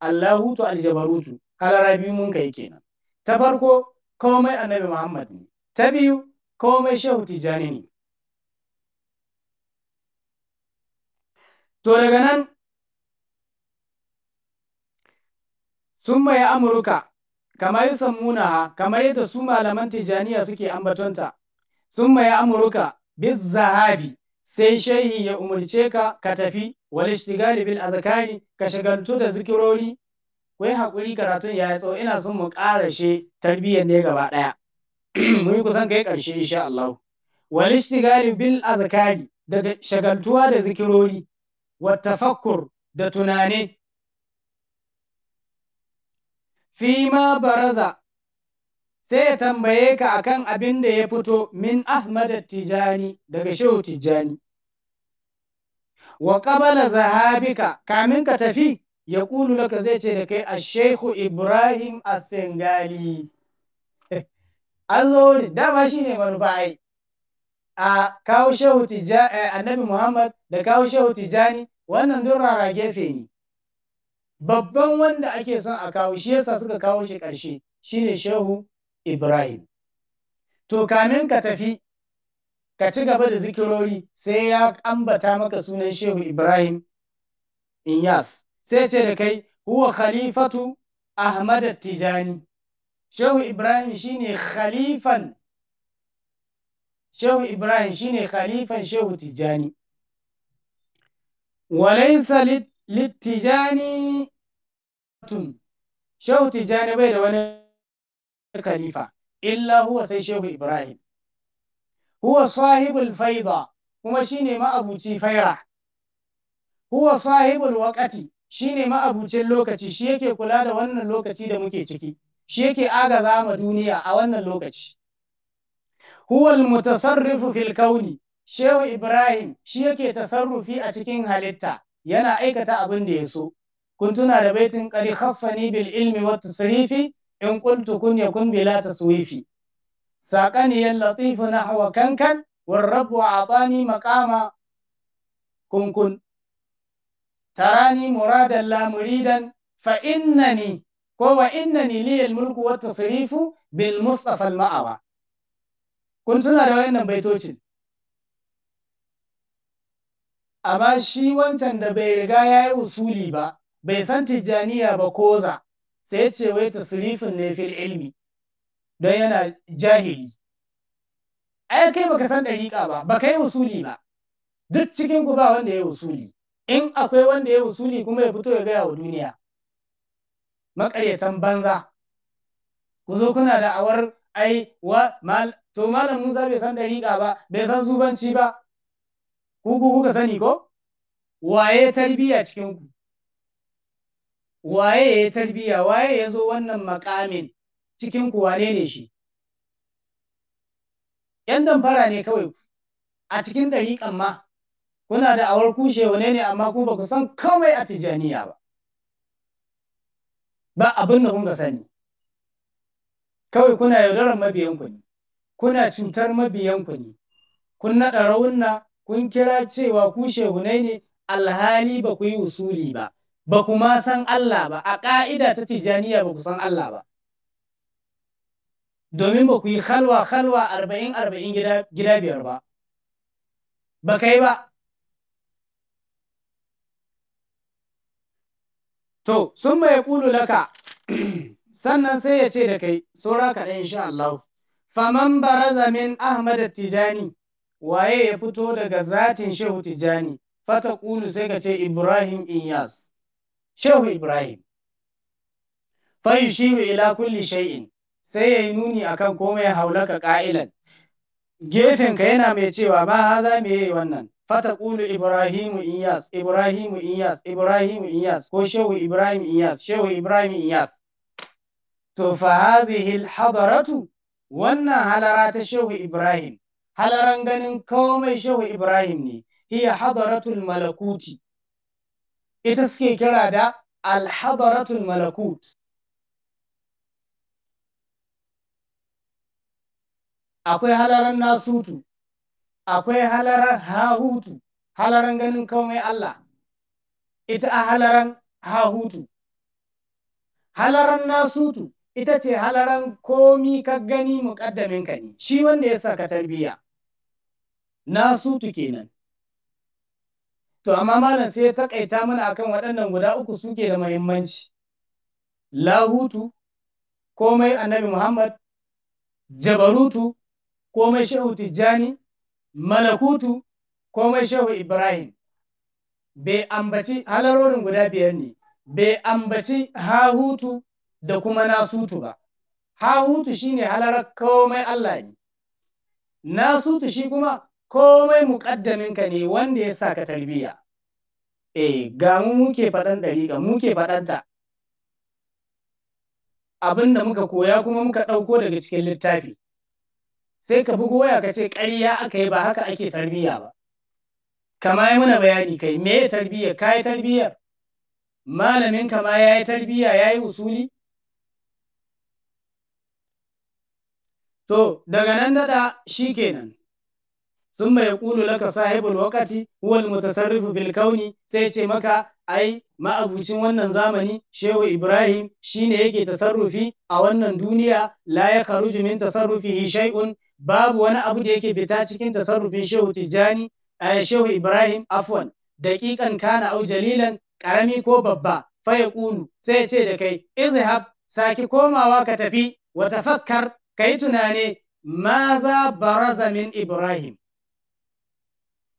allahutu aljabarutu halara biyu mun kai kenan ta farko komai annabi muhammad ne ta biyu komai shehu tijjani ne to daga nan sun maye amurka kamar yusan ha kamar yadda su malaman tijaniya suke ambatonta sun maye amurka bin zahabi sai shehi ya umarce ka ka tafi wal ishtigali a zakari ka shagaltu da zikirori ku haƙuri karatun ya tsawo ina son mu ƙarashe tarbiyyar ne gaba ɗaya *clears throat* muyi kusan kai ƙarshe insha Allah wal istigari bil azkari daga shagaltuwa da zikirori wa tafakkur da tunane Fima baraza sai ya tambaye ka akan abin da ya fito min Ahmad Tijani daga Shehu Tijani wa qabala zahabika kamin ka tafi ya kulu laka zai ce da kai a Shehu Ibrahim as-Sengali an zo dama shi ne manufa a kawo shehu tijjani eh, annabi muhammad da kawo shehu tijjani wannan don rara gefe ne babban wanda ake son a kawo shi yasa suka kawo shi ƙarshe shine shehu ibrahim to kamin ka tafi ka ci gaba da zikirori sai ya ambata maka sunan shehu ibrahim in Yas. sai ce da kai huwa khalifatu ahmad tijani shehu ibrahim shine khalifan shehu ibrahim shine khalifan shehu tijjani tun shehu tijjani bai da wani khalifa illa huwa sai shehu ibrahim huwa sahibul faida kuma shine ma'abuci faira huwa sahibul waqati shine ma'abucin lokaci shi yake kula da wannan lokaci da muke ciki shi yake agaza ma duniya a wannan lokaci huwal mutasarrifu fil kauni shehu ibrahim shi yake tasarrufi a cikin halitta yana aikata abin da ya so kun tuna da baitin qad khassani bil ilmi wat tasrifi in qultu kun yakun bila taswifi saqani latifu na hawa kankan war rabb a'tani maqama kunkun tarani muradan la muridan fa innani ko wa innani liyal mulku wa tasrifu bil mustafa ma'awa kun tuna da wannan baitocin amma shi wancan da bai riga ya yi usuli ba bai san tijjaniya ba koza sai ya ce wai tasirifin ne fil ilmi don yana jahili ai kai baka san dariƙa ba baka yi usuli ba duk cikin ku ba wanda ya yi usuli in akwai wanda ya yi usuli kuma ya fito ya gaya wa duniya maƙaryatan banza ku zo kuna da ai wa mal to malam Musa bai san dariƙa ba bai san zubanci ba ku ku kuka sani ko waye tarbiya cikin ku waye ya tarbiya waye ya zo wannan makamin cikin ku wane ne shi yan damfara ne kawai ku. a cikin dariƙan ma kuna da awar kushe wane ne amma ku ba ku san komai a tijaniya ba ba abin da kun sani kawai kuna yaudarar mabiyanku ne kuna cutar mabiyanku ne kun naɗa raunna kun kira cewa ku shehunai ne alhali ba ku yi usuli ba ba ku ma san Allah ba a ƙa'ida ta tijaniya ba ku san Allah ba domin ba ku yi halwa halwa arba'in arba'in gida biyar ba ba kai ba To, sun mai ƙulu laka, *clears throat* sannan sai ya ce da kai, saura kaɗan insha Allah. Faman baraza min Ahmad Tijani, waye ya fito daga zatin Shehu Tijani, fata Kulu sai ka ce Ibrahim Inyas, Shehu Ibrahim. Fayushiru ila kulli shay'in, sai ya yi nuni akan komai haulaka ƙa'ilan. Gefenka yana mai cewa ma haza me wannan, fatakulu ibrahimu iyas ibrahimu iyas ibrahimu iyas ko shehu ibrahim iyas shehu ibrahim iyas to fa hadhihi hadaratu wannan halara ta shehu ibrahim halaran ganin komai shehu ibrahim ne hiya hadaratul malakuti ita suke kira da alhadaratul malakut akwai halaran nasutu akwai halaran hahutu halaran ganin komai Allah ita a halaran hahutu halaran nasutu ita ce halaran komi ka gani muƙaddamin ka ne shi wanda ya saka tarbiyya nasutu kenan to amma malam sai ya takaita mana akan waɗannan guda uku suke da muhimmanci lahutu komai annabi muhammad jabarutu komai shehu tijjani malakutu komai shehu ibrahim bai ambaci halarorin guda biyar ne bai ambaci hahutu da kuma nasutu ba hahutu shine halarar komai allah ne nasutu shi kuma komai ka ne wanda ya sa ka tarbiyya eh ga mu muke faɗan ɗariƙa muke faɗanta abin da muka koya kuma muka ɗauko daga cikin littafi sai ka bugo waya ka ce ƙarya aka yi ba haka ake tarbiyya ba kama yi muna bayani kai me ya tarbiyya ka yi tarbiyyar malamin kama ya yi tarbiyya ya yi usuli to daga nan daɗa shi kenan sun bai kulu laka sahibul wakati huwal mutasarrifu bil kauni sai ce maka ai ma'abucin wannan zamani shehu ibrahim shine yake tasarrufi a wannan duniya la ya kharuju min tasarrufihi shay'un babu wani abu da yake fita cikin tasarrufin shehu tijani a shehu ibrahim afwan daƙiƙan kana au jalilan ƙarami ko babba fa ƙulu sai ce da kai izhab saki komawa ka tafi wa tafakkar kai tunane ma za baraza min ibrahim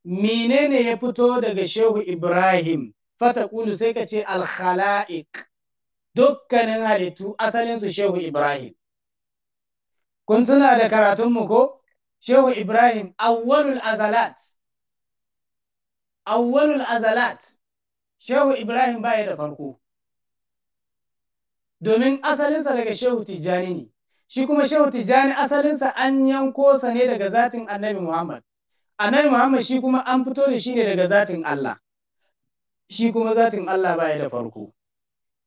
menene ya fito daga shehu ibrahim fatakulu sai ka ce alkhala'ik. dukkanin halittu asalinsu shehu ibrahim kun tuna da karatunmu ko shehu ibrahim awwalul azalat awwalul azalat shehu ibrahim baya da farko domin asalinsa daga shehu tijjani ne shi kuma shehu tijjani asalinsa an yanko sa ne daga zatin annabi muhammad annabi muhammad shi kuma an fito da shi ne daga zatin allah shi kuma zatin Allah baya da farko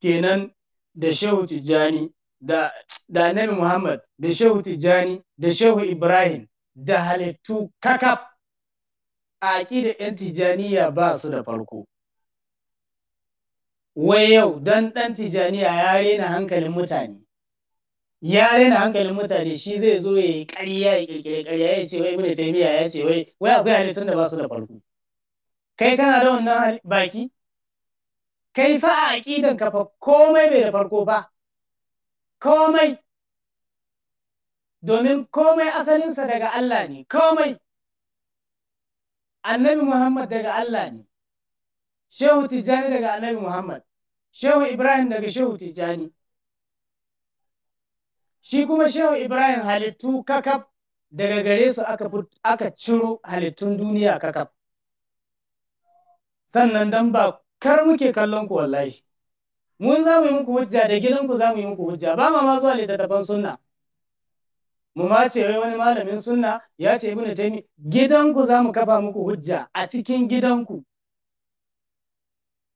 kenan da shehu tijjani da da annabi Muhammad da shehu tijjani da shehu Ibrahim da halittu kakaf a da yan tijjaniya ba su da farko wai yau dan ɗan tijjaniya ya rena hankalin mutane ya rena hankalin mutane shi zai zo ya yi ƙarya ya kirkire ƙarya ya ce wai ibnu taymiya ya ce wai wai akwai halittun da ba su da farko kai kana da wannan baki kai fa a aqidan ka fa komai bai da farko ba komai domin komai asalinsa daga Allah ne komai annabi Muhammad daga Allah ne shehu tijjani daga annabi Muhammad shehu Ibrahim daga shehu tijjani shi kuma shehu Ibrahim halittu kakaf daga gare su aka ciro halittun duniya kakaf sannan dan ba kar muke kallon ku wallahi mun za mu yi muku hujja da gidanku za mu yi muku hujja ba ma ma zuwa littattafan sunna mu ma ce wai wani malamin sunna ya ce ibnu taymi gidanku za mu kafa muku hujja a cikin gidanku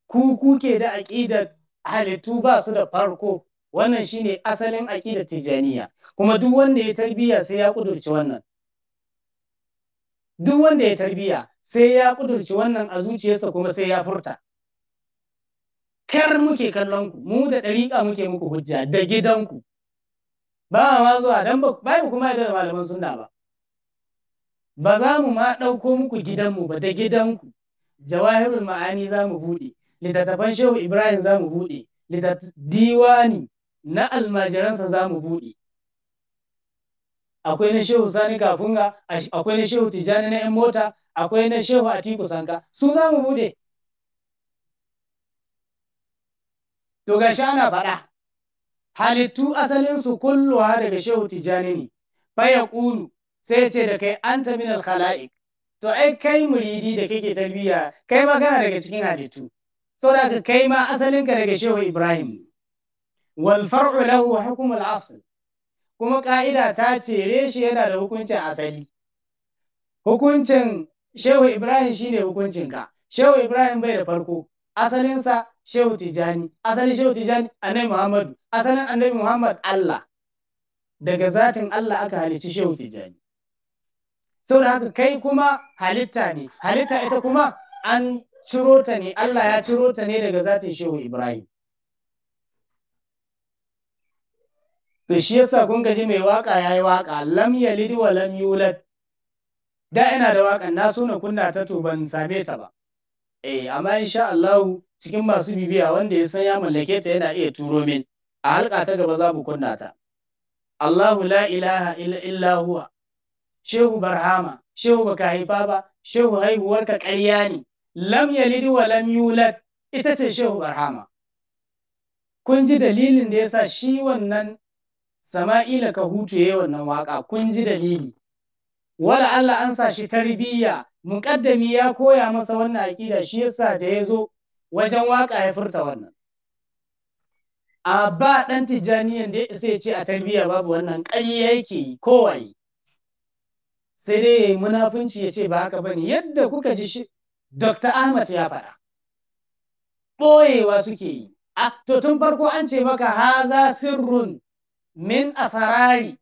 ku kuke da aqidar halittu ba su da farko wannan shine asalin aqidar tijaniya kuma duk wanda ya tarbiyya sai ya kudurci wannan duk wanda ya tarbiya sai ya kudurci wannan a zuciyarsa kuma sai ya furta kar muke kallon ku mu da ɗariƙa muke muku hujja da gidanku ba ma zuwa dan ba ku kuma da malaman sunna ba ba za mu ma ɗauko muku gidanmu ba da gidanku jawahirul ma'ani za mu buɗe littattafan shehu ibrahim za mu buɗe diwani na almajiransa za mu buɗe akwai na shehu sani kafunga akwai na shehu tijani na yan mota akwai na shehu atiku sanka su za mu bude to ga shana faɗa halittu asalinsu kulluwa daga shehu tijani ne faya ƙulu sai ce da kai an ta minal khala'iq to ai kai muridi da kake tarbiyya kai ma kana daga cikin halittu So daga kai ma asalin ka daga shehu ibrahim wal far'u lahu hukm al asl kuma ƙa'ida ta ce reshe yana da hukuncin asali hukuncin shehu ibrahim shine ka. shehu ibrahim bai da farko asalinsa shehu tijani asalin shehu tijani annabi muhammadu asalin annabi muhammad allah daga zatin allah aka halicci shehu tijani saboda haka kai kuma halitta ne halitta ita kuma an ciro ta ne allah ya ciro ta ne daga zatin shehu ibrahim to shi yasa kun ji mai waka yayi waka lam yalid wa lam yulad da ina da wakan na so na kunna ta to ban same ta ba eh amma insha Allah cikin masu bibiya wanda ya san ya mallake ta yana iya turo min a halka ta gaba za mu kunna ta Allahu la ilaha illa huwa shehu barhama shehu baka haifa ba shehu haihuwar ka ƙarya ne lam yalid wa lam yulad ita ce shehu barhama kun ji dalilin da yasa shi wannan sama'ila ka hutu yi wannan waka kun ji dalili wala Allah an sa shi tarbiyya muƙaddami ya koya masa wannan aƙida shi yasa da ya zo wajen waƙa ya furta wannan a ba ɗan tijjaniyan da ya ce a tarbiyya babu wannan ƙarya yake yi kowai sai dai ya yi munafunci ya ce ba haka ba ne yadda kuka ji shi dr ahmad ya faɗa ɓoyewa suke yi a to tun farko an ce maka haza sirrun min asarari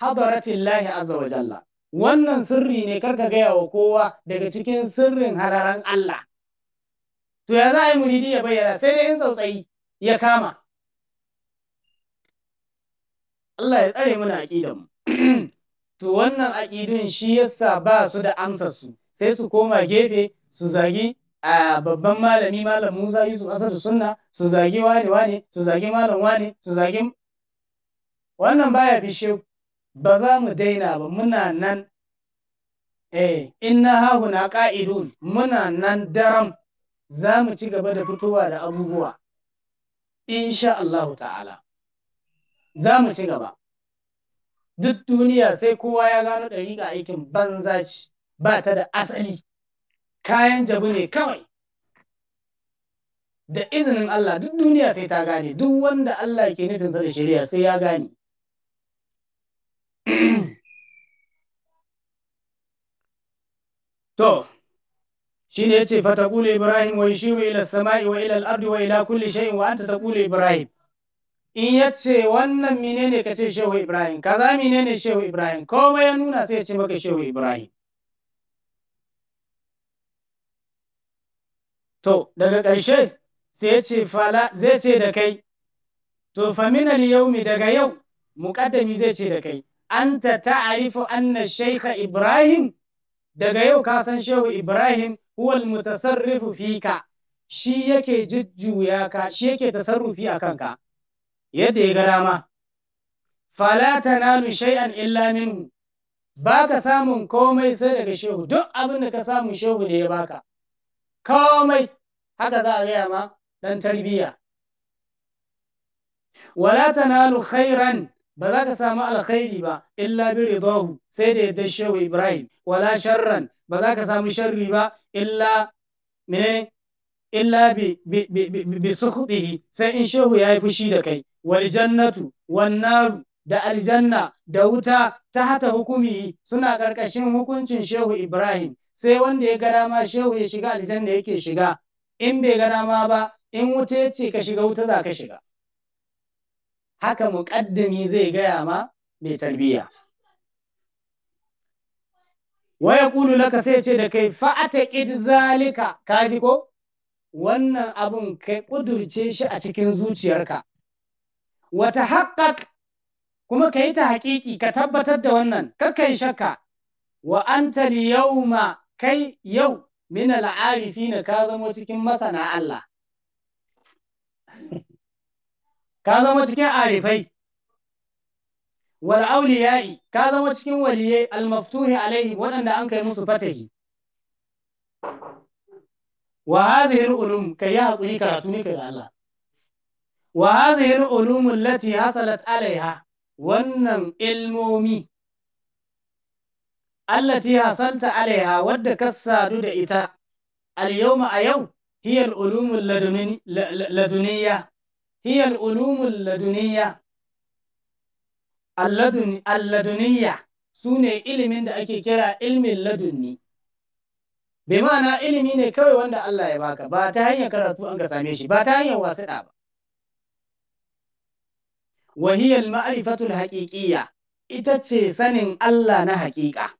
hadaratillahi azza wa jalla wannan sirri ne kar ka gaya wa kowa daga cikin sirrin hararan Allah to ya za a yi muridi ya bayyana sai dai in tsautsayi ya kama Allah ya tsare mana aqidan *clears throat* to wannan aƙidun shi yasa ba su da amsa su sai su koma gefe su zagi a babban malami malam Musa Yusuf Asadu Sunna su zagi wane wane su zagi malam wane su zagi wannan baya fishe ba za mu daina ba muna nan eh inna hahuna qa'idun muna nan daram za mu ci gaba da fitowa da abubuwa insha Allahu ta'ala za mu ci gaba duk duniya sai kowa ya gano ga aikin banza ci ba ta da asali kayan jabu ne kawai da izinin Allah duk duniya sai ta gane duk wanda Allah ke nufinsa da shari'a sai ya gane *clears throat* to shine yace fa taqulu ibrahim wa yashiru ila samai wa ila al-ardi wa ila kulli shay'in wa anta taqulu ibrahim in yace wannan menene kace shehu ibrahim kaza menene shehu ibrahim Kowa ya nuna sai ya ce maka shehu ibrahim to daga ƙarshe sai ya ce fala zai ce da kai to fa al-yawmi daga yau muqaddami zai ce da kai anta ta'rifu anna shaykha ibrahim daga yau ka san shehu ibrahim huwal mutasarrifu fika shi yake jujjuya ka shi yake tasarrufi a kanka yadda ya ga dama fala tanalu shay'an illa minhu baka samun komai sai daga shehu duk abin da ka samu shehu ne ya baka komai haka za a gaya ma dan tarbiyya wala tanalu khairan ba za ka samu alkhairi ba illa bi ridahu sai da yadda shehu ibrahim wala sharran ba za ka samu sharri ba illa menene illa bi bi bi sai in shehu ya yi fushi da kai wal jannatu wan nar da aljanna da wuta ta hata hukumi suna ƙarƙashin hukuncin shehu ibrahim sai wanda ya ga dama shehu ya shiga aljanna yake shiga in bai ga dama ba in wuta ya ce ka shiga wuta za ka shiga haka muƙaddami zai gaya ma mai tarbiyya. waya kulu laka sai ce da kai fa'ata zalika ka ji ko wannan abun kai ƙudurce shi a cikin zuciyarka wata haƙaƙ kuma ka yi ta haƙiƙi ka tabbatar da wannan kakai shakka wa anta ma kai yau min al'arifi na ka zama cikin masana Allah ka zama cikin arifai wal auliya'i ka zama cikin waliyai al-maftuhi alaihi waɗanda an kai musu fatahi wa hadhihi al-ulum kai ya hakuri karatu ne kai da Allah wa hadhihi al-ulum allati hasalat alaiha wannan ilmomi allati hasalta alaiha wadda ka sadu da ita al-yawma a yau hiya al-ulum laduniyya hiya al-ulumul laduniyya alladuniyya su ne ilimin da ake kira ilmin ladunni bai ma'ana ilimi ne kawai wanda Allah ya baka ba ta hanyar karatu an ka same shi ba ta hanyar wasiɗa ba wahiyar ma'arifatul haƙiƙiyya ita ce sanin Allah na haƙiƙa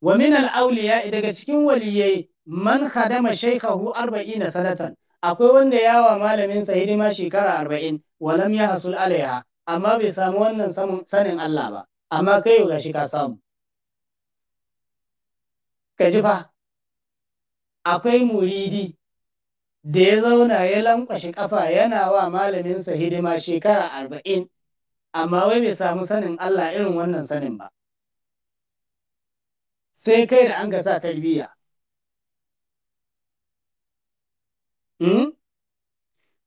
wa min al daga cikin waliyyai man khadama shaykhahu arba'ina sanatan akwai wanda ya malamin sa hidima shekara arba'in walam ya hasul alaiha amma bai samu wannan sanin Allah ba amma kai ga shi ka samu ka ji fa akwai muridi da ya zauna ya lankwashe kafa yana wa malaminsa hidima shekara arba'in amma wai bai samu sanin Allah irin wannan sanin ba sai kai da an ga sa tarbiyya Hmm?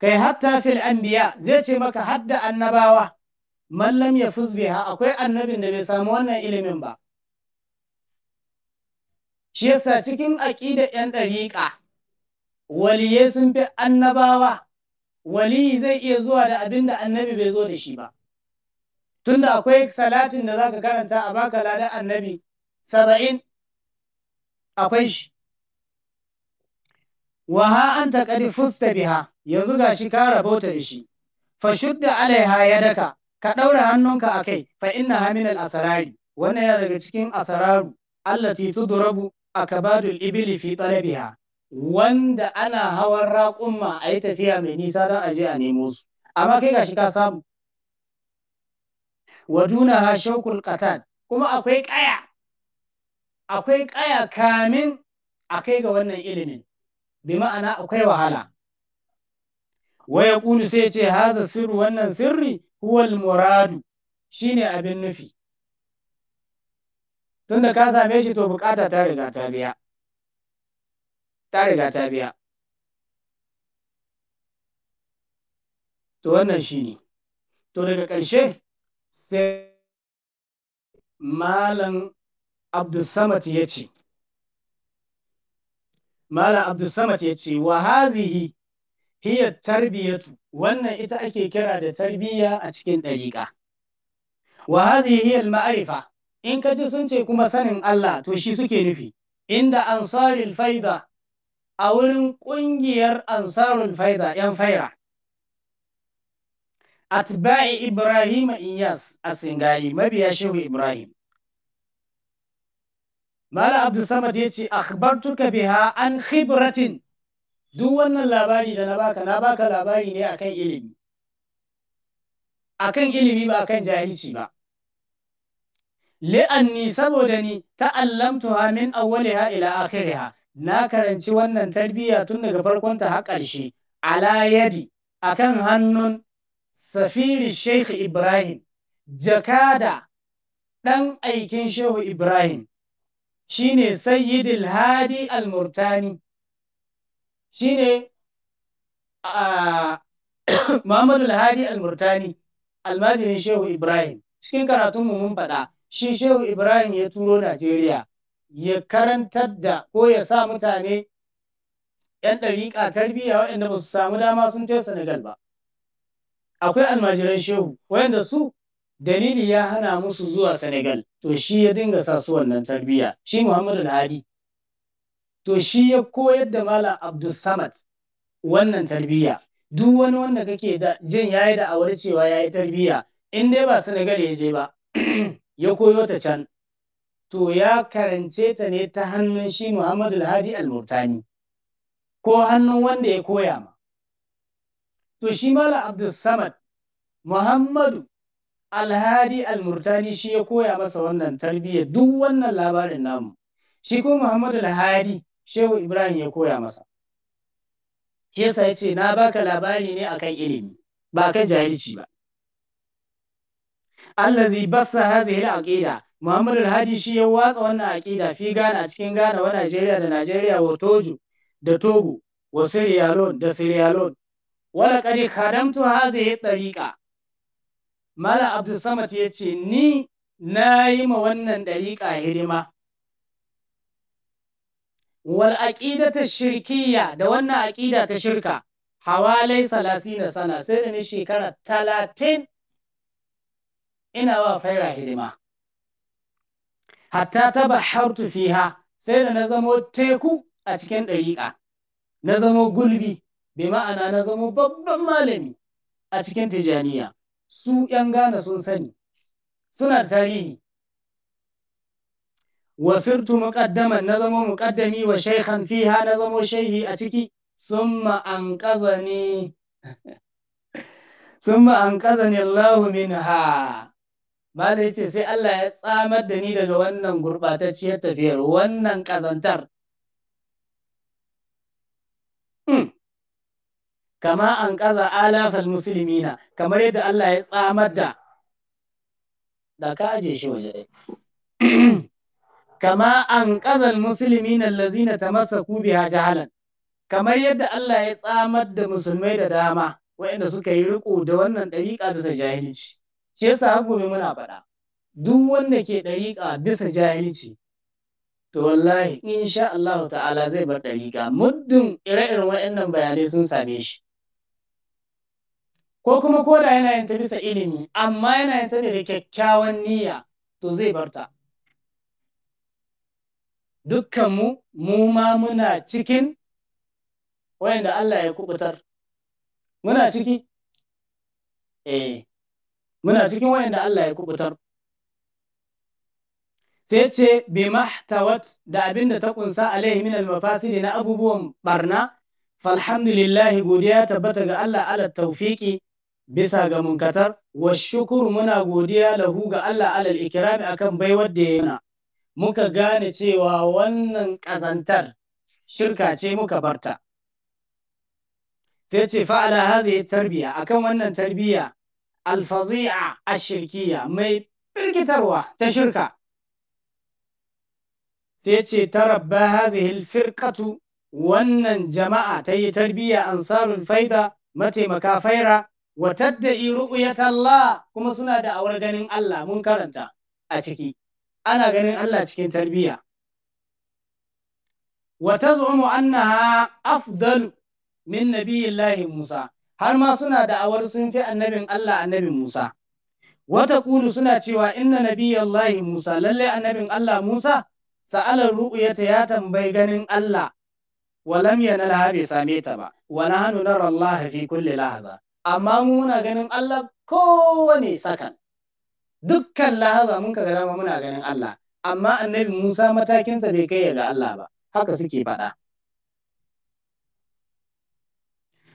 kai hatta fil anbiya zai ce maka hadda annabawa mallam ya fusbeha, akwai annabin da bai samu wannan ilimin ba shi yasa cikin aƙida yan dariqa waliyai sun fi annabawa waliyi zai iya zuwa da abinda annabi bai zo da shi ba tunda akwai salatin da zaka karanta a baka ladan annabi saba'in akwai shi Waha an anta qad fusta biha yanzu gashi ka rabota da shi fa shudda alaiha yadaka ka daura hannunka akai fa inna min al asrari wannan ya daga cikin asraru allati tudrabu akabadul ibli fi talabiha wanda ana hawan raƙumma a tafiya mai nisa don aje a nemo su amma kai gashi ka samu waduna ha shaukul qatan kuma akwai ƙaya akwai ƙaya kamin a kai ga wannan ilimin bi ma'ana akwai wahala wa yaqulu sai ce haza sirru wannan sirri huwal muradu shine abin nufi tunda ka same shi to bukata ta riga ta biya ta riga ta biya to wannan shine to daga ƙarshe sai malam abdulsamad ya ce Malam Abdulsamad ya ce wa hadhihi hiya tarbiyatu wannan ita ake kira da tarbiyya a cikin ɗariƙa. Wa hadhihi hiya ma'arifa in ka ji sun ce kuma sanin Allah to shi suke nufi inda ansarul faida a wurin ƙungiyar ansarul faida yan faira. Atba'i Ibrahim Iyas a Singari mabiya Shehu Ibrahim Malam Abdul Samad ya ce akhbartuka biha an khibratin duk wannan labari da na baka na baka labari ne akan ilimi akan ilimi ba akan jahilci ba li'anni saboda ni ta'allamtuha min ha ila akhiriha na karanci wannan tarbiyya tun daga farkonta har ƙarshe ala yadi akan hannun safiri Sheikh Ibrahim jakada ɗan aikin Shehu Ibrahim Shi ne sayyidul hadi al-murtani shine *coughs* al-hadi al-murtani almajirin shehu ibrahim cikin karatunmu mun faɗa shi shehu ibrahim ya turo najeriya ya karantar da ko ya sa mutane 'yan ɗariƙa tarbiyya waɗanda ba su samu dama sun je senegal ba akwai almajiran shehu waɗanda su dalili ya hana musu zuwa Senegal to shi ya dinga sa su wannan tarbiyya shi Muhammadu Alhadi. to shi ya koyar da Malam Abdul Samad wannan tarbiyya duk wani wanda kake da jin yayi da awar cewa yayi tarbiyya in dai ba Senegal ya je ba *clears throat* ya koyo ta can to ya karance ta ne ta hannun shi Muhammadu Alhadi Al-Murtani ko hannun wanda ya koya ma to shi Malam Abdul Samad Muhammadu alhadi almurtani shi ya koya masa wannan tarbiyyar duk wannan labarin namu shi ko muhammad alhadi shehu ibrahim ya koya masa shi yasa ya ce na baka labari ne akan ilimi ba kan jahilci ba allazi bassa hadhihi al-aqida Muhammad al-Hadi shi ya watsa wannan aƙida fi gana cikin ganawa wa Najeriya da Najeriya wa Toju da Togo wa Sierra Leone da Sierra Leone wala qad khadamtu hadhihi tariqa Mala Abdulsamad ya ce, Ni na yi ma wannan ɗariƙa hidima. Wal aƙida ta shirkiya da wannan aƙida ta shirka, hawalai na sana sai da ni shekara talatin ina wa faira hidima. Hatta ta bahartu fiha sai da na zamo teku a cikin ɗariƙa, na zamo gulbi, bi ma'ana na zamo babban malami a cikin tijaniya. su 'yan Ghana sun sani suna da tarihi wasirtu Muƙaddaman na zama muqaddami wa shaykhan fiha na zama shaihi a ciki summa anqazani *laughs* summa anqazani Allahu minha Mala ya ce sai Allah ya tsamar da ni daga wannan gurɓatacciyar tafiyar wannan ƙazantar kama an kaza alafal musulmina kamar yadda Allah ya tsamar da da ka aje shi waje *clears throat* kama an kazal musulmina allazina tamassaku biha jahalan kamar yadda Allah ya tsamar da musulmai da dama waɗanda suka yi riko da wannan ɗariƙa bisa jahilci shi yasa haƙo mai muna faɗa duk wanda ke ɗariƙa bisa jahilci to wallahi insha Allah ta'ala zai bar ɗariƙa muddin ire-iren waɗannan bayanai sun same shi ko kuma ko yana yin ta bisa ilimi amma yana yin ta ne da kyakkyawan niyya to zai barta dukkanmu mu ma muna cikin wayanda Allah ya kubutar muna ciki eh muna cikin wayanda Allah ya kubutar sai ce bi mahtawat da abinda ta kunsa alaihi min al na abubuwan barna falhamdulillahi godiya tabbata ga Allah ala tawfiqi bisa ga munkatar wa shukur muna godiya lahu ga Allah alal ikirami akan baiwar da yana muka gane cewa wannan kazantar shirka ce muka barta sai ce fa'ala hadhihi tarbiya akan wannan tarbiya alfazi'a ashirkiya mai firgitarwa ta shirka sai ce tarabba hadhihi alfirqatu wannan jama'a ta yi tarbiya ansarul faida mataimaka faira wa tadda'i ru'yatallah kuma suna da awar ganin Allah mun karanta a ciki ana ganin Allah cikin tarbiyya wa taz'umu annaha afdalu min nabiyillahi Musa har ma suna da awar sun fi annabin Allah annabin Musa wata taqulu suna cewa inna nabiyallahi Musa lalle annabin Allah Musa sa'alar ru'yata ya tambayi ganin Allah walam yanalha bai same ta ba wa nahnu nara Allah fi kulli lahza amma muna ganin Allah kowane sakan dukkan lahaza mun ka gara muna ganin Allah amma annabi Musa matakinsa bai kai ga Allah ba haka suke faɗa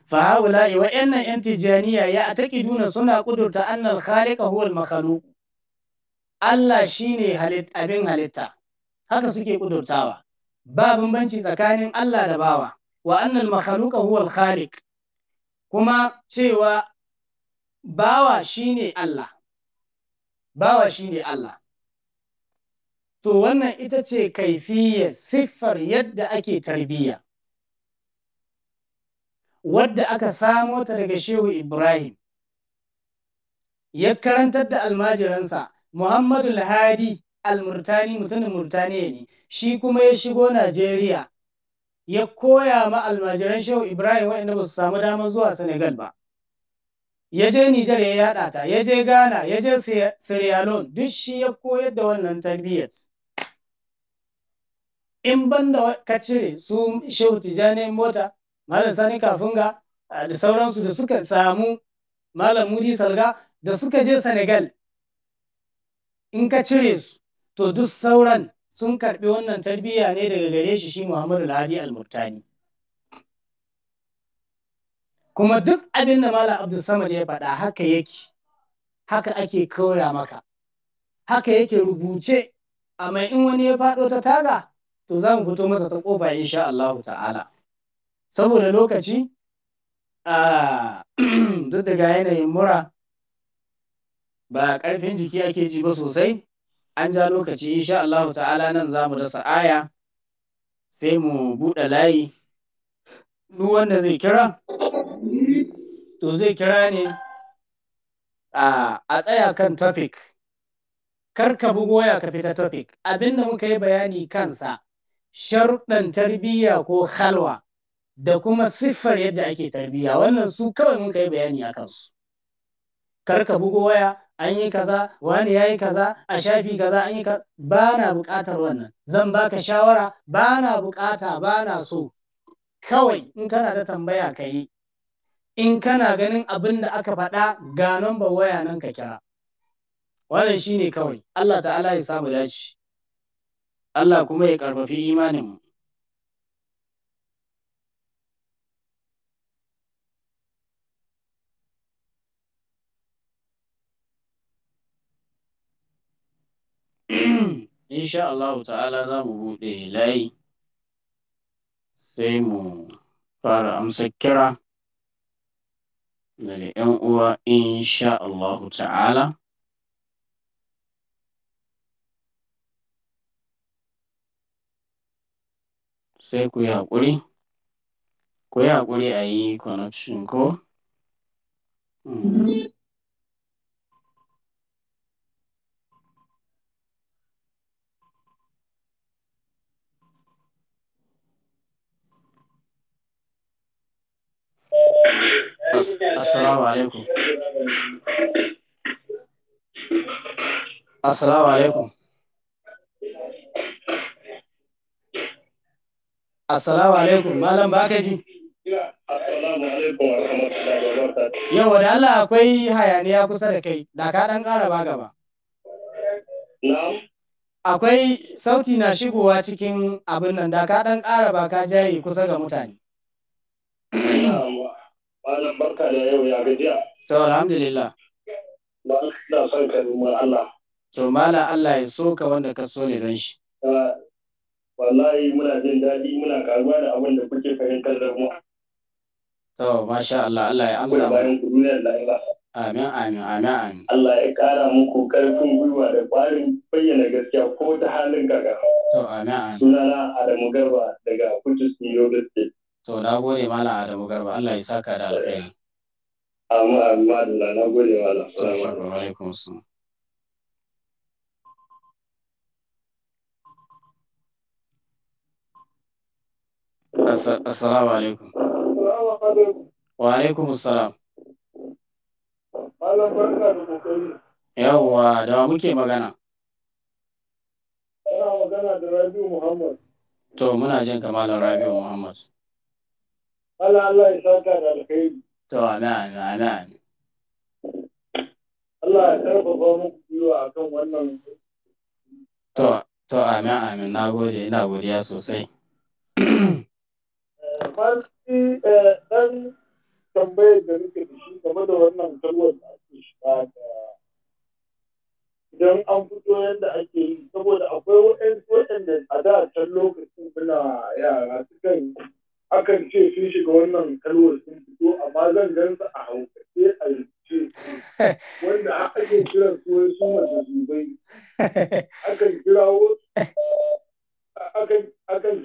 fa haula wa yannan yan tijaniya ya ataqiduna suna kudurta annal khaliqa huwa al makhluq Allah shine halit abin halitta haka suke kudurtawa ba bambanci tsakanin Allah da bawa wa annal makhluqa huwa al khaliq kuma cewa bawa shine Allah bawa shine Allah to wannan ita ce kaifiyar siffar yadda ake tarbiyya wadda aka samo ta daga shehu Ibrahim ya karantar da almajiransa Muhammadu Lahadi al-Murtani mutumin Murtaniya ne shi kuma ya shigo Najeriya ya koya ma almajiran shehu ibrahim waɗanda ba su samu damar zuwa senegal ba ya je nijar ya yaɗa ta ya je ghana ya je sierra leone duk shi ya koyar da wannan tarbiyyar in banda ka cire su shehu tijjani mota malam sani kafunga da sauransu da suka samu malam mudi salga da suka je senegal in ka cire su to duk sauran sun karɓi wannan tarbiyya ne daga gare shi shi Muhammadu lahadi Al-Murtani. Kuma duk abin da Malam Abdul Samad ya faɗa haka yake, haka ake koya maka, haka yake rubuce, amma in wani ya faɗo ta taga, to zamu fito masa ta ƙofa insha Allahu ta'ala. Saboda lokaci, *clears throat* duk daga yanayin mura, ba ƙarfin jiki ake ji ba sosai, an ja lokaci insha Allah ta'ala nan za mu dasa aya sai mu buɗe layi duk wanda zai kira to zai kira ne a tsaya kan topic kar ka bugo ya ka fita topic abinda muka yi bayani kansa sharuɗan tarbiyya ko halwa da kuma siffar yadda ake tarbiyya wannan su kawai muka yi bayani a kansu kar ka bugo waya an yi kaza wani ya yi kaza a shafi kaza an yi kaza ba na buƙatar wannan zan baka shawara ba na buƙata ba na so kawai in kana da tambaya ka yi in kana ganin abin da aka faɗa ga nomba waya nan ka kira wannan shine kawai Allah ta'ala ya samu dace Allah kuma ya ƙarfafi imaninmu insha Allahu ta'ala za mu buɗe layi sai mu fara amsa kira daga ‘yan uwa insha Allahu ta'ala. Sai ku yi haƙuri, ku yi haƙuri a yi connection ko? Hmm. Assalamu alaikum. Assalamu alaikum. Assalamu alaikum, Malam Bakaji. Yawa da Allah akwai hayaniya kusa da kai, da ka ɗan ƙara ba gaba. Akwai sauti na shigowa cikin abin nan, da ka ɗan ƙara ba ka jaye kusa ga mutane. Malam barka da yau ya gajiya. To alhamdulillah. Malam ina son ka nuna Allah. To malam Allah ya so ka wanda ka so ne don shi. Wallahi muna jin daɗi muna karuwa da abin da kuke fahimtar da mu. To masha Allah Allah ya amsa mu. Amin amin amin amin. Allah ya kara muku karfin gwiwa da ƙwarin bayyana gaskiya ko ta halin gaga. To amin amin. Sunana Adamu Garba daga Kutus New York State. To na gode Malam Adamu Garba Allah ya saka da alkhairi. Amma amma da na gode Malam. Assalamu alaikum. Assalamu alaikum. Wa alaikum assalam. Malam barka da kokari. Yawwa, da muke magana? Ana magana da Rabiu Muhammad. To muna jin kamalan Rabiu Muhammad. Allah Allah ya saka da alheri. To amin Allah ya karfafa muku yiwa akan wannan. To to amin amin na sosai. ɗan tambayar da nake da shi game da wannan kalwar da ake shiga da idan an fito yadda ake yi saboda akwai a da can lokacin muna yara sukan akan ce sun shiga wannan kalwar sun fito amma zan gansa a haukace a yanzu wanda har ake kiran su wai sun wata zubai akan kirawo akan su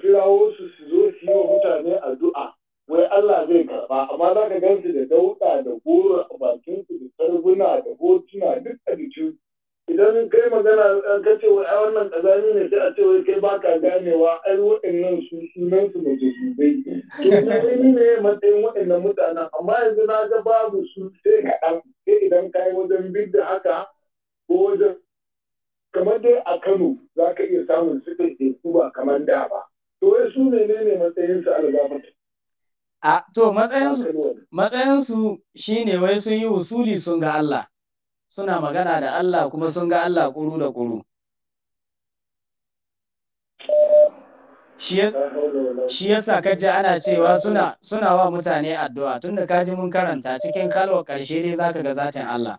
su zo su yi wa mutane addu'a wai Allah zai karba amma za ka gansu da dauɗa da goro a bakinsu da sarguna da hotuna duk a su idan kai magana an kace wai a wannan kazani ne sai a ce wai kai baka ganewa ai waɗannan su sunan su ne su bai to sai ne matsayin waɗannan mutanen amma yanzu na ga babu su sai kaɗan sai idan kai wajen bidda haka ko wajen kamar dai a Kano za ka iya samun su kai su ba kamar da ba to wai su ne ne matsayin su algafata a to matsayinsu matsayinsu shine wai sun yi wusuli sun ga Allah suna magana da Allah kuma sun ga Allah ƙuru da ƙuru. Shi yasa kaji ana cewa suna wa mutane addu'a tunda ka ji mun karanta cikin kalwa ƙarshe ne za ka ga zatin Allah.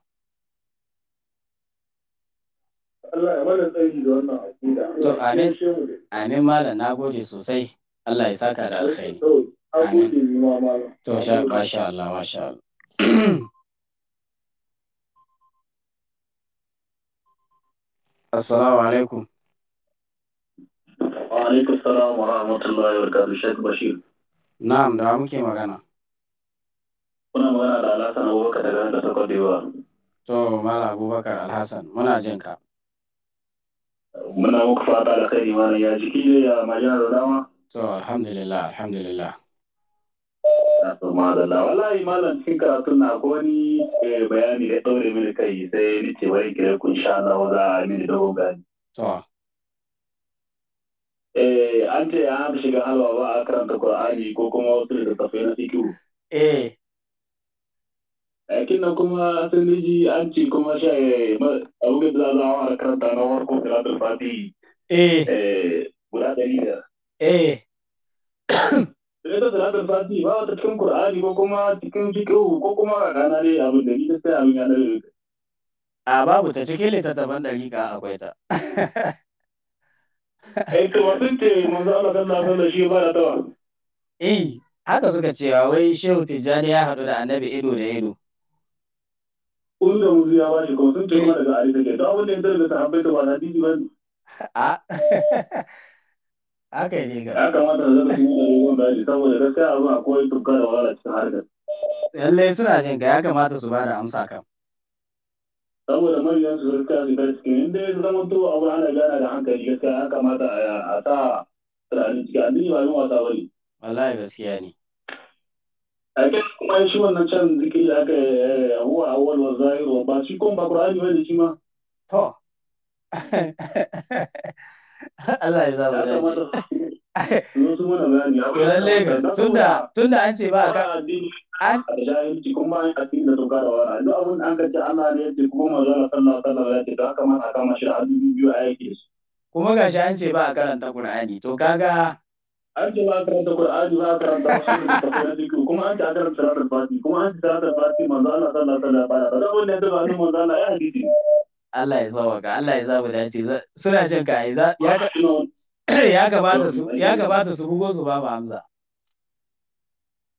Allah ya mana tsari da wannan To amin. Amin malam na gode sosai. Allah ya saka da alkhairi. Amin. To sha Allah masha Allah. *clears throat* Assalamu alaikum. Wa alaikum salam wa rahmatullahi wa barakatuh Sheikh Bashir. Na'am da muke magana. Kuna magana da Alhassan Abubakar daga nan da Sokodewa. To Mala Abubakar Alhassan muna jin ka. Muna muku fata da kai malam ya jiki ya majina To alhamdulillah alhamdulillah. to madalla wallahi malam cikin karatu na ko wani eh, bayani da ɗaure mini kai sai ni ce wai kire kun sha na za a mini dogon gani eh an ce an shiga halwa ba a karanta Qur'ani ko kuma wasu littattafai na fikihu eh aikin eh, nan kuma sun ji an ce kuma sha eh, abubuwan da za a karanta na farko da fati eh guda ɗari da eh Ita salatul fati ba wata cikin kur'ani ko kuma cikin fiqhu ko kuma rana ne abin da ni ta sai abin ya dare. A babu ta cikin littattafan dariƙa akwai ta. *laughs* Eh to wannan ce manzo Allah sallallahu alaihi wasallam shi ba da tawa. Eh haka suka cewa wai Shehu Tijjani ya haɗu da Annabi ido da ido. Kun da muzu ya bashi ko sun ce mana daga Ali ke to abin da ya da sahabbai to ba hadisi bane. A *laughs* ah. *laughs* haka ne ga ya kamata da zaka yi abubuwan bayani saboda gaskiya abin akwai tukka da wahala cikin harkar lallai suna jin ka ya kamata su bada amsa kan saboda manyan su gaskiya su kai cikin inda ya zama to abu ana gana da hankali gaskiya ya kamata a sa tunanin ciki addini ba yin wasa bane wallahi gaskiya ne a kai kuma shi wannan can zikiri da aka yi eh, huwa awwal wa zahir wa ba shi kuma ba qur'ani bane shi ma to *laughs* *laughs* Allah ya zama da To lalle ga tunda tunda an ce ba ka an jahilci kuma an addini da tukar wa duk abun an gaji Allah ne yace kuma manzo sallallahu sallah wasallam yace da haka mata kama shi a biyu a yake kuma gashi an ce ba a karanta Qur'ani to kaga an ce ba a karanta Qur'ani ba a karanta wasu kuma an ce a karanta salatul fati kuma an ce salatul fati manzo Allah sallah alaihi wasallam ba da wannan da ba manzo Allah ya hadisi Allah ya sawa ka Allah ya zaba dace suna jin ka *coughs* ya gabata su ya gabata su bugo su babu Hamza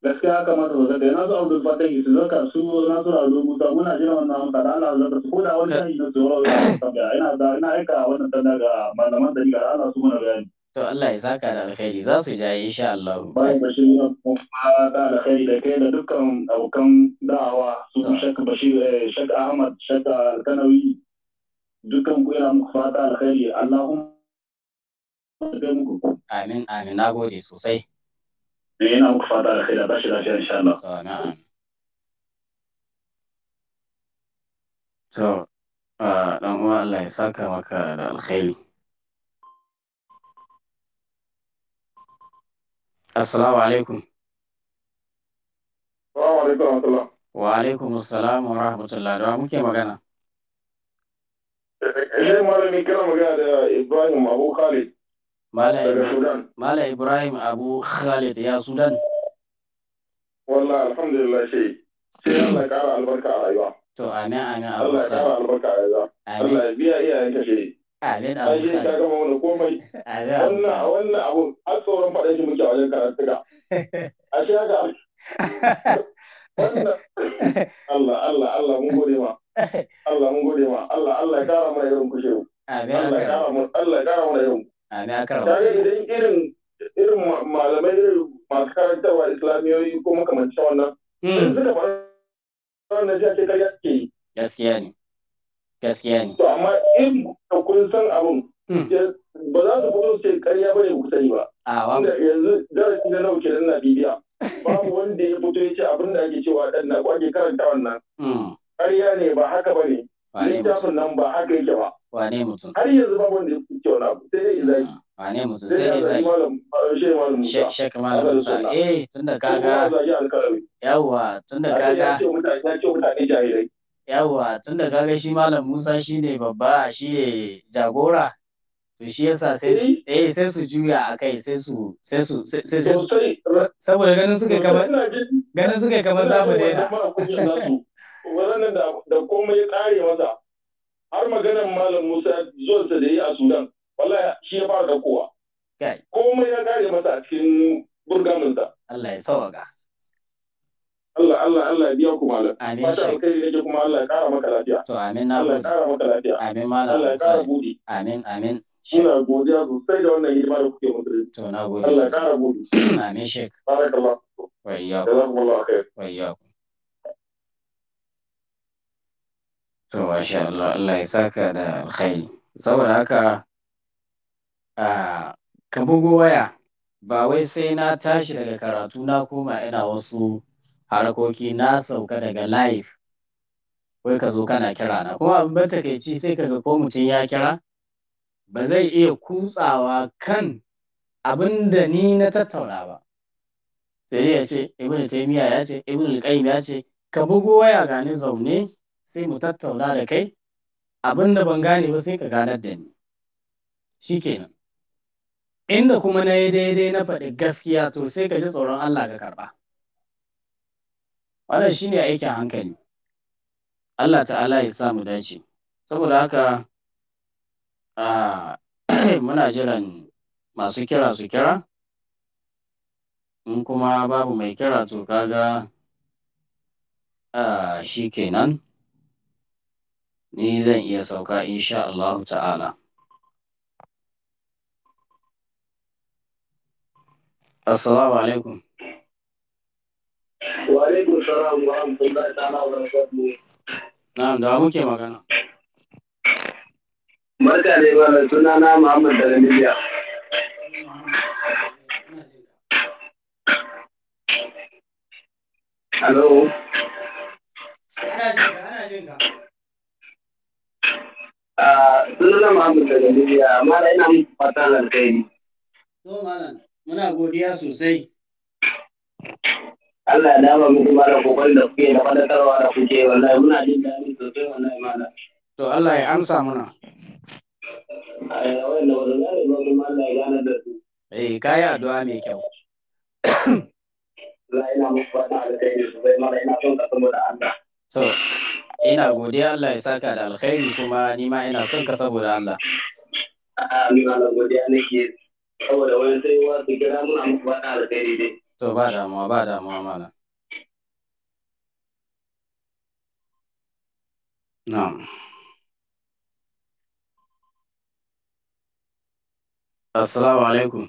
gaskiya haka mata wanda da na zo Abdul Fatah su zaka su na zo Abdul Musa muna jira wannan amsa da Allah zaka su koda wani yi da zuwa ina da ina aika wannan tanda ga malaman da ga Allah su muna bayani To Allah ya saka da alkhairi za su ja insha Allah. Bayan Bashir kuma da alkhairi da kai da dukkan abokan da'awa su shakka Bashir eh, shakka Ahmad shakka Alkanawi dukan ku yana muku fata alkhairi Allahumma kai muku amin amin na gode sosai eh yana muku fata alkhairi a tashi lafiya insha Allah na'am to dan uwa Allah ya saka maka da alkhairi Assalamu alaikum. Wa alaikum assalam. Wa alaikum assalam wa rahmatullahi wa muke magana. Shehu Malami kana magana da Ibrahim Abu Khalid. Malam Ibrahim Abu Khalid ya Sudan. Wallah alhamdulillah shi. Sai Allah kara albarka a rayuwa. amin amin Abu Allah kara albarka a rayuwa. Allah ya biya iyayenka shi. Amin Abu Khalid. Sai gama wani komai. Wannan wannan abu har tsoron faɗa shi muke wajen karantuka. *laughs* Ashe haka. *laughs* *laughs* Allah Allah Allah mun gode ma. Allah mun gode ma Allah Allah ya kara mana irin kujeru. Amin ya kara mana Allah ya kara mana irin. Amin ya kara mana. idan irin irin malamai masu karantarwa islamiyoyi ko makamancin wannan. Hmm. da wannan jiya ce ke yi. Gaskiya ne. Gaskiya ne. To amma in kun san abun. Hmm. Ba za su fito ce karya ba ne ba. A Yanzu darasi na nauke na bibiya. *laughs* Babu wanda ya fito ya ce abin da ake cewa ɗan na ko karanta wannan. Hmm. ƙarya ne ba haka ba ne littafin nan ba haka yake ba wane mutum har yanzu ba wanda yake kyau na ku sai dai izaki ah, wane mutum sai dai izaki shek malam musa eh tunda kaga yawa tunda kaga ya ce mutane jahilai yawa tunda kaga shi malam musa shi ne babba shi ne jagora to shi yasa sai eh. eh sai su juya a kai sai su sai su sai su saboda ganin suka kamar ganin suka kamar zamu daina wannan da komai ya tsare masa har maganar malam Musa zuwansa da yi a Sudan wallahi shi ya fara kowa. komai ya tsare masa a cikin burgaminsa Allah ya sauka Allah Allah Allah ya biya ku malam amin shi kai yake kuma Allah ya kara maka lafiya to amin na Allah ya kara maka lafiya amin malam Allah ya kara buɗi. amin amin Ina godiya sosai da wannan hidima da kuke mutu. To na gode. Allah ya kara gode. Amin Sheikh. Barakallahu. Wayyaku. Jazakumullahu khair. Wayyaku. To, masha Allah, Allah ya saka da alkhairi. Saboda haka, a ka bugu waya, ba wai sai na tashi daga karatu na koma ina wasu harkoki na sauka daga live, wai ka zo kana kira na. Kuma abin ban takaici sai kaga ko mutum ya kira, ba zai iya kutsawa kan abin da ni na tattauna ba. Sai ya ce, Ibn Taymiyyah ya ce, Ibn Qayyim ya ce, ka bugo waya gani zaune, sai mu tattauna da kai abin da ban gane ba sai ka ganar da ni shikenan inda kuma na yi daidai na faɗi gaskiya to sai ka ji tsoron Allah ka karɓa wannan shine aikin hankali Allah ta'ala ya sa mu dace saboda haka *clears throat* muna jiran masu kira su kira in kuma babu mai kira to kaga shi kenan ni zan iya sauka insha Allahu ta'ala Assalamu alaikum Wa alaikum salam wa rahmatullahi wa barakatuh Na'am da muke magana Barka ne ba na Muhammad daga Libya Hello. Ana jinka, ana jinka. Sunana Muhammad daga Libya, amma ina malam, muna godiya sosai. Allah ya dama muku mara kokon da kuke da fadakarwa da kuke wallahi muna jin daɗi sosai wallahi malam. To Allah ya amsa muna. Eh, ka yi addu'a mai kyau. *coughs* Allah ina muku fatan alkhairi sosai malam ina son ka da Allah. ina godiya Allah ya saka da alkhairi kuma ni ma ina son ka saboda Allah amin Allah godiya nake saboda wani sai wa su kira muna muku wata alkhairi dai to ba damuwa ba damuwa mana. na'am Assalamu alaikum.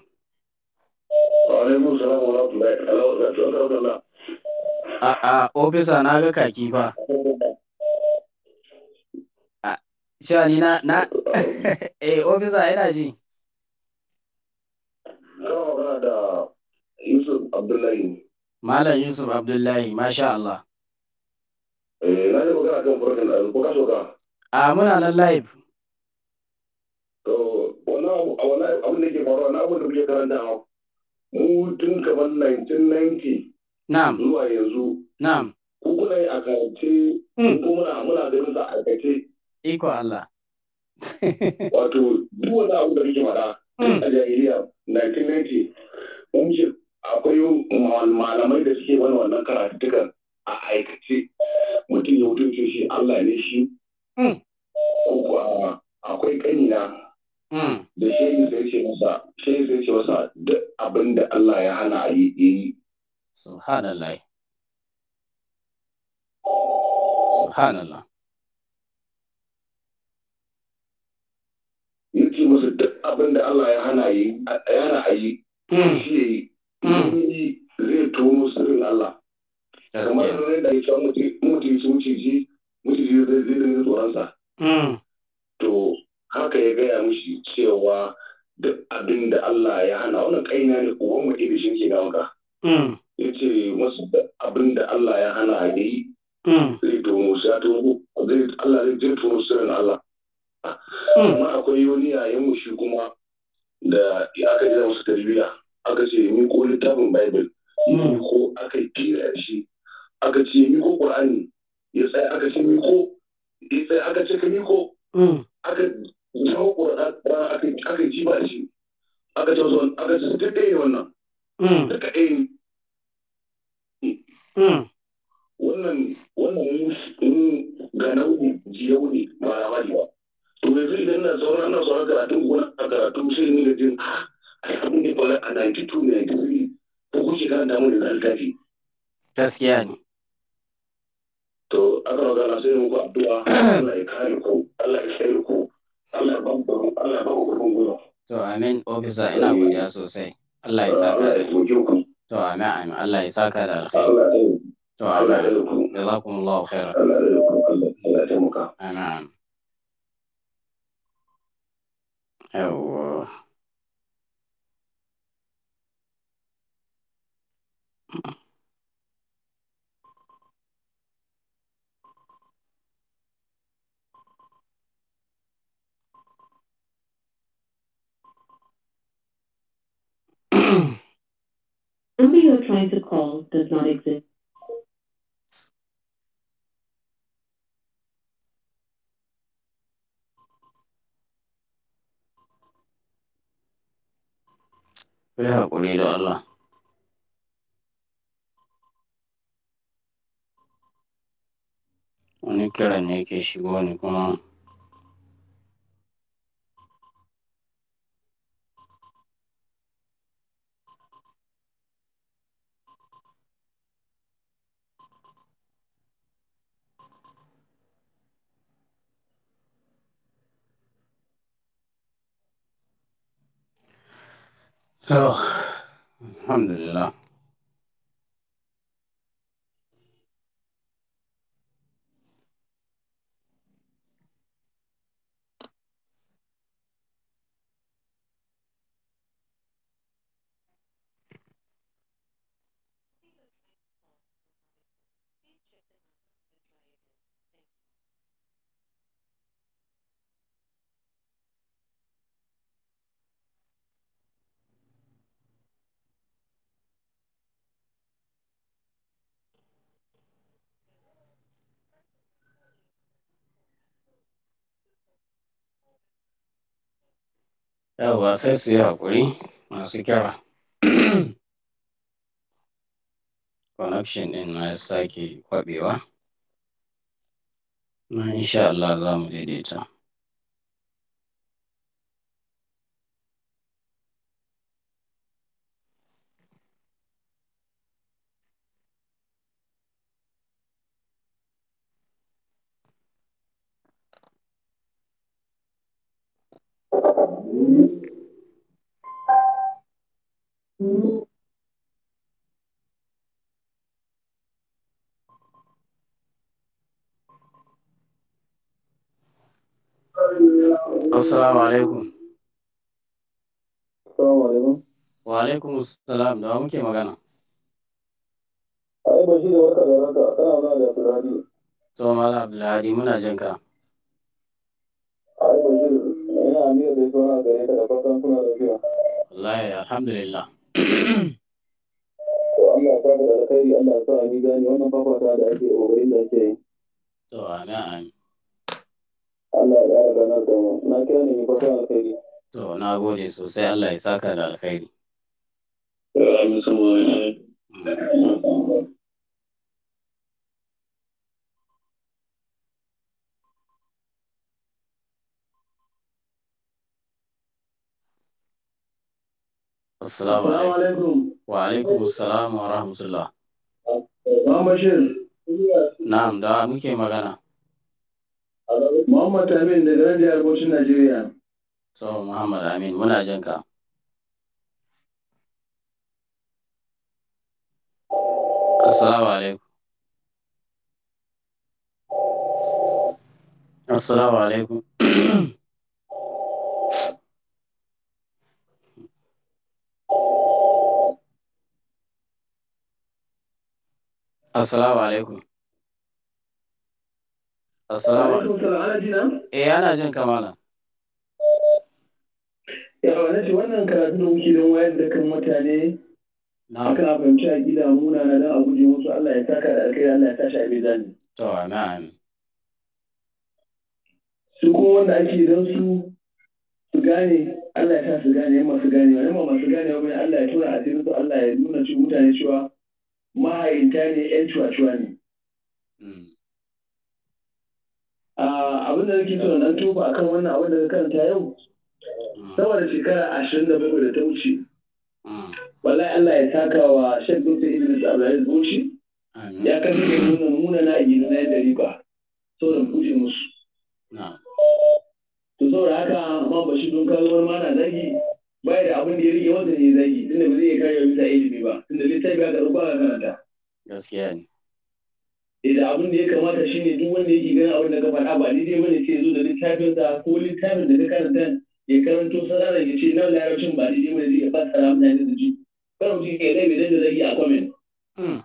Wa alaikum salam wa rahmatullahi A'a, ofisa na ga kaki ba. Cewa ni na na *laughs* eh ofisa yana ji. Kana da Yusuf Abdullahi. Malam Yusuf Abdullahi, masha Allah. Eh na yi magana kan furukan da eh, ko ka so ka. A ah, muna nan live. To wani abu da ke faruwa na abu da kuke karanta mu tun kaman 1990 Na'am. Zuwa yanzu. Na'am. Ku kuna yi a karance, hmm. ko muna muna ganin sa a Iko Allah. Wato, duk na abu da kake faɗa a jahiliya 1990 mun ce akwai malamai da suke mana wannan karatuka a ah, aikace mutum ya mutunce shi Allah ne shi. Ko akwai kanina da shehu sai ce masa shehu sai ce masa abin da Allah ya hana a yi yi subhanallah subhanallah abin da Allah ya hana yi yana a yi hmm. shi hmm. yi zai tono sirrin Allah kamar zai da yake mutu su muciji muciji zai zai da sa. to haka ya gaya mishi cewa duk abin da Allah ya hana wannan kaina ne kuwa mu da shi ke gawa ka ya ce masu abin da Allah ya hana a yi hmm. zai tono sai Allah zai tono sirrin Allah Hmm. amma akwai wani yayin shi kuma da aka yi musu tarbiyya aka ce mi ko littafin bible ko hmm. aka yi kira shi aka ce mi ko qur'ani ya sai aka ce mi ko ya sai aka ce ka mi ko hmm. aka jawo qur'an aka aka jiba shi aka ce zo aka ce duk ɗaya wannan duka ɗaya wannan wannan ga nau'in jiyau ne ba wani ba to yanzu idan na zauna na zauna karatun ko na karatu sai ni da jin abin ne fara a 92 93 ko kuke karanta mun da littafi gaskiya ne to aka magana sai muku addu'a Allah ya kare ku Allah ya kare ku Allah ya ba ku Allah ya ba ku to amin officer ina godiya sosai Allah ya saka da to amin amin Allah ya saka da alkhairi to amin jazakumullahu khairan Allah ya taimaka amin أو Number you are trying to call does not exist. Kai haƙuri da Allah. Wani kira ne yake shigo ni kuma. So, alhamdulillah. yawwa sai su yi haƙuri masu kira *clears throat* connection ɗin na ya sake kwaɓewa na sha Allah za mu daidaita assalamu alaikum assalamu alaikum wa alaikum assalam da muke magana ai bashi da warka da ranka kana magana da Abdulhadi to mala Abdulhadi muna jin ka ai bashi ina amira da zuwa gare ka da fatan kuna lafiya wallahi alhamdulillah to Allah ya fara da alkhairi Allah ya sa ni gani wannan fafata da ake kokarin da ake yi to amin amin Allah ya gana da na kira ne na gode sosai Allah ya saka da alkhairi Assalamu alaikum. Wa alaikum assalam wa rahmatullah. Na'am da muke magana. Muhammad Amin daga nan jihar Bauchi Najeriya. To Muhammad Amin muna jin ka. Assalamu alaikum. Assalamu alaikum. Assalamu alaikum. Assalamu alaikum. Eh ana jin kamala. Yawa na ce wannan karatu da muke don wayar da kan mutane akan abinci a gida muna na don a guje musu Allah ya saka da alkai Allah ya tashi a mizani. To na'am. Su kuma wanda ake don su su gane Allah ya sa su gane yamma su gane yamma masu gane wani Allah ya tura a su Allah ya nuna cikin mutane cewa mahayinta ne 'yan cuwa-cuwa ne. Hmm. abin da nake so na tuba akan wannan abin da karanta yau saboda shekara ashirin da bakwai da ta wuce wallahi Allah ya saka wa Sheikh Dr. Idris Abdulaziz Bauchi ya kashe da nuna muna na a gidan na da riba saboda kushe musu to saboda haka ma ba shi don kawo wani mana zagi bai da abin da ya rike wanda ne zagi tunda ba zai iya kare wa bisa ilimi ba tunda littafi aka ɗauka ka karanta gaskiya ne Eh, da abin da ya kamata shine duk wanda yake gani abin da ka faɗa ba daidai bane sai ya zo da littafin sa ko littafin da ka karanta ya karanto sarara ya ce nan larabcin ba daidai bane zai ya fassara mutane da ji kar mutum ke zai bai da zai yi a comment hmm.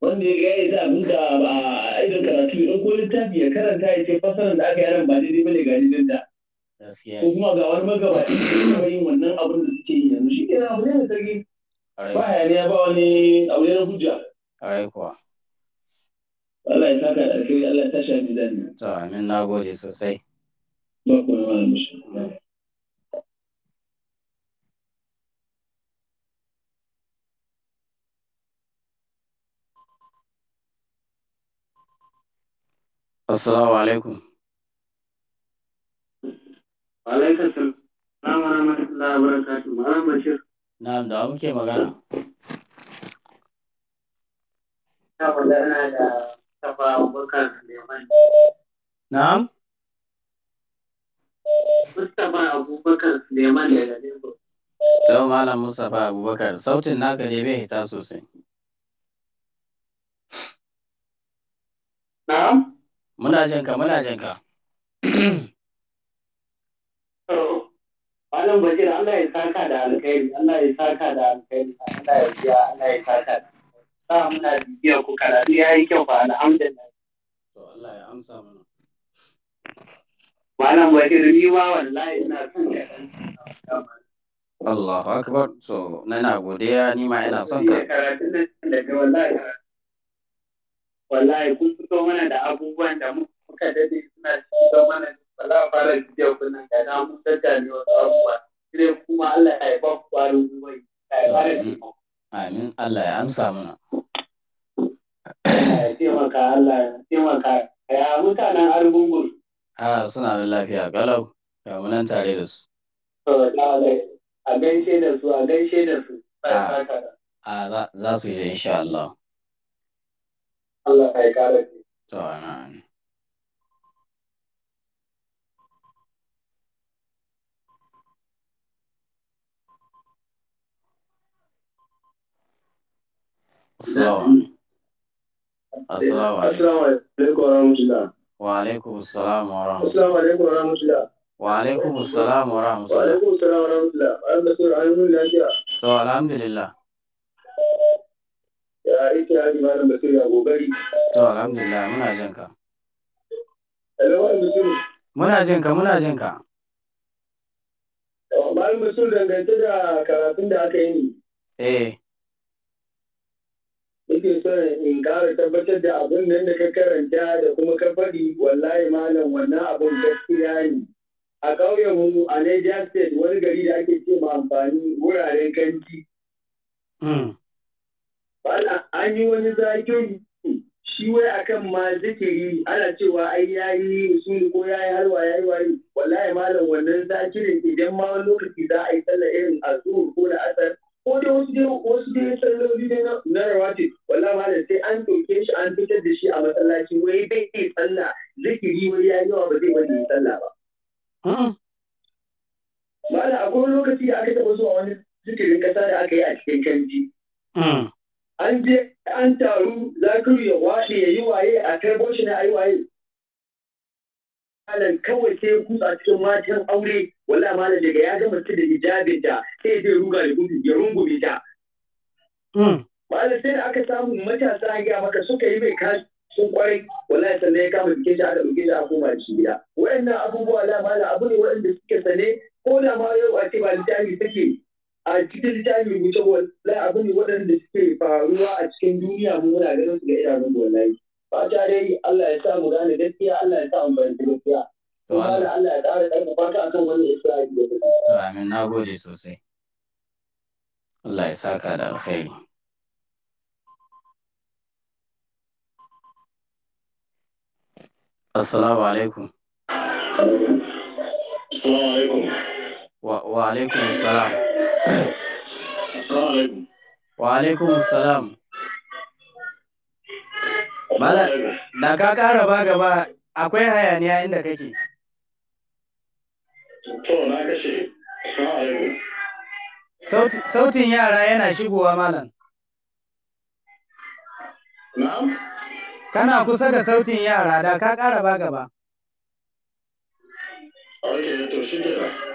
wanda ya gaya da abin da ba a idan karatu ya ko littafi ya karanta ya ce fassara da aka yi ran ba daidai bane ga daidai da ko kuma ga wani magabaci da yin wannan abin da suke yi yanzu shi ke na abu ne da sarki ba hayaniya ba wani abu ne na hujja. kuwa. Allah ya saka da alheri Allah ya tashi a mizani to amin na gode sosai ba ku na malam bishir Assalamu alaikum. Alaikum salam wa rahmatullahi wa barakatuh. Malam Bashir. Na'am da muke magana. Na ina da Mustapha Abubakar Suleiman. Na'am? Mustapha Abubakar Suleiman daga Lagos. Tau Malam Mustapha Abubakar, sautin naka ne bai hita sosai. Na'am? Muna jin muna jin *clears throat* Malam Bajir Allah ya saka da alkhairi, Allah ya saka da alkhairi, Allah ya biya, Allah ya saka da sa muna bibiya ku karatu ya yi kyau ba alhamdulillah. To Allah ya amsa mana. Malam Bashir ni ma wallahi ina son ka Allahu akbar so nana godiya ni ma ina son ka. Karatun nan da kai wallahi wallahi kun fito mana da abubuwan da muka dade suna fito mana wala fara bidiyo kuna ga na mun dadda ne wasu abubuwa sai kuma Allah ya yi ba ku kwarin gwiwa amin Allah ya amsa mana taimaka Allah ya taimaka ya mutanen argungun a ah, suna da lafiya galau ga nan tare da su a gaishe da su a gaishe da su ah, a ah, za su je insha Allah Allah ya kare to amin Assalamu alaikum. Assalamu alaikum wa alaikum assalam wa rahmatullah. alaikum wa alaikum assalam wa rahmatullah. Wa alaikum wa rahmatullah. To alhamdulillah. Ya ita ya malam Bashir ya gogari. To alhamdulillah muna jin ka. Hello malam Bashir. Muna jin ka muna jin ka. Malam Bashir dangance da karatun da aka yi ni. Eh. yake son in ƙara tabbatar da abin nan da ka karanta da kuma ka faɗi wallahi malam wannan abin gaskiya ne a ƙauyen mu a Niger State wani gari da ake ce ma amfani wuraren kanti. Bala hmm. an yi wani zakin shi wai akan ma zikiri ana cewa ai ya yi usul ko ya wa halwa yi wayi wallahi malam wannan zakirin idan ma wani lokaci za a yi sallar irin azur ko da asar ko da wasu dai wasu dai salloli dai na rawatib wallahi da sai an doke shi an fitar da shi a masallaci wai bai yi sallah zikiri wai ya yawa ba zai wani yi sallah ba hmm. malam akwai lokaci da aka taɓa zuwa wani zikirin ƙasa da aka yi a cikin canji hmm. an je an taru zakiru ya washe ya yi waye a kai boshi na ayi waye malam kawai sai kutsa cikin matan aure wala malam daga ya ga mace da hijabin ta sai zai ruga da gudu ya rungume ta hmm. malam sai da aka samu matasa a gaya maka suka yi mai kashi sun kwarai wallahi sannan ya kama jikin shi aka ɗauke shi a koma da shi gida waɗannan abubuwa la malam abu ne waɗanda suke sane ko da ma yau a ce ba littafi take a cikin littafi rubuce wallahi abu ne waɗanda suke faruwa a cikin duniya mu muna ganin su ga idanun wallahi fata dai Allah ya sa mu gane gaskiya Allah ya sa mu bayyana gaskiya to Allah Allah ya ƙara ƙarfafa ta akan wannan Isra'ila to amin na gode sosai Allah ya saka da alkhairi Assalamu alaikum. Assalamu alaikum. Wa alaikum Salam. Assalamu alaikum. Wa alaikum Salam. da ka kara ba gaba akwai hayaniya inda kake. To na kashe, Sautin yara yana shigowa malam. Na'am? Kana kusa da sautin yara da ka kara ba gaba. Ok, to shi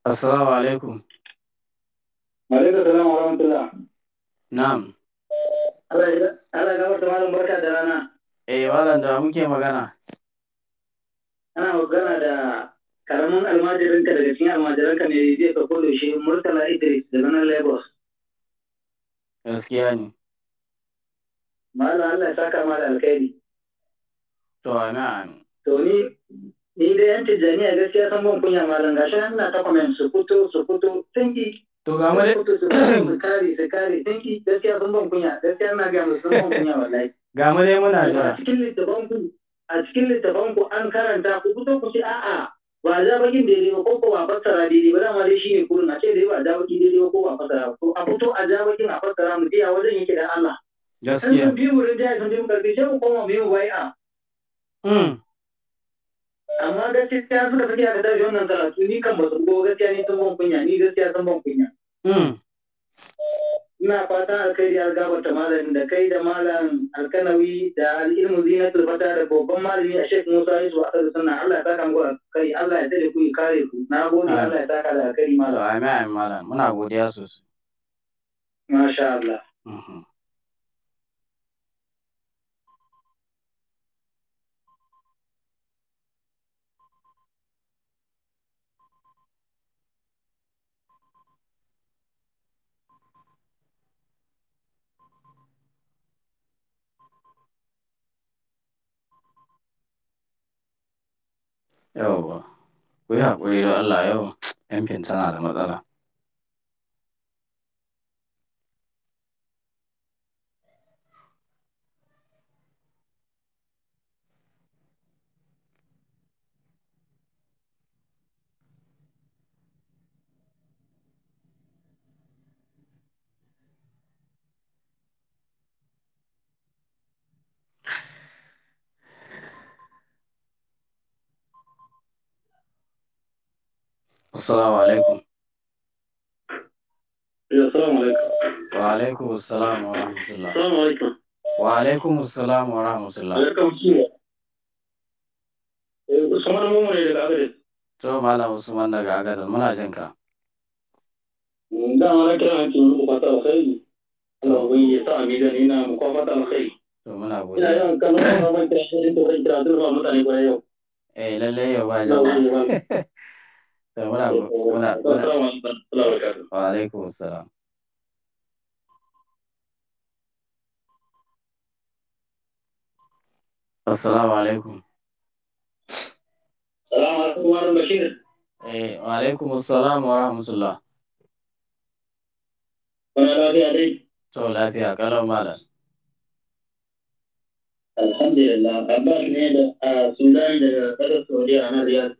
Assalamu alaikum. Alaikum salam wa rahmatullah. Na'am. Allah ya gabata malam barka da rana. Eh malam da muke magana. Ana magana da karamin almajirinka daga cikin almajiranka ne zai ka kodo shi Murtala Idris daga nan Lagos. Gaskiya ne. Malam Allah ya saka ma da alkhairi. To amin. To ni ni dai yan tijjaniya gaskiya san ban kunya malam gashi nan ina ta comment su fito su fito tanki to ga mu su kare su kare tanki gaskiya san ban kunya gaskiya ina ga musu ban kunya wallahi ga mu dai muna jira a cikin littafan ku a cikin littafan ku an karanta ku fito ku ce a'a wa za bakin daidai ko ko ba fassara daidai ba dama dai shine kurun a ce dai ba za baki daidai ba ko ba fassara ba to a fito a za bakin a fassara mu ya wajen yake da Allah gaskiya sun biyu rinjaya sun biyu karfi sai mu koma mu yi bai'a hmm. amma gaskiya suka tafi aka tashi wannan karatu ni kan basu ko gaskiya ni sun ban kunya ni gaskiya sun ban kunya hmm. ina fata alkhairi ya gabata malam da kai da malam alkanawi da al'ilmu zinatul fata da babban malami a shek musa yusuf a kan sannan. allah ya saka muku alkhairi allah ya tare ku ya kare ku na gode allah ya saka da alkhairi malam amin amin malam muna godiya sosai masha allah hmm, hmm. yawwa ku yi haƙuri don Allah yau MTN tana da matsala. Assalamu alaikum. Assalamu alaikum. Wa alaikum wa alaikum. Wa alaikum assalam wa eh, Usman Mumu ne daga Agadez. To Malam Usman daga Agadez muna jin ka. Mm, da ma na kira ki muku fata alkhairi. Allah ya sa ni na da yau. Eh, yau ba jama'a. *laughs* muna muna wa alaikum salam assalamu alaikum assalamu alaikum wa bashir eh wa alaikum assalam wa rahmatullah kuna lafiya dai to lafiya kalau malam alhamdulillah abbas ne da ah, sudan da kasar saudiya na riyadh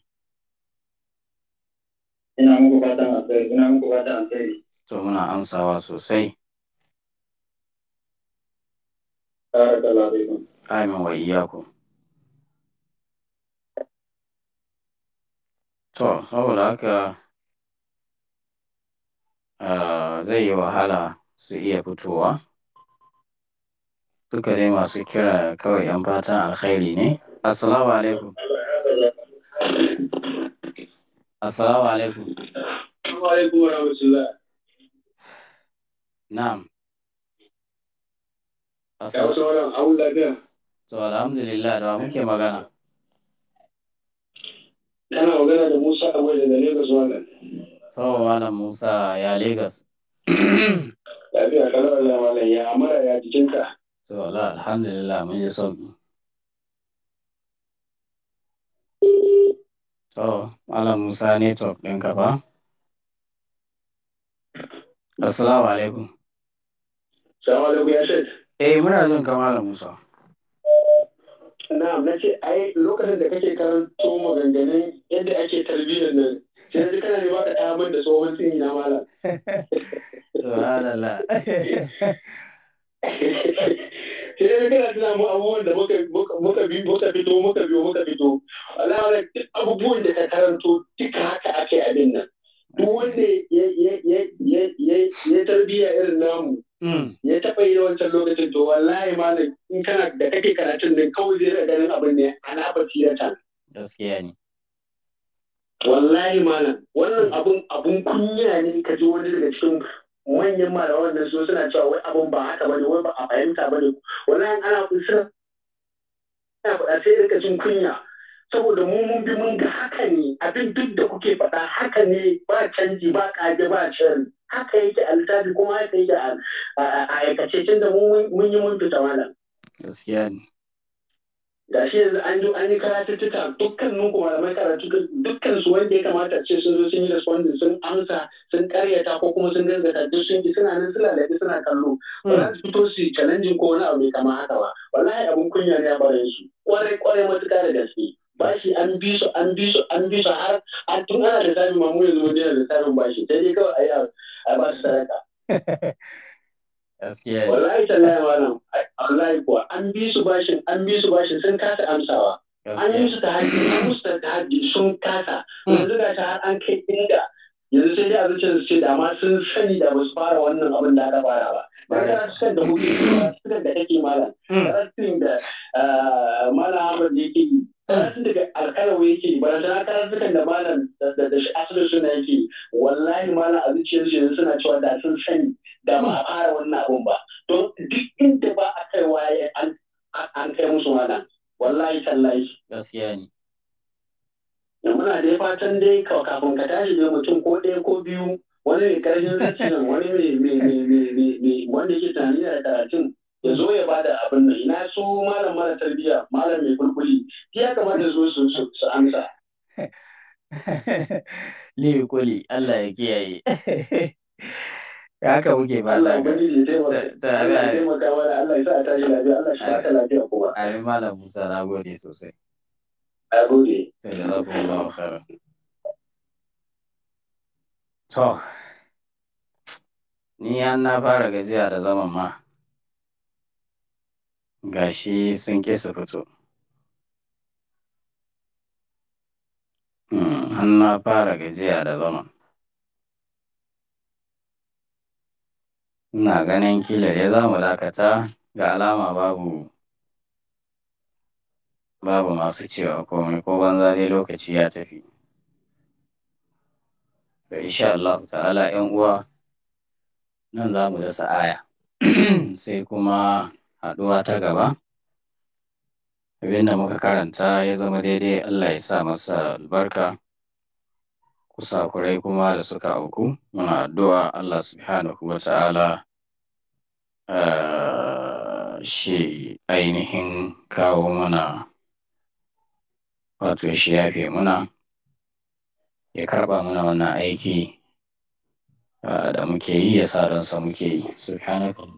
ina muku fatan alheri ina muku fatan alheri to muna amsawa sosai barakallahu alaikum amin wa iyyakum to saboda haka ah, zai yi wahala su iya fitowa duka dai masu kira kawai 'yan fatan alkhairi ne assalamu alaikum Assalamu alaikum. Assalamu alaikum wa rahmatullah. Na'am. Assalamu alaikum. Abu lafiya. To alhamdulillah da muke magana. Kana magana da Musa Abu daga Lagos wannan. To malam Musa ya Lagos. Lafiya kalau Allah malam ya amara ya jikinka. To Allah alhamdulillah mun yi sauki. To, Malam Musa network ka ba? Assalamu alaikum. Assalamu alaikum ya shaid. Eh, muna jin ka Malam Musa. Na'am, ce ai lokacin da kake karanto maganganun yadda ake tarbiyyar nan, sai da kana ne ba ka ɗaya da tsohon tsini na malam. *laughs* Subhanallah. *laughs* *laughs* eh kana tuna mu abubuwan da muka bi muka fito muka biyo muka fito alawar duk abubuwan da ka karanto duka haka aka yi abin nan duk wanda ya tarbiya irin namu hmm. ya taɓa yi wancan lokacin to wallahi malam in kana da kake karatun nan kawai zai ganin abin ne ana basira ta gaskiya ne wallahi malam wannan abun abun kunya ne ka ji wani daga cikin manyan malaman nan su suna cewa wai abun ba haka bane wai ba a fahimta bane wannan ana kusa ana faɗa sai rika jin kunya saboda mu mun bi mun ga haka ne abin duk da kuke faɗa haka ne ba canji ba ƙage ba can haka yake a littafi kuma haka yake a aikace tun da mun yi mun fita malam gaskiya ne ga shi yanzu an yi an yi karatuttuka dukkan nuku malamai karatu dukkan su wanda ya kamata ce sun zo sun yi responding sun amsa sun karyata ko kuma sun gangata duk sun yi suna nan suna lafi suna kallo ba za su fito su challenging ko wani abu mai kama haka ba wallahi abun kunya ne a bayan su kwarai kwarai matuƙa da gaske bashi an bi su an bi su an bi su har a tun ana da sami mamu yanzu mun da sami bashi sai dai kawai a yi a ba su sadaka *laughs* gaskiya wallahi tallahi malam wallahi kuwa an bi su bashin an bi su bashin sun kasa amsawa an yi su ta hajji an musu ta hajji sun kasa yanzu ga ta har an kai inda yanzu sai dai a zuciyar su ce da ma sun sani da ba su fara wannan abin da aka fara ba kaga sukan da muke sukan da kake malam hmm. karatun da eh, malam Ahmad yake yi karatun daga alkalawa yake ba da karatun da malam da da asibiti suna yake wallahi malam a zuciyar su suna cewa da sun sani da ba a fara wannan abun ba don duk inda ba a kai waye an kai musu mana wallahi tallahi gaskiya ne da muna dai fatan dai kafin ka tashi ne mutum ko ɗaya ko biyu wani mai karfin zuciya wani mai wanda yake tunani da karatun ya zo ya bada abin nan ina su malam mara tarbiyya malam mai kulkuli ya kamata zo su su amsa Liyu *laughs* kuli Allah ya kiyaye *laughs* haka muke ba za ka tare da Allah ya sa a tashi lafiya Allah shi ka lafiya kuma ai malam Musa na gode sosai na gode sai da zaku Allah khairan to ni an na fara gajiya da zaman ma gashi sun kesa su fito hmm, har na fara gajiya da zama ina ganin kila ya za mu dakata ga alama babu babu masu cewa komai ko banza dai lokaci ya tafi to insha Allah ta'ala 'yan uwa nan za mu dasa aya *clears throat* sai kuma haɗuwa ta gaba abin da muka karanta ya zama daidai Allah ya sa masa albarka kusa kurai kuma da suka auku muna addu'a Allah subhanahu wa ta'ala ah, shi ainihin kawo mana wato shi yafe muna ya karɓa muna wannan aiki ah, da muke yi ya sa sa muke yi subhanahu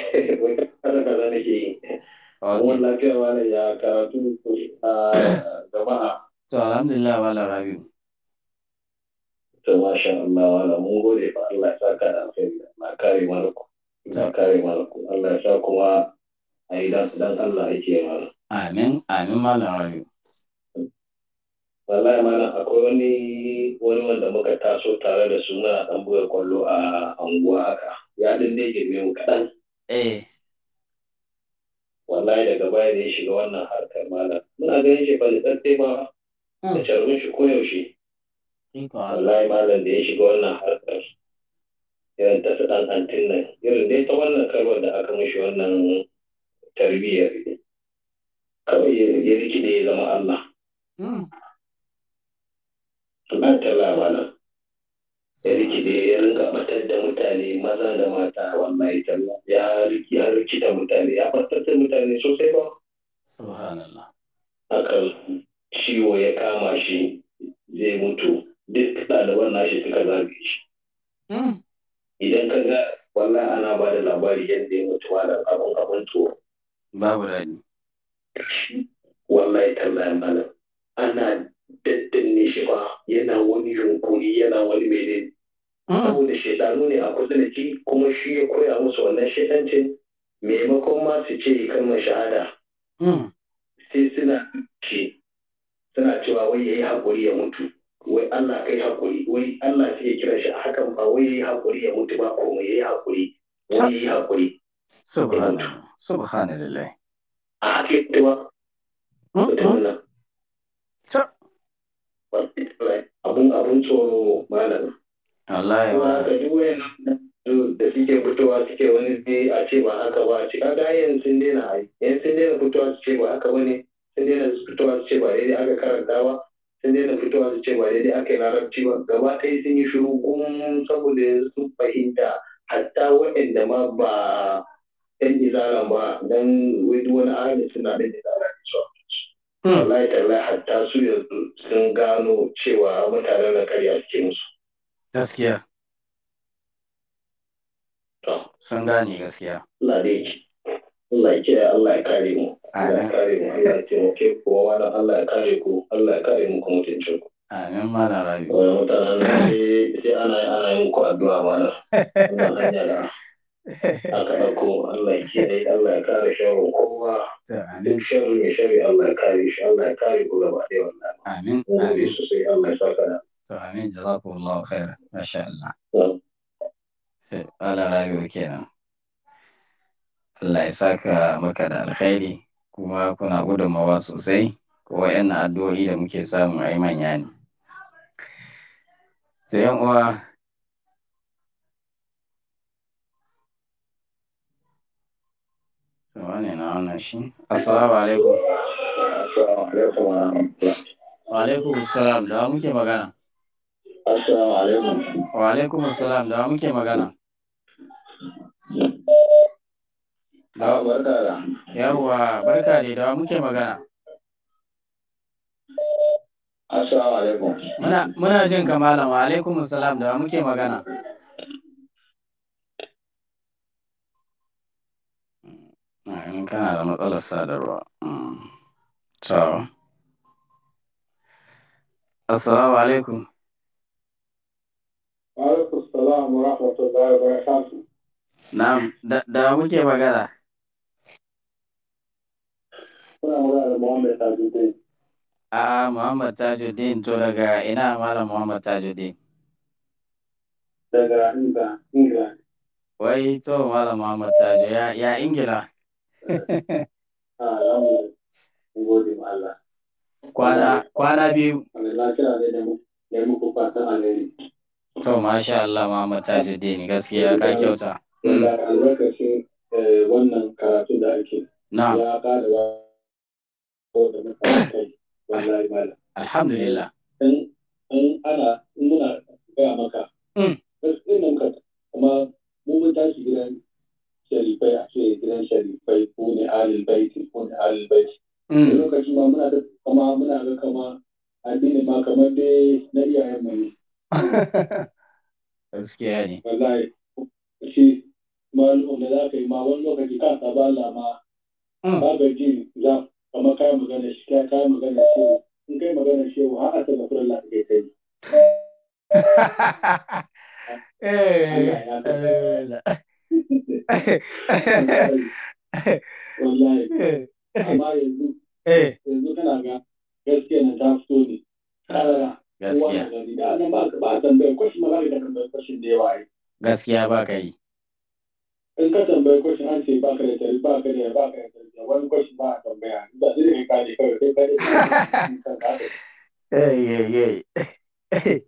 Mun lafiya malam ya karatu a jama'a. To alhamdulillah malam Rabiu. To masha Allah wala mun gode ba Allah ya saka da alheri na kare malaku. Na kare malaku. Allah ya sa kuma a yi dan dan Allah yake mana. Amin amin malam Rabiu. Wallahi malam akwai wani wani wanda muka taso tare da suna dan buga kwallo a anguwa haka. Ya din dai girme mu kaɗan. Eh. wallahi daga baya da ya shiga wannan harkar malam muna ganin shi da ba mm. da carbin shi yaushe. wallahi malam da ya shiga wannan harkar irin ta su dan antin nan irin dai ta wannan karwar da aka mishi wannan tarbiyyar kawai ya rikide ya zama Allah. Mm. Allah ta malam. ya rikide ya rinka batar da mutane maza da mata Wannan talla ya riki ya riki da mutane ya batar da mutane sosai ba subhanallah haka ciwo ya kama shi zai mutu duk ɗaliban nashi suka zage shi hmm. idan ka ga wallahi ana ba da labari yadda ya mutu da abin abin tuwo babu rani wallahi talla malam ana danne shi ba yana wani yunkuri yana wani menene hmm. saboda shaidanu ne a kusa da shi kuma shi ya koya musu wannan shaidancin maimakon ma su ce kalmar shahada hmm. sai suna ce suna cewa wai ya yi haƙuri ya mutu wai Allah kai haƙuri wai Allah sai ya kira shi a hakan ba wai ya yi haƙuri ya mutu ba komai ya yi haƙuri wai ya yi haƙuri subhanallah subhanallah a haƙiƙewa da Abin tsoro malam wallahi wa ka duk wayannan da suke fitowa suke wani a ce ba haka ba ce kaga sun ai sun fitowa su ce ba haka bane sun fitowa su ce ba aka sun fitowa su ce ba aka yi larabci ba gaba ɗaya sun yi shiru gum saboda sun fahimta hatta wayanda ma ba ɗan izala ba dan wani ahalin suna ɗan izala Hmm. wallahi tallahi hatta su yanzu sun gano cewa mutanen da karya cikin su. gaskiya sun gane gaskiya Allah dai Allah ya kiyaye Allah ya kare mu Allah ya kare mu Allah ya taimake ku wala Allah ya kare ku Allah ya kare mu kuma mutuncin ku amin mana rabi wannan mutanen sai ana ana yin ku addu'a mana Allah ya *laughs* aka ɗauko Allah ya kiyaye Allah ya kare shawarar kowa duk sharri ya sharri Allah ya kare shi Allah ya kare ku gaba ɗaya wannan amin amin sosai Allah ya saka da to amin jazakumullahu khairan masha Allah sai ala rayuwa kenan Allah ya saka maka da alkhairi kuma kuna gudunmawa sosai ko wayannan addu'o'i da muke samu a yi manya ne to yan uwa wane na wannan shi assalamu alaikum wa alaikum salam da muke magana assalamu alaikum wa alaikum salam da muke magana yawwa barka da. ne da muke magana assalamu alaikum muna muna jin kamala wa alaikum salam da muke magana in kana da matsalar sadarwa. To. Assalamu alaikum. Alaikum salam wa rahmatullahi wa barakatuh. Na'am, da muke magana. Kuna magana da Muhammad Tajuddin. Ah, Muhammad Tajuddin to daga ina Malam Muhammad Tajuddin? Daga Ingila, Ingila. Wai to Malam Muhammad Tajuddin ya Ingila. Ah, kwana biyu. To, masha Allah Muhammad Tajuddin gaskiya ka kyauta. Hmm. Eh, wannan karatu da ake. Na. Alhamdulillah. In ana in muna gaya maka. Gaskiya nan ka mun tashi gidan sharifai a ce gidan sharifai ko ne alil baiti ko ne alil baiti mm. lokacin ma muna ga kama muna ga kama addini ma kamar dai na iyayen mu ne *laughs* gaskiya ne wallahi shi malum da za ka yi ma wani lokaci ka sabala ma mm. ba ga ji za kamar kai magana shi kai kai magana shi in kai magana shi har a tabbata *laughs* eh, Allah kai kai eh wallahi amma ga gaskiya na ta fito ne karara gaskiya da nan ba ba tambaye kwashin ma ba da kan kwashin da yawa yi gaskiya ba ka yi in ka tambaye kwashin an ce ba ka da tari ba ka da ba ka da tari wani kwashin ba a tambaya da ne ka ne kawai sai ka ne eh eh eh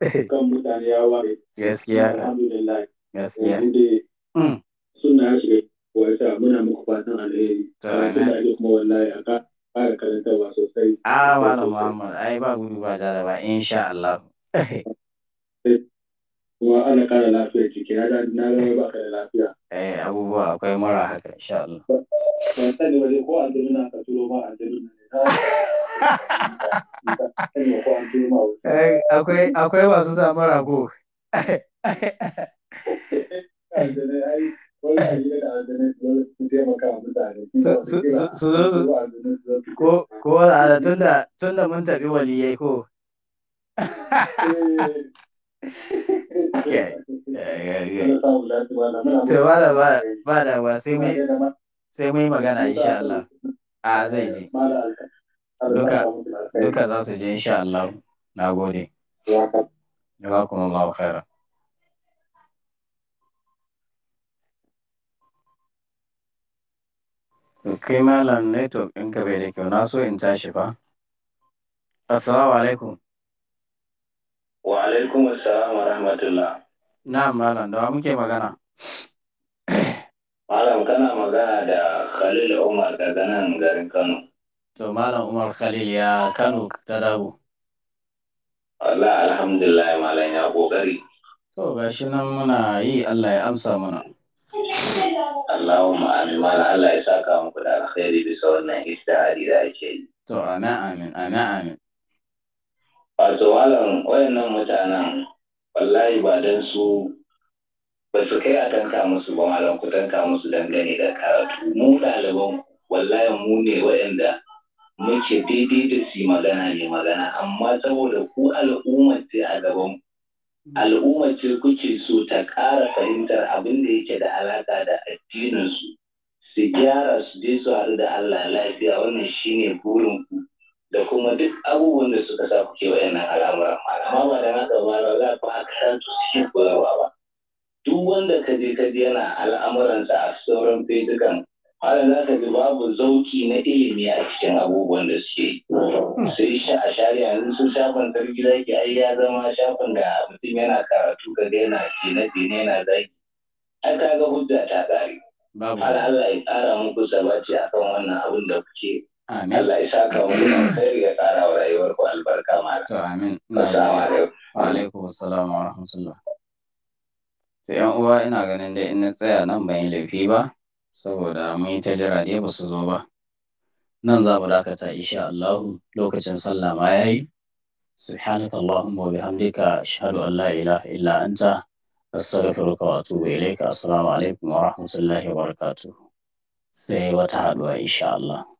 kan mutane ya ware gaskiya alhamdulillah gaskiya inda suna ya shiga wata muna muku fatan alheri ta da kuma wallahi aka fara karantarwa sosai a malam muhammad ai ba gudu ba da ba insha Allah kuma ana kara lafiyar jiki na da na ga ba ka da lafiya eh abubuwa akwai mara haka insha Allah ban sani ba ko an na ka turo ba an na akwai masu samun rago ko ala tun da mun tafi wani waliyai ko ba da ba da ba sai mai magana insha Allah zai ji. duka za su je insha Allah na gode jazakumullahu khairan kai malam network ɗinka bai da kyau na so in tashi fa assalamu alaikum wa alaikum assalam wa rahmatullah na malam da muke magana Malam kana magana da Khalil Umar daga nan garin Kano. To Malam Umar Khalil ya Kano ta dawo. Allah alhamdulillah Malam ya kokari. To gashi nan muna yi Allah ya amsa mana. Allahumma amin Malam Allah ya saka muku da alkhairi bisa wannan istihari da ake yi. To ana amin ana amin. Wato Malam wayannan mutanen wallahi ba dan su ba su kai a tanka musu ba malam ku tanka musu dangane da karatu mu ɗaliban wallahi mu ne waɗanda muke daidai da su magana ne magana amma saboda ku al'ummar ce a gaban al'ummar ce kuke so ta ƙara fahimtar abin da yake da alaƙa da addinin su su gyara su je su haɗu da Allah lafiya wannan shine burin ku da kuma duk abubuwan da suka sa kuke wayannan al'amuran amma ba da haka ba za ku haka su suke koyarwa ba duk wanda ka je ka ji yana al'amuransa a sauran fetukan har za ka ji babu zauki na ilimi a cikin abubuwan da suke hmm. sai sha a shari'a yanzu sun shafin sarki zaki ai ya zama shafin da mutum yana karatu ka ga yana tsine tsine yana zaki ai ka ga hujja ta tsari har Allah ya tsara muku sabaci akan wannan abun da kuke Allah ya sa mu da alkhairi ya tsara wa rayuwar ku albarka mara to amin assalamu alaikum wa alaikum assalam wa rahmatullah to ‘yan uwa ina ganin dai in na tsaya nan ban yi laifi ba saboda mun yi ta jira dai ba su zo ba nan za mu dakata isha Allahu lokacin sallah ma ya yi subhanaka Allahumma wa bihamdika ashhadu an la ilaha illa anta astaghfiruka wa atubu ilaika assalamu wa rahmatullahi wa barakatuh sai wata haɗuwa insha Allah.